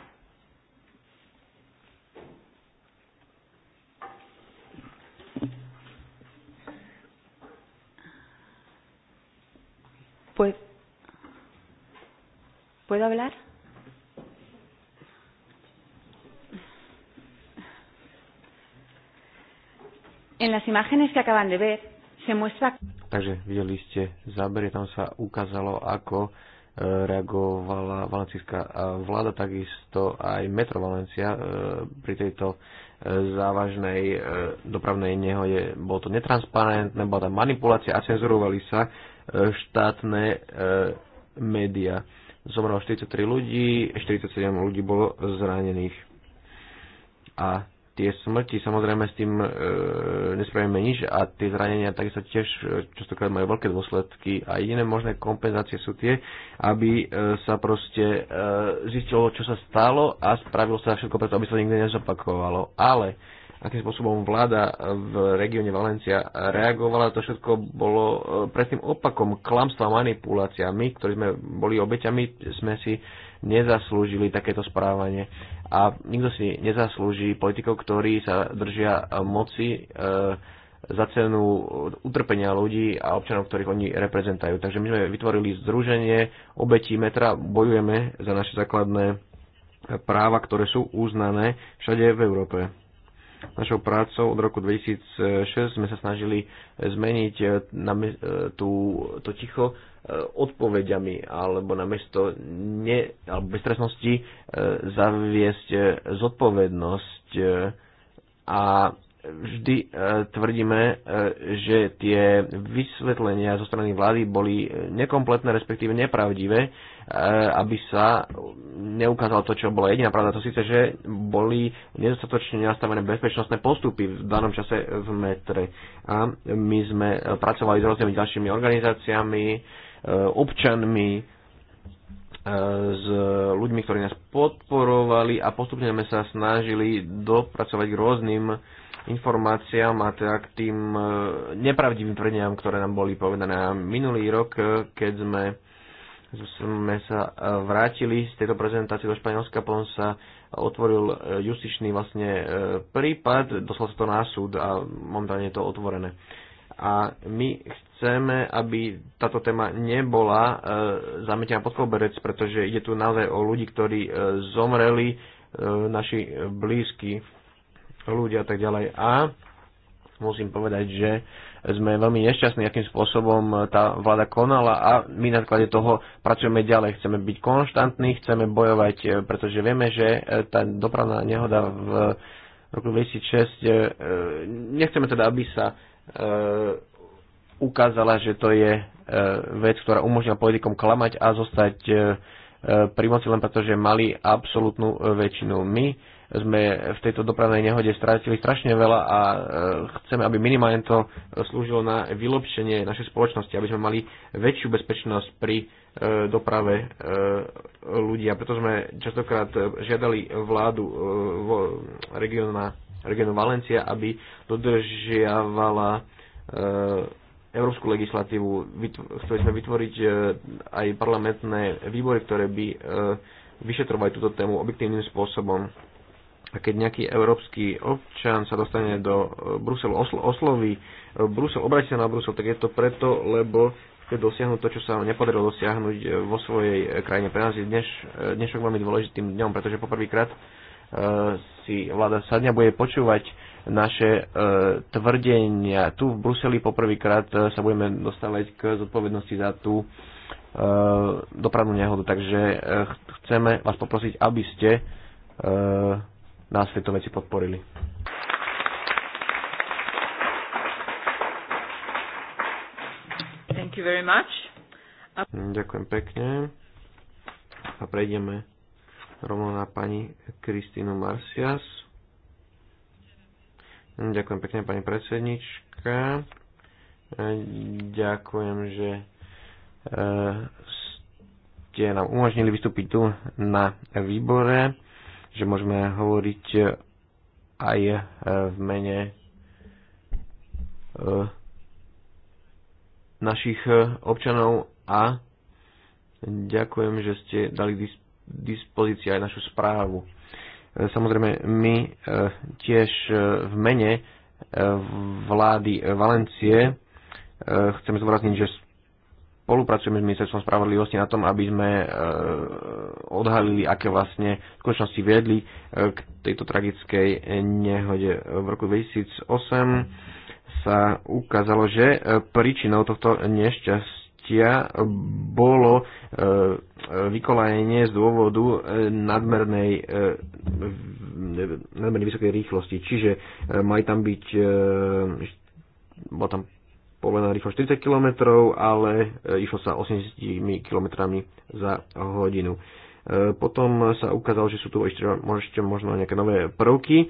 Pues, ¿Puedo hablar? En las imágenes que acaban de ver, se muestra... Takže videli ste zábery, tam sa ukázalo, ako e, reagovala valencijská e, vláda, takisto aj metro Valencia e, pri tejto závažnej dopravnej nehode. Bolo to netransparentné, bola tam manipulácia a cenzurovali sa štátne e, média. Zomrelo 43 ľudí, 47 ľudí bolo zranených. A tie smrti, samozrejme s tým e, nespravíme nič a tie zranenia takisto tiež e, častokrát majú veľké dôsledky a jediné možné kompenzácie sú tie, aby e, sa proste e, zistilo, čo sa stalo a spravilo sa všetko preto, aby sa nikdy nezopakovalo. Ale akým spôsobom vláda v regióne Valencia reagovala. To všetko bolo e, predtým opakom klamstva manipuláciami, ktorí sme boli obeťami, sme si nezaslúžili takéto správanie. A nikto si nezaslúži politikov, ktorí sa držia e, moci e, za cenu utrpenia ľudí a občanov, ktorých oni reprezentajú. Takže my sme vytvorili združenie obetí metra, bojujeme za naše základné práva, ktoré sú uznané všade v Európe našou prácou od roku 2006 sme sa snažili zmeniť eh, na, eh, tú, to ticho eh, odpovediami alebo namiesto ne, alebo bezstresnosti zaviesť zodpovednosť a vždy e, tvrdíme, e, že tie vysvetlenia zo strany vlády boli e, nekompletné, respektíve nepravdivé, aby sa neukázalo to, čo bola jediná pravda. To síce, že boli nedostatočne nastavené bezpečnostné postupy v danom čase v metre. A my sme pracovali s rôznymi ďalšími organizáciami, občanmi, s ľuďmi, ktorí nás podporovali a postupne sme sa snažili dopracovať k rôznym informáciám a teda k tým e, nepravdivým tvrdeniam, ktoré nám boli povedané. A minulý rok, e, keď sme, sme sa e, vrátili z tejto prezentácie do Španielska, potom sa otvoril justičný vlastne prípad, dostal sa to na súd a momentálne je to otvorené. A my chceme, aby táto téma nebola e, zametená pod koberec, pretože ide tu naozaj o ľudí, ktorí e, zomreli, e, naši blízky ľudia a tak ďalej. A musím povedať, že sme veľmi nešťastní, akým spôsobom tá vláda konala a my na základe toho pracujeme ďalej. Chceme byť konštantní, chceme bojovať, e, pretože vieme, že e, tá dopravná nehoda v roku 2006, e, nechceme teda, aby sa ukázala, že to je vec, ktorá umožnila politikom klamať a zostať pri moci len preto, že mali absolútnu väčšinu. My sme v tejto dopravnej nehode strátili strašne veľa a e, chceme, aby minimálne to slúžilo na vylepšenie našej spoločnosti, aby sme mali väčšiu bezpečnosť pri e, doprave e, ľudí. A preto sme častokrát žiadali vládu vo regionu Valencia, aby dodržiavala európsku legislatívu. Chceli sme vytvoriť aj parlamentné výbory, ktoré by vyšetrovali túto tému objektívnym spôsobom. A keď nejaký európsky občan sa dostane do eh, Bruselu, oslo, osloví eh, Brusel, obráti sa na Brusel, tak je to preto, lebo chce dosiahnuť to, čo sa nepodarilo dosiahnuť eh, vo svojej krajine. Pre nás je dneš, dnešok veľmi dôležitým dňom, pretože poprvýkrát si vláda sadňa bude počúvať naše e, tvrdenia. Tu v Bruseli poprvýkrát sa budeme dostávať k zodpovednosti za tú e, dopravnú nehodu. Takže e, chceme vás poprosiť, aby ste e, nás v tejto veci podporili. Thank you very much. A... Ďakujem pekne. A prejdeme rovno na pani Kristínu Marcias. Ďakujem pekne, pani predsednička. Ďakujem, že eh, ste nám umožnili vystúpiť tu na výbore že môžeme hovoriť e, aj e, v mene e, našich občanov a ďakujem, že ste dali dispozíciu dispozícii aj našu správu. Samozrejme, my tiež v mene vlády Valencie chcem zvorazniť, že spolupracujeme s ministerstvom spravodlivosti na tom, aby sme e, odhalili, aké vlastne skutočnosti viedli e, k tejto tragickej nehode. V roku 2008 sa ukázalo, že e, príčinou tohto nešťastia bolo vykolajenie z dôvodu nadmernej, nadmernej vysokej rýchlosti. Čiže mali tam byť bol tam podľa rýchlo 40 km, ale e, išlo sa 80 km za hodinu. E, potom sa ukázalo, že sú tu ešte, možno nejaké nové prvky, e,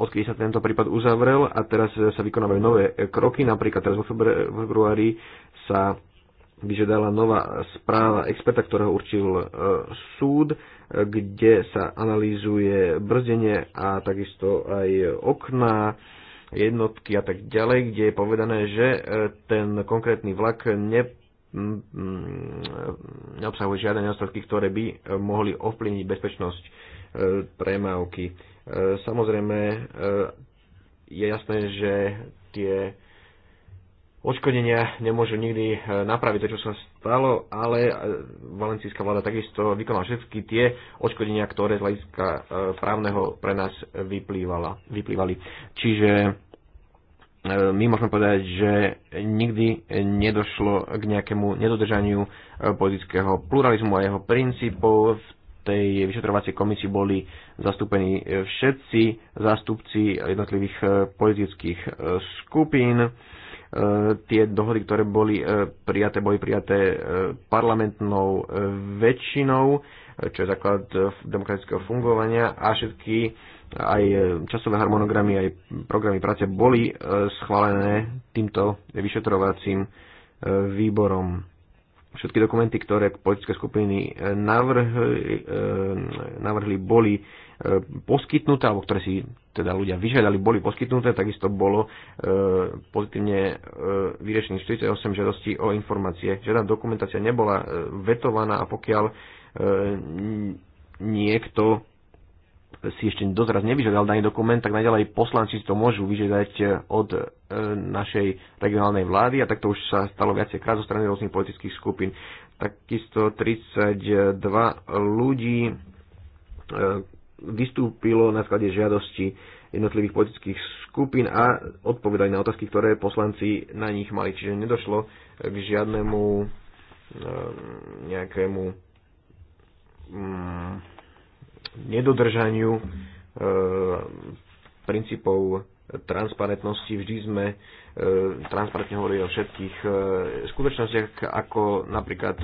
odkedy sa tento prípad uzavrel a teraz sa vykonávajú nové kroky. Napríklad teraz vo februári sa vyžiadala nová správa experta, ktorého určil súd, kde sa analýzuje brzdenie a takisto aj okná, jednotky a tak ďalej, kde je povedané, že e, ten konkrétny vlak ne neobsahuje žiadne nedostatky, ktoré by e, mohli ovplyvniť bezpečnosť e, premávky. Samozrejme, je jasné, že tie odškodenia nemôžu nikdy e, napraviť to, čo sa stalo, ale e, valencijská vláda takisto vykonala všetky tie odškodenia, ktoré z hľadiska e, právneho pre nás vyplývala, vyplývali. Čiže my môžeme povedať, že nikdy nedošlo k nejakému nedodržaniu politického pluralizmu a jeho princípov. V tej vyšetrovacej komisii boli zastúpení všetci zástupci jednotlivých politických skupín E, tie dohody, ktoré boli e, prijaté, boli prijaté e, parlamentnou väčšinou, čo je základ demokratického fungovania a všetky aj časové harmonogramy, aj programy práce boli schválené týmto vyšetrovacím výborom všetky dokumenty, ktoré politické skupiny e, navrhli, e, navrhli boli e, poskytnuté, alebo ktoré si teda ľudia vyžiadali, boli poskytnuté, takisto bolo pozitívne vyriešených 48 žiadostí o informácie. Žiadna dokumentácia nebola vetovaná a pokiaľ niekto si ešte doteraz nevyžiadal daný dokument, tak naďalej poslanci si to môžu vyžiadať eh, od e, našej regionálnej vlády a tak to už sa stalo viacej krát zo strany rôznych politických skupín. Takisto 32 ľudí e, vystúpilo na sklade žiadosti jednotlivých politických skupín a odpovedali na otázky, ktoré poslanci na nich mali. Čiže nedošlo k žiadnemu e, nejakému mm, nedodržaniu eh, princípov transparentnosti. Vždy sme eh, transparentne hovorili o všetkých eh, skutočnostiach, ako napríklad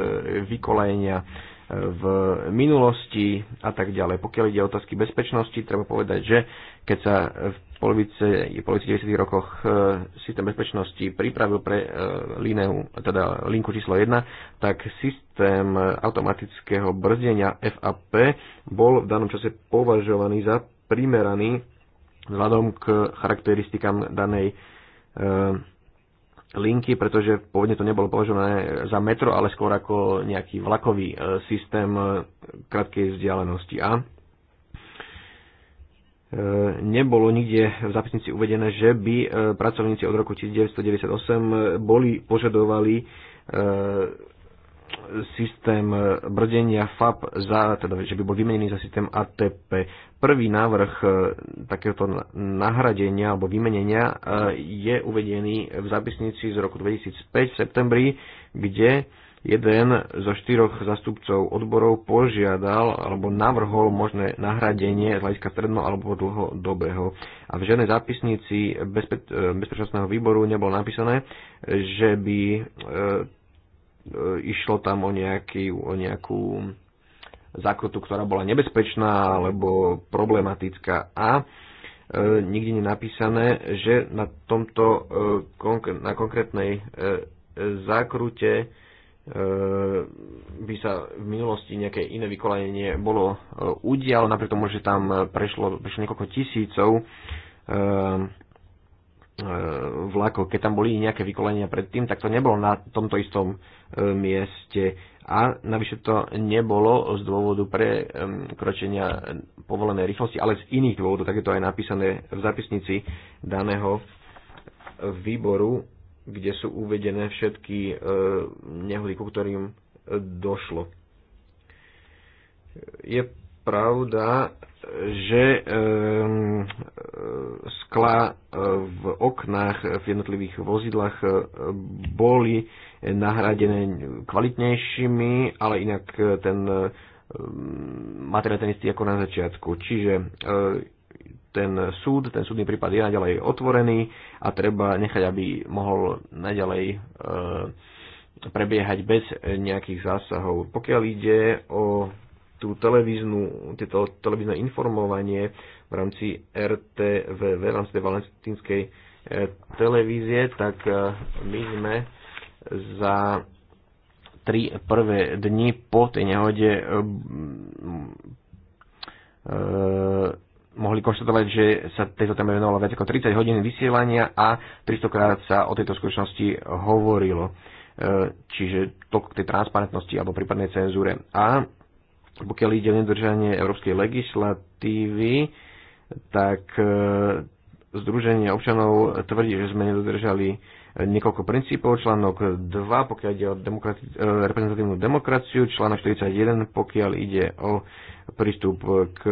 vykolajenia v minulosti a tak ďalej. Pokiaľ ide o otázky bezpečnosti, treba povedať, že keď sa v polovice, polovice 90. rokoch e, systém bezpečnosti pripravil pre e, lineu, teda linku číslo 1, tak systém automatického brzdenia FAP bol v danom čase považovaný za primeraný vzhľadom k charakteristikám danej e, linky, pretože pôvodne to nebolo považované za metro, ale skôr ako nejaký vlakový systém krátkej vzdialenosti. A E, nebolo nikde v zápisnici uvedené, že by e, pracovníci od roku 1998 e, boli, požadovali systém brdenia FAP, za, teda, že by bol vymenený za systém ATP. Prvý návrh takéhoto nahradenia alebo vymenenia je uvedený v zápisnici z roku 2005 v septembri, kde jeden zo štyroch zastupcov odborov požiadal alebo navrhol možné nahradenie z hľadiska stredno alebo dlhodobého. A v žiadnej zápisnici e, bezpečnostného výboru nebolo napísané, že by e, e, išlo tam o, nejaký, o nejakú zákrutu, ktorá bola nebezpečná alebo problematická. A e, nikdy nenapísané, že na tomto e, konk- na konkrétnej e, zákrute e, Ehm, by sa v minulosti nejaké iné vykolenie bolo e, udialo, napriek tomu, že tam e, prešlo, prešlo niekoľko tisícov ehm, e, vlakov, keď tam boli nejaké vykolenia predtým, tak to nebolo na tomto istom mieste a navyše to nebolo z dôvodu kročenia povolenej rýchlosti, ale z iných dôvodov, tak je to aj napísané v zapisnici daného výboru kde sú uvedené všetky e, nehody, ku ktorým e, došlo. Je pravda, že e, skla v oknách v jednotlivých vozidlách boli nahradené kvalitnejšími, ale inak ten materiál ten istý ako na začiatku. Čiže ten súd, ten súdny prípad je naďalej otvorený a treba nechať, aby mohol naďalej e, prebiehať bez nejakých zásahov. Pokiaľ ide o tú televíznu, tieto televízne informovanie v rámci RTVV, v rámci tej valentínskej e, televízie, tak e, my sme za tri prvé dni po tej nehode e, mohli konštatovať, že sa tejto téme venovalo viac ako 30 hodín vysielania a 300 krát sa o tejto skutočnosti hovorilo. E, čiže to k tej transparentnosti alebo prípadnej cenzúre. A pokiaľ ide o nedržanie európskej legislatívy, tak e, Združenie občanov tvrdí, že sme nedodržali niekoľko princípov. Článok 2, pokiaľ ide o demokrati- e, reprezentatívnu demokraciu, článok 41, pokiaľ ide o prístup k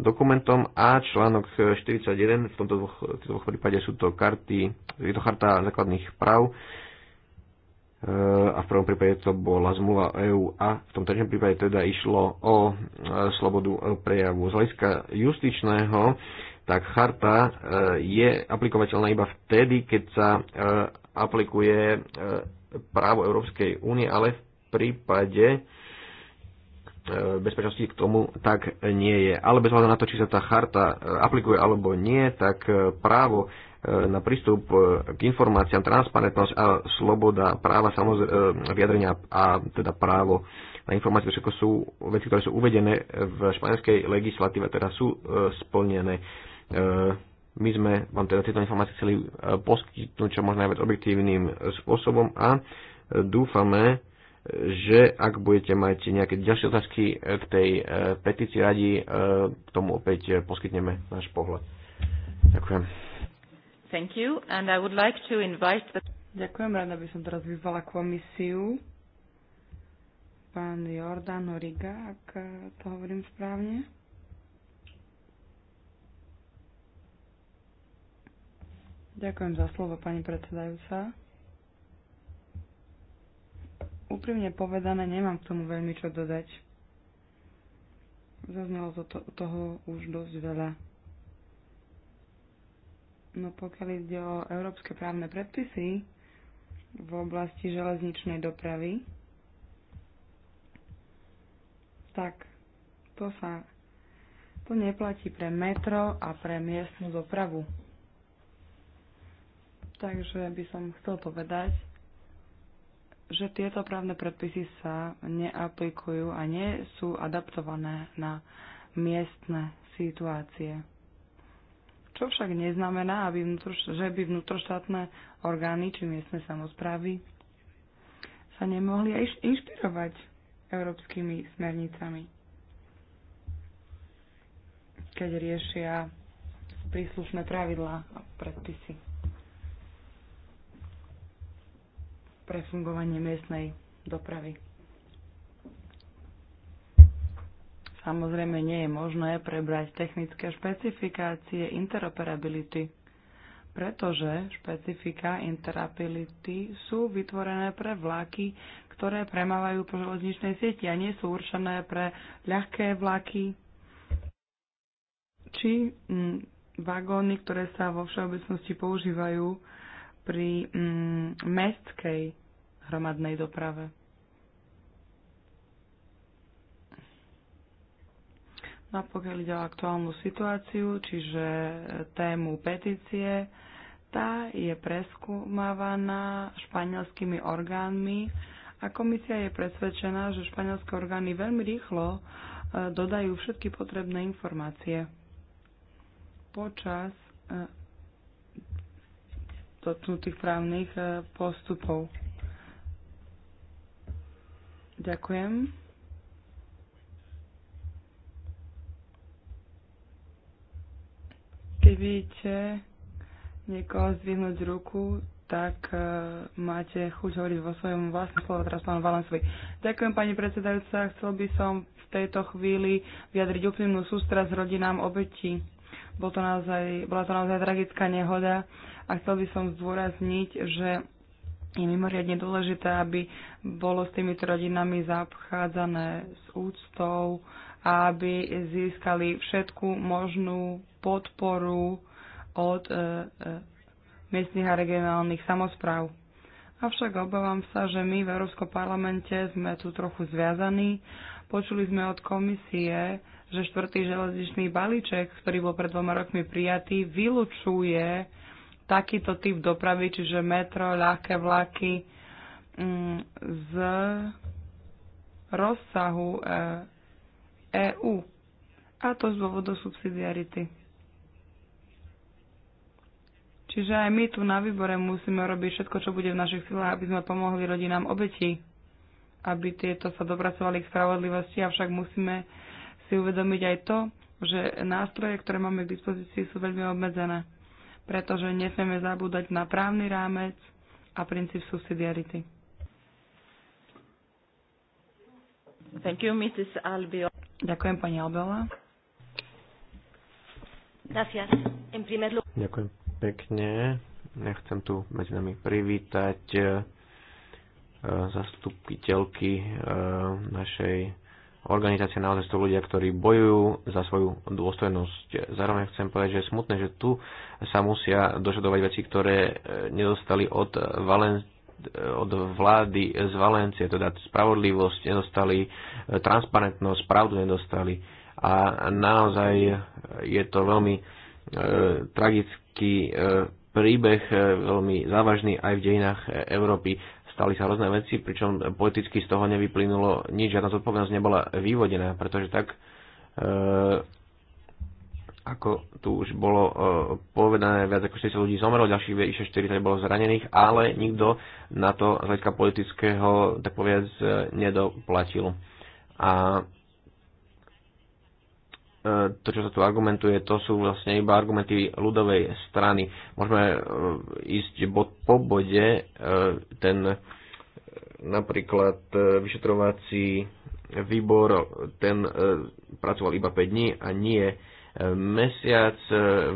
dokumentom a článok 41, v tomto dvoch, v dvoch prípade sú to karty, je to charta základných práv e, a v prvom prípade to bola zmluva EÚ a v tom treťom prípade teda išlo o e, slobodu prejavu. Z hľadiska justičného tak charta je aplikovateľná iba vtedy, keď sa aplikuje e, právo Európskej únie, ale v prípade e, bezpečnosti k tomu tak nie je. Ale bez hľadu na to, či sa tá charta e, aplikuje alebo nie, tak právo na prístup k informáciám, transparentnosť a sloboda práva samozrejme, vyjadrenia a teda právo na informácie, to všetko sú veci, ktoré sú uvedené v španielskej legislatíve, teda sú splnené my sme vám teda tieto informácie chceli e, poskytnúť čo možno najviac objektívnym spôsobom a e, dúfame, e, že ak budete mať nejaké ďalšie otázky k tej petícii, radi k tomu opäť poskytneme náš pohľad. Ďakujem. Thank you and I would like to invite the... Ďakujem, rada by som teraz vyzvala komisiu. Pán Jordan Origa, ak to hovorím správne. Ďakujem za slovo, pani predsedajúca. Úprimne povedané, nemám k tomu veľmi čo dodať. Zaznelo to, toho už dosť veľa. No pokiaľ ide o európske právne predpisy v oblasti železničnej dopravy, tak to sa to neplatí pre metro a pre miestnu dopravu. Takže by som chcel povedať, že tieto právne predpisy sa neaplikujú a nie sú adaptované na miestne situácie. Čo však neznamená, aby vnútro, že by vnútroštátne orgány či miestne samozprávy sa nemohli aj inšpirovať európskymi smernicami, keď riešia príslušné pravidlá a predpisy. pre fungovanie miestnej dopravy. Samozrejme nie je možné prebrať technické špecifikácie interoperability, pretože špecifika interoperability sú vytvorené pre vlaky, ktoré premávajú po železničnej sieti a nie sú určené pre ľahké vlaky či mm, vagóny, ktoré sa vo všeobecnosti používajú pri mm, mestskej hromadnej doprave. No a pokiaľ ide o aktuálnu situáciu, čiže tému petície, tá je preskúmavaná španielskými orgánmi a komisia je presvedčená, že španielské orgány veľmi rýchlo e, dodajú všetky potrebné informácie. Počas e, dotknutých právnych e, postupov. Ďakujem. Keď vidíte niekoho zdvihnúť ruku, tak uh, máte chuť hovoriť vo svojom vlastnom slove, teraz pánu Valensovi. Ďakujem, pani predsedajúca. Chcel by som v tejto chvíli vyjadriť úprimnú sústrasť rodinám obetí. Bol to naozaj, bola to naozaj tragická nehoda a chcel by som zdôrazniť, že je mimoriadne dôležité, aby bolo s týmito rodinami zaobchádzané s úctou a aby získali všetku možnú podporu od e, e, miestnych a regionálnych samozpráv. Avšak obávam sa, že my v Európskom parlamente sme tu trochu zviazaní. Počuli sme od komisie, že štvrtý železničný balíček, ktorý bol pred dvoma rokmi prijatý, vylučuje takýto typ dopravy, čiže metro, ľahké vlaky mm, z rozsahu EÚ. E A to z dôvodu subsidiarity. Čiže aj my tu na výbore musíme robiť všetko, čo bude v našich silách, aby sme pomohli rodinám obetí, aby tieto sa dopracovali k spravodlivosti, avšak musíme si uvedomiť aj to, že nástroje, ktoré máme k dispozícii, sú veľmi obmedzené pretože nesmieme zabúdať na právny rámec a princíp subsidiarity. Thank you, Mrs. Ďakujem, pani Albiola. Gracias. En primer lugar... Ďakujem pekne. Ja chcem tu medzi nami privítať eh, zastupiteľky eh, našej organizácia naozaj sú ľudia, ktorí bojujú za svoju dôstojnosť. Zároveň chcem povedať, že je smutné, že tu sa musia dožadovať veci, ktoré e, nedostali od, Valen- od vlády z Valencie, teda spravodlivosť nedostali, e, transparentnosť, pravdu nedostali. A naozaj je to veľmi e, tragický e, príbeh, e, veľmi závažný aj v dejinách e, Európy stali sa rôzne veci, pričom politicky z toho nevyplynulo nič, žiadna zodpovednosť nebola vyvodená, pretože tak e, ako tu už bolo e, povedané, viac ako 60 ľudí zomrlo, ďalších vyše 40 bolo zranených, ale nikto na to z hľadiska politického, tak povedz, e, nedoplatil. A E, to, čo sa tu argumentuje, to sú vlastne iba argumenty ľudovej strany. Môžeme e, ísť bod po bode, e, ten napríklad vyšetrovací výbor, ten pracoval iba 5 dní a nie mesiac.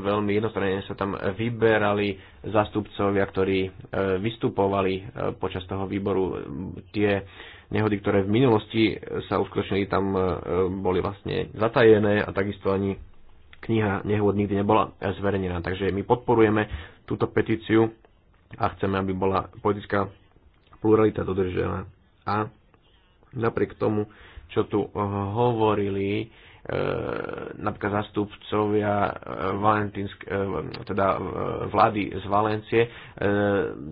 Veľmi jednostranne sa tam vyberali zástupcovia, ktorí vystupovali počas toho výboru. Tie nehody, ktoré v minulosti sa uskutočnili, tam e, boli vlastne zatajené a takisto ani kniha nehôd nikdy nebola zverejnená. Takže my podporujeme túto petíciu a chceme, aby bola politická pluralita dodržená. A napriek tomu, čo tu hovorili, e, napríklad zastupcovia e, teda vlády z Valencie.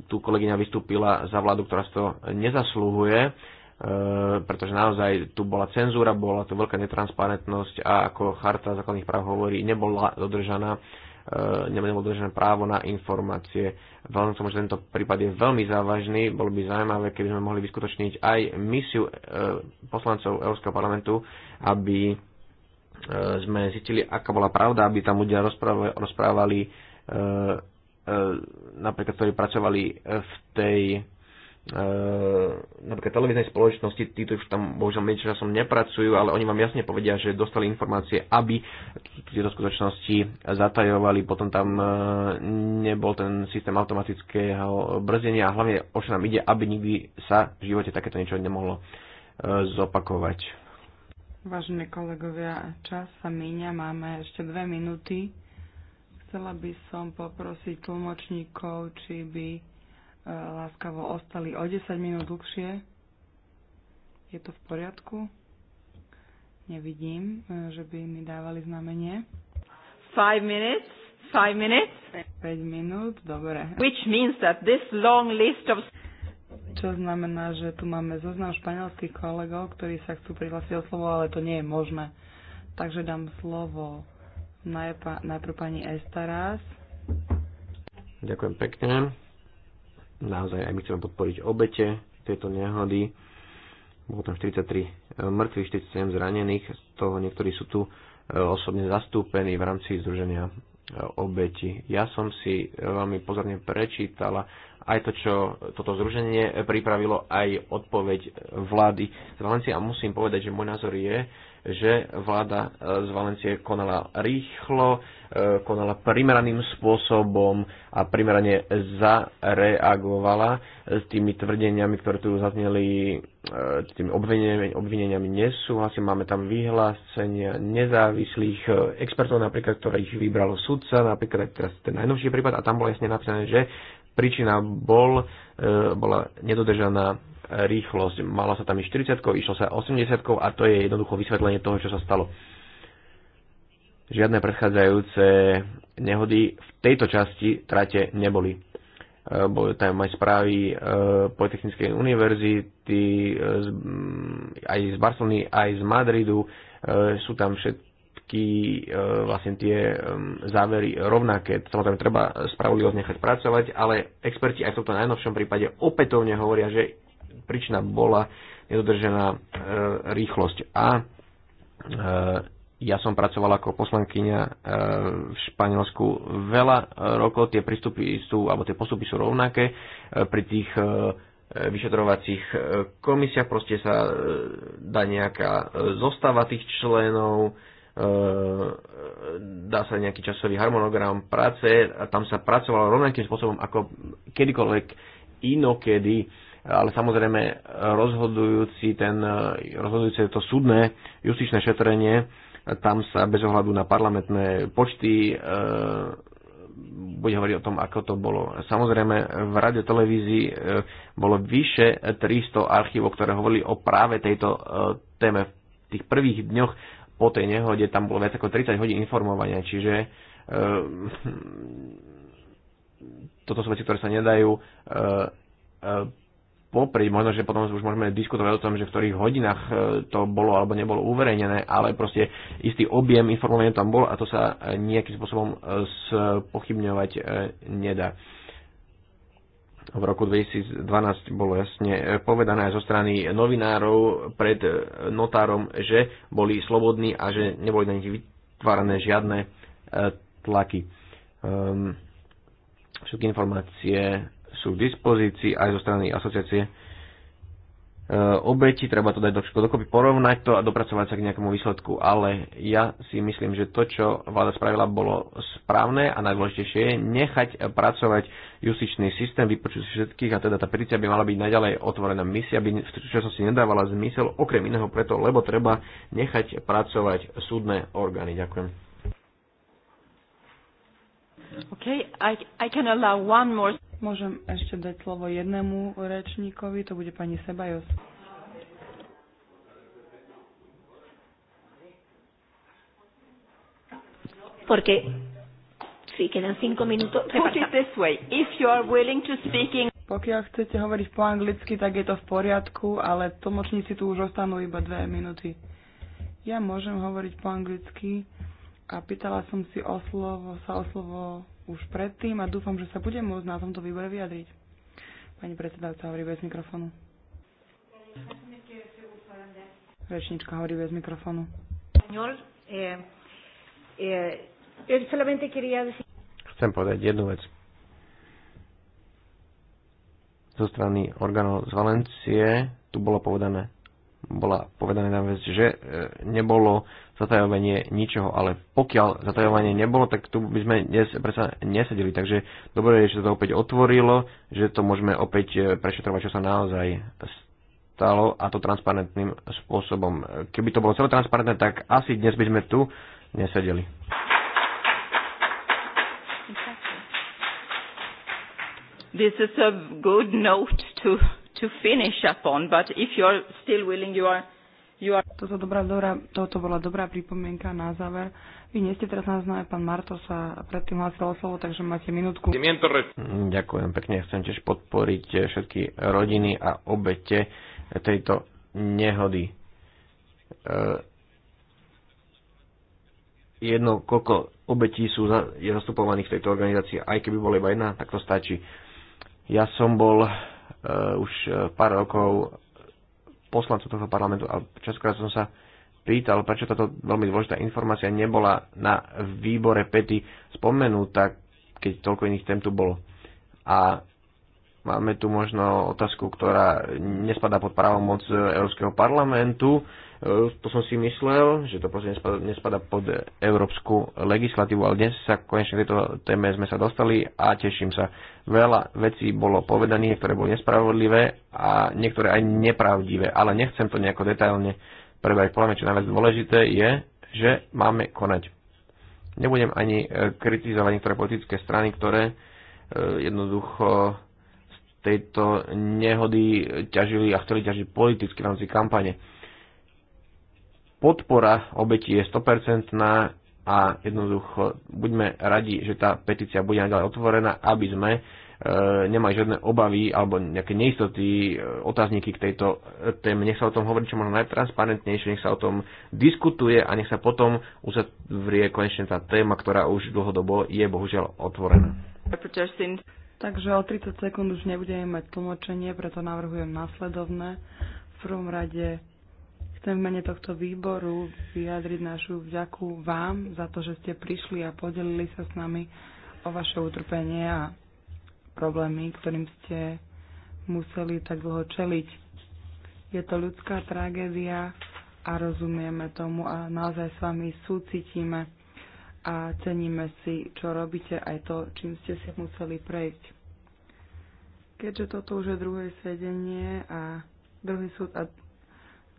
Tu kolegyňa vystúpila za vládu, ktorá z to nezaslúhuje E, pretože naozaj tu bola cenzúra, bola tu veľká netransparentnosť a ako Charta základných práv hovorí, nebola dodržaná e, nebolo dodržené právo na informácie. Veľmi som, že tento prípad je veľmi závažný, bolo by zaujímavé, keby sme mohli vyskutočniť aj misiu e, poslancov Európskeho parlamentu, aby sme zistili, aká bola pravda, aby tam ľudia rozprávali, rozprávali napríklad, ktorí pracovali v tej Ehm, napríklad televíznej spoločnosti, títo už tam bohužiaľ menej časom nepracujú, ale oni vám jasne povedia, že dostali informácie, aby tieto skutočnosti zatajovali, potom tam e, nebol ten systém automatického brzdenia a hlavne o čo nám ide, aby nikdy sa v živote takéto niečo nemohlo e, zopakovať. Vážení kolegovia, čas sa míňa, máme ešte dve minúty. Chcela by som poprosiť tlmočníkov, či by láskavo ostali o 10 minút dlhšie. Je to v poriadku? Nevidím, e, že by mi dávali znamenie. 5 minutes. 5 minutes. 5 minút, dobre. Which means that this long list of čo znamená, že tu máme zoznam španielských kolegov, ktorí sa chcú prihlásiť o slovo, ale to nie je možné. Takže dám slovo najprv pani Estaras. Ďakujem pekne. Naozaj aj my chceme podporiť obete tejto nehody. Bolo tam 43 e, mŕtvych, 47 zranených, z toho niektorí sú tu e, osobne zastúpení v rámci Združenia e, obeti. Ja som si veľmi pozorne prečítala aj to, čo toto združenie pripravilo, aj odpoveď vlády z Valencie a musím povedať, že môj názor je, že vláda e, z Valencie konala rýchlo, e, konala primeraným spôsobom a primerane zareagovala s tými tvrdeniami, ktoré tu zazneli, s e, tými obvineniami, obvineniami nesúhlasím. Máme tam vyhlásenia nezávislých expertov, napríklad, ktorých vybralo sudca, napríklad teraz ten najnovší prípad a tam bolo jasne napísané, že príčina bol, bola nedodržaná rýchlosť. Malo sa tam i 40, išlo sa 80 a to je jednoducho vysvetlenie toho, čo sa stalo. Žiadne predchádzajúce nehody v tejto časti trate neboli. E, boli tam aj správy e, Politechnickej univerzity, e, aj z Barcelony, aj z Madridu. Sú tam všetky vlastne tie závery rovnaké. Samozrejme, treba spravodlivosť nechať pracovať, ale experti aj v tomto najnovšom prípade opätovne hovoria, že príčina bola nedodržená e, rýchlosť. A e, ja som pracovala ako poslankyňa e, v Španielsku veľa rokov, tie prístupy sú, alebo tie postupy sú rovnaké e, pri tých e, vyšetrovacích e, komisiách, proste sa e, dá nejaká e, zostava tých členov, dá sa nejaký časový harmonogram práce a tam sa pracovalo rovnakým spôsobom ako kedykoľvek inokedy ale samozrejme rozhodujúci ten, rozhodujúce to súdne justičné šetrenie, tam sa bez ohľadu na parlamentné počty e, bude hovoriť o tom, ako to bolo. Samozrejme, v rade televízii e, bolo vyše 300 archívov, ktoré hovorili o práve tejto e, téme v tých prvých dňoch po tej nehode. Tam bolo viac ako 30 hodín informovania, čiže toto sú veci, ktoré sa nedajú popri, Možno, že potom už môžeme diskutovať o tom, že v ktorých hodinách e, to bolo alebo nebolo uverejnené, ale proste istý objem informovania tam bol a to sa e, nejakým spôsobom e, spochybňovať nedá. V roku 2012 bolo jasne povedané zo strany novinárov pred notárom, že boli slobodní a že neboli na nich vytvárané žiadne tlaky. Ehm, všetky informácie sú k dispozícii aj zo strany asociácie e, obeti, treba to dať do všetko dokopy, porovnať to a dopracovať sa k nejakému výsledku. Ale ja si myslím, že to, čo vláda spravila, bolo správne a najdôležitejšie je nechať pracovať justičný systém, vypočuť všetkých a teda tá petícia by mala byť naďalej otvorená. Misia by v súčasnosti nedávala zmysel, okrem iného preto, lebo treba nechať pracovať súdne orgány. Ďakujem. Okay, I, I can allow one more. Môžem ešte dať slovo jednému rečníkovi, to bude pani Sebajos. Porque si quedan cinco minutos. Put it this way. If you are willing to speak in... Pokiaľ chcete hovoriť po anglicky, tak je to v poriadku, ale tlmočníci tu už ostanú iba dve minúty. Ja môžem hovoriť po anglicky a pýtala som si o slovo, sa o slovo už predtým a dúfam, že sa budem môcť na tomto výbore vyjadriť. Pani predsedajúca hovorí bez mikrofónu. Rečnička hovorí bez mikrofónu. Eh, eh, Chcem povedať jednu vec. Zo strany orgánov z Valencie tu bolo povedané bola povedaná vec, že eh, nebolo zatajovanie ničoho, ale pokiaľ zatajovanie nebolo, tak tu by sme dnes predsa nesedeli. Takže dobre je, že sa to opäť otvorilo, že to môžeme opäť e, prešetrovať, čo sa naozaj stalo a to transparentným spôsobom. Keby to bolo celé transparentné, tak asi dnes by sme tu nesedeli. This is a good note to, to finish upon, but if you're still willing, you are Are... Toto dobrá, dobrá, toto bola dobrá pripomienka na záver. Vy nie ste teraz na znamená, pán Marto sa predtým hlasil o slovo, takže máte minútku. Ďakujem pekne, chcem tiež podporiť všetky rodiny a obete tejto nehody. E, jedno, koľko obetí sú je zastupovaných v tejto organizácii, aj keby bola iba jedna, tak to stačí. Ja som bol uh, už pár rokov poslancov tohto parlamentu a častokrát som sa pýtal, prečo táto veľmi dôležitá informácia nebola na výbore pety spomenutá, keď toľko iných tém tu bolo. A máme tu možno otázku, ktorá nespadá pod právomoc Európskeho parlamentu, Eh, to som si myslel, že to proste nespada, nespada pod európsku legislatívu, ale dnes sa konečne tejto téme sme sa dostali a teším sa. Veľa vecí bolo povedaných, ktoré boli nespravodlivé a niektoré aj nepravdivé, ale nechcem to nejako detailne prebrať. Podľa mňa, čo najviac dôležité je, že máme konať. Nebudem ani eh, kritizovať niektoré politické strany, ktoré eh, jednoducho z tejto nehody ťažili a chceli ťažiť politicky v rámci kampane podpora obetí je 100% a jednoducho buďme radi, že tá petícia bude naďalej otvorená, aby sme e, nemali žiadne obavy alebo nejaké neistoty, e, otázniky k tejto e, téme. Nech sa o tom hovorí čo možno najtransparentnejšie, nech sa o tom diskutuje a nech sa potom uzavrie konečne tá téma, ktorá už dlhodobo je bohužiaľ otvorená. Takže o 30 sekúnd už nebudeme mať tlmočenie, preto navrhujem následovné. V prvom rade Chcem v mene tohto výboru vyjadriť našu vďaku vám za to, že ste prišli a podelili sa s nami o vaše utrpenie a problémy, ktorým ste museli tak dlho čeliť. Je to ľudská tragédia a rozumieme tomu a naozaj s vami súcitíme a ceníme si, čo robíte, aj to, čím ste si museli prejsť. Keďže toto už je druhé sedenie a druhý súd a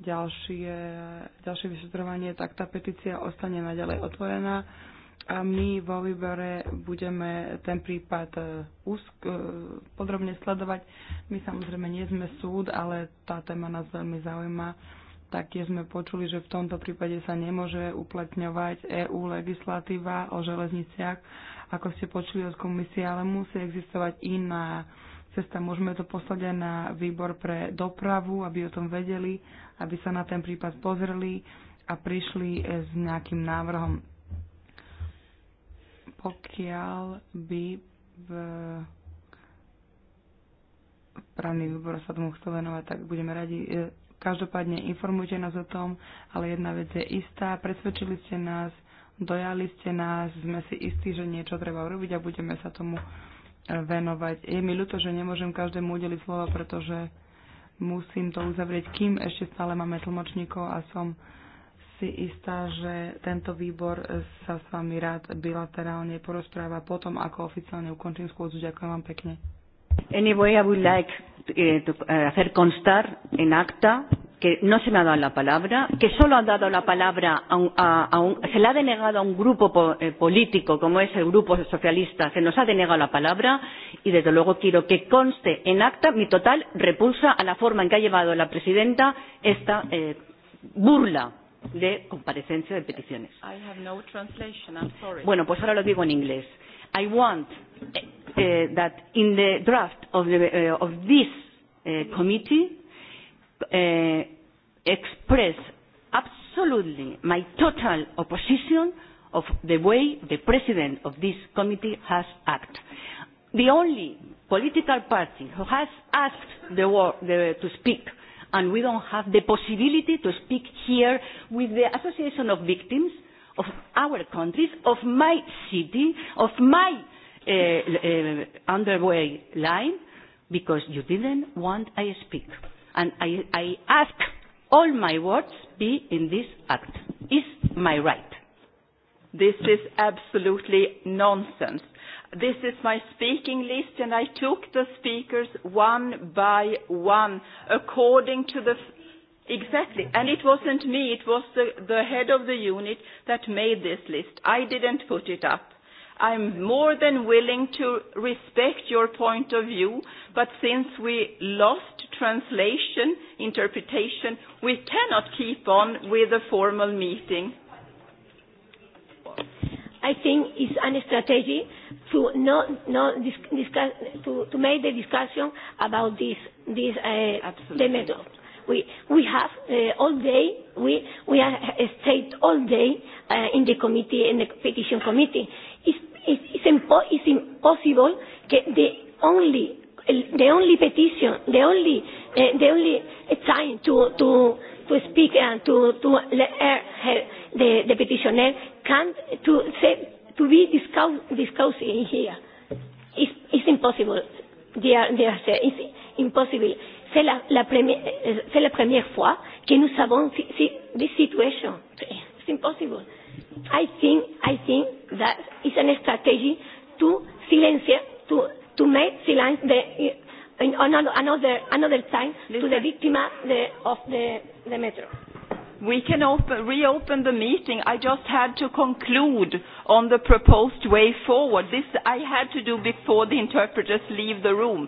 ďalšie, ďalšie vyšetrovanie, tak tá petícia ostane naďalej otvorená a my vo výbore budeme ten prípad e, úzk, e, podrobne sledovať. My samozrejme nie sme súd, ale tá téma nás veľmi zaujíma. Taktiež sme počuli, že v tomto prípade sa nemôže uplatňovať EU legislatíva o železniciach, ako ste počuli od komisie, ale musí existovať iná cesta. Môžeme to poslať aj na výbor pre dopravu, aby o tom vedeli aby sa na ten prípad pozreli a prišli eh, s nejakým návrhom. Pokiaľ by v právny výbor sa tomu chcel venovať, tak budeme radi. Eh, každopádne informujte nás o tom, ale jedna vec je istá, presvedčili ste nás, dojali ste nás, sme si istí, že niečo treba urobiť a budeme sa tomu eh, venovať. Je mi ľúto, že nemôžem každému udeliť slovo, pretože musím to uzavrieť, kým ešte stále máme tlmočníkov a som si istá, že tento výbor sa s vami rád bilaterálne porozpráva potom, ako oficiálne ukončím schôdzu. Ďakujem vám pekne. Anyway, I would like eh, to eh, hacer constar en acta que no se me ha dado la palabra, que solo ha dado la palabra a, un, a, a un, se la ha denegado a un grupo po, eh, político como es el grupo socialista, se nos ha denegado la palabra y desde luego quiero que conste en acta mi total repulsa a la forma en que ha llevado la presidenta esta eh, burla de comparecencia de peticiones. I have no translation, I'm sorry. Bueno, pues ahora lo digo en inglés. I want uh, that in the draft of, the, uh, of this uh, committee uh, express absolutely my total opposition of the way the president of this committee has acted. The only political party who has asked the war, the, to speak and we don't have the possibility to speak here with the Association of Victims of our countries, of my city, of my uh, uh, underway line, because you didn't want I speak and I, I ask all my words be in this act. Is my right? This is absolutely nonsense. This is my speaking list, and I took the speakers one by one according to the Exactly. And it wasn't me, it was the, the head of the unit that made this list. I didn't put it up. I'm more than willing to respect your point of view, but since we lost translation, interpretation, we cannot keep on with a formal meeting. I think it's a strategy to not, not discuss, to, to make the discussion about this, this uh, Absolutely. the method. We, we have uh, all day, we, we have uh, stayed all day uh, in the committee, in the petition committee It's, it's, it's, it's impossible that the only the only petition, the only uh, the only time to to to speak and to to let her, eh, her, the the petitioner can to say to be discuss, discussing here. It's, it's impossible. Dear, dear, it's impossible. C'est la, la, première, eh, la première fois que nous savons si, si, this situation. It's impossible. I think, I think that is a strategy to silence, to, to make silence the, in another, another time Listen. to the victim the, of the, the metro. We can open, reopen the meeting. I just had to conclude on the proposed way forward. This I had to do before the interpreters leave the room.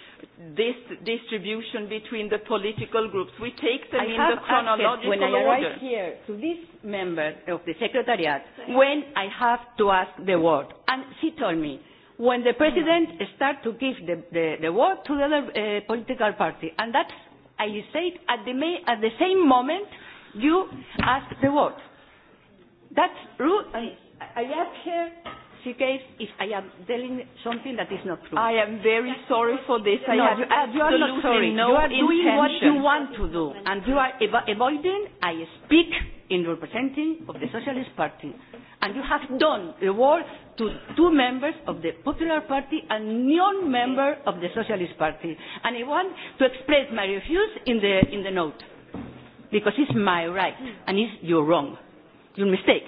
this distribution between the political groups. We take them I in the chronological when I arrive here to this member of the secretariat, when I have to ask the word, and she told me, when the president hmm. starts to give the, the, the word to the other uh, political party, and that's, I say it at the, may, at the same moment, you ask the word. That's rude. I, I have here she gave if I am telling something that is not true. I am very sorry for this. I no, have you, absolutely you are not sorry. no You are intention. doing what you want to do, and you are ev avoiding. I speak in representing of the Socialist Party, and you have done the work to two members of the Popular Party and non-member of the Socialist Party. And I want to express my refuse in the in the note, because it's my right and it's your wrong, your mistake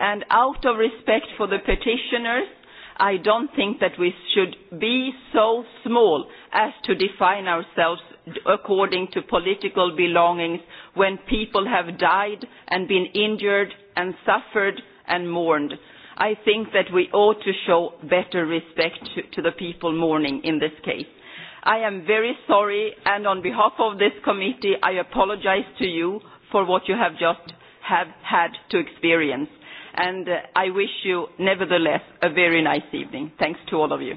and out of respect for the petitioners, I don't think that we should be so small as to define ourselves according to political belongings when people have died and been injured and suffered and mourned. I think that we ought to show better respect to, to the people mourning in this case. I am very sorry and on behalf of this committee I apologize to you for what you have just have had to experience and uh, I wish you nevertheless a very nice evening. Thanks to all of you.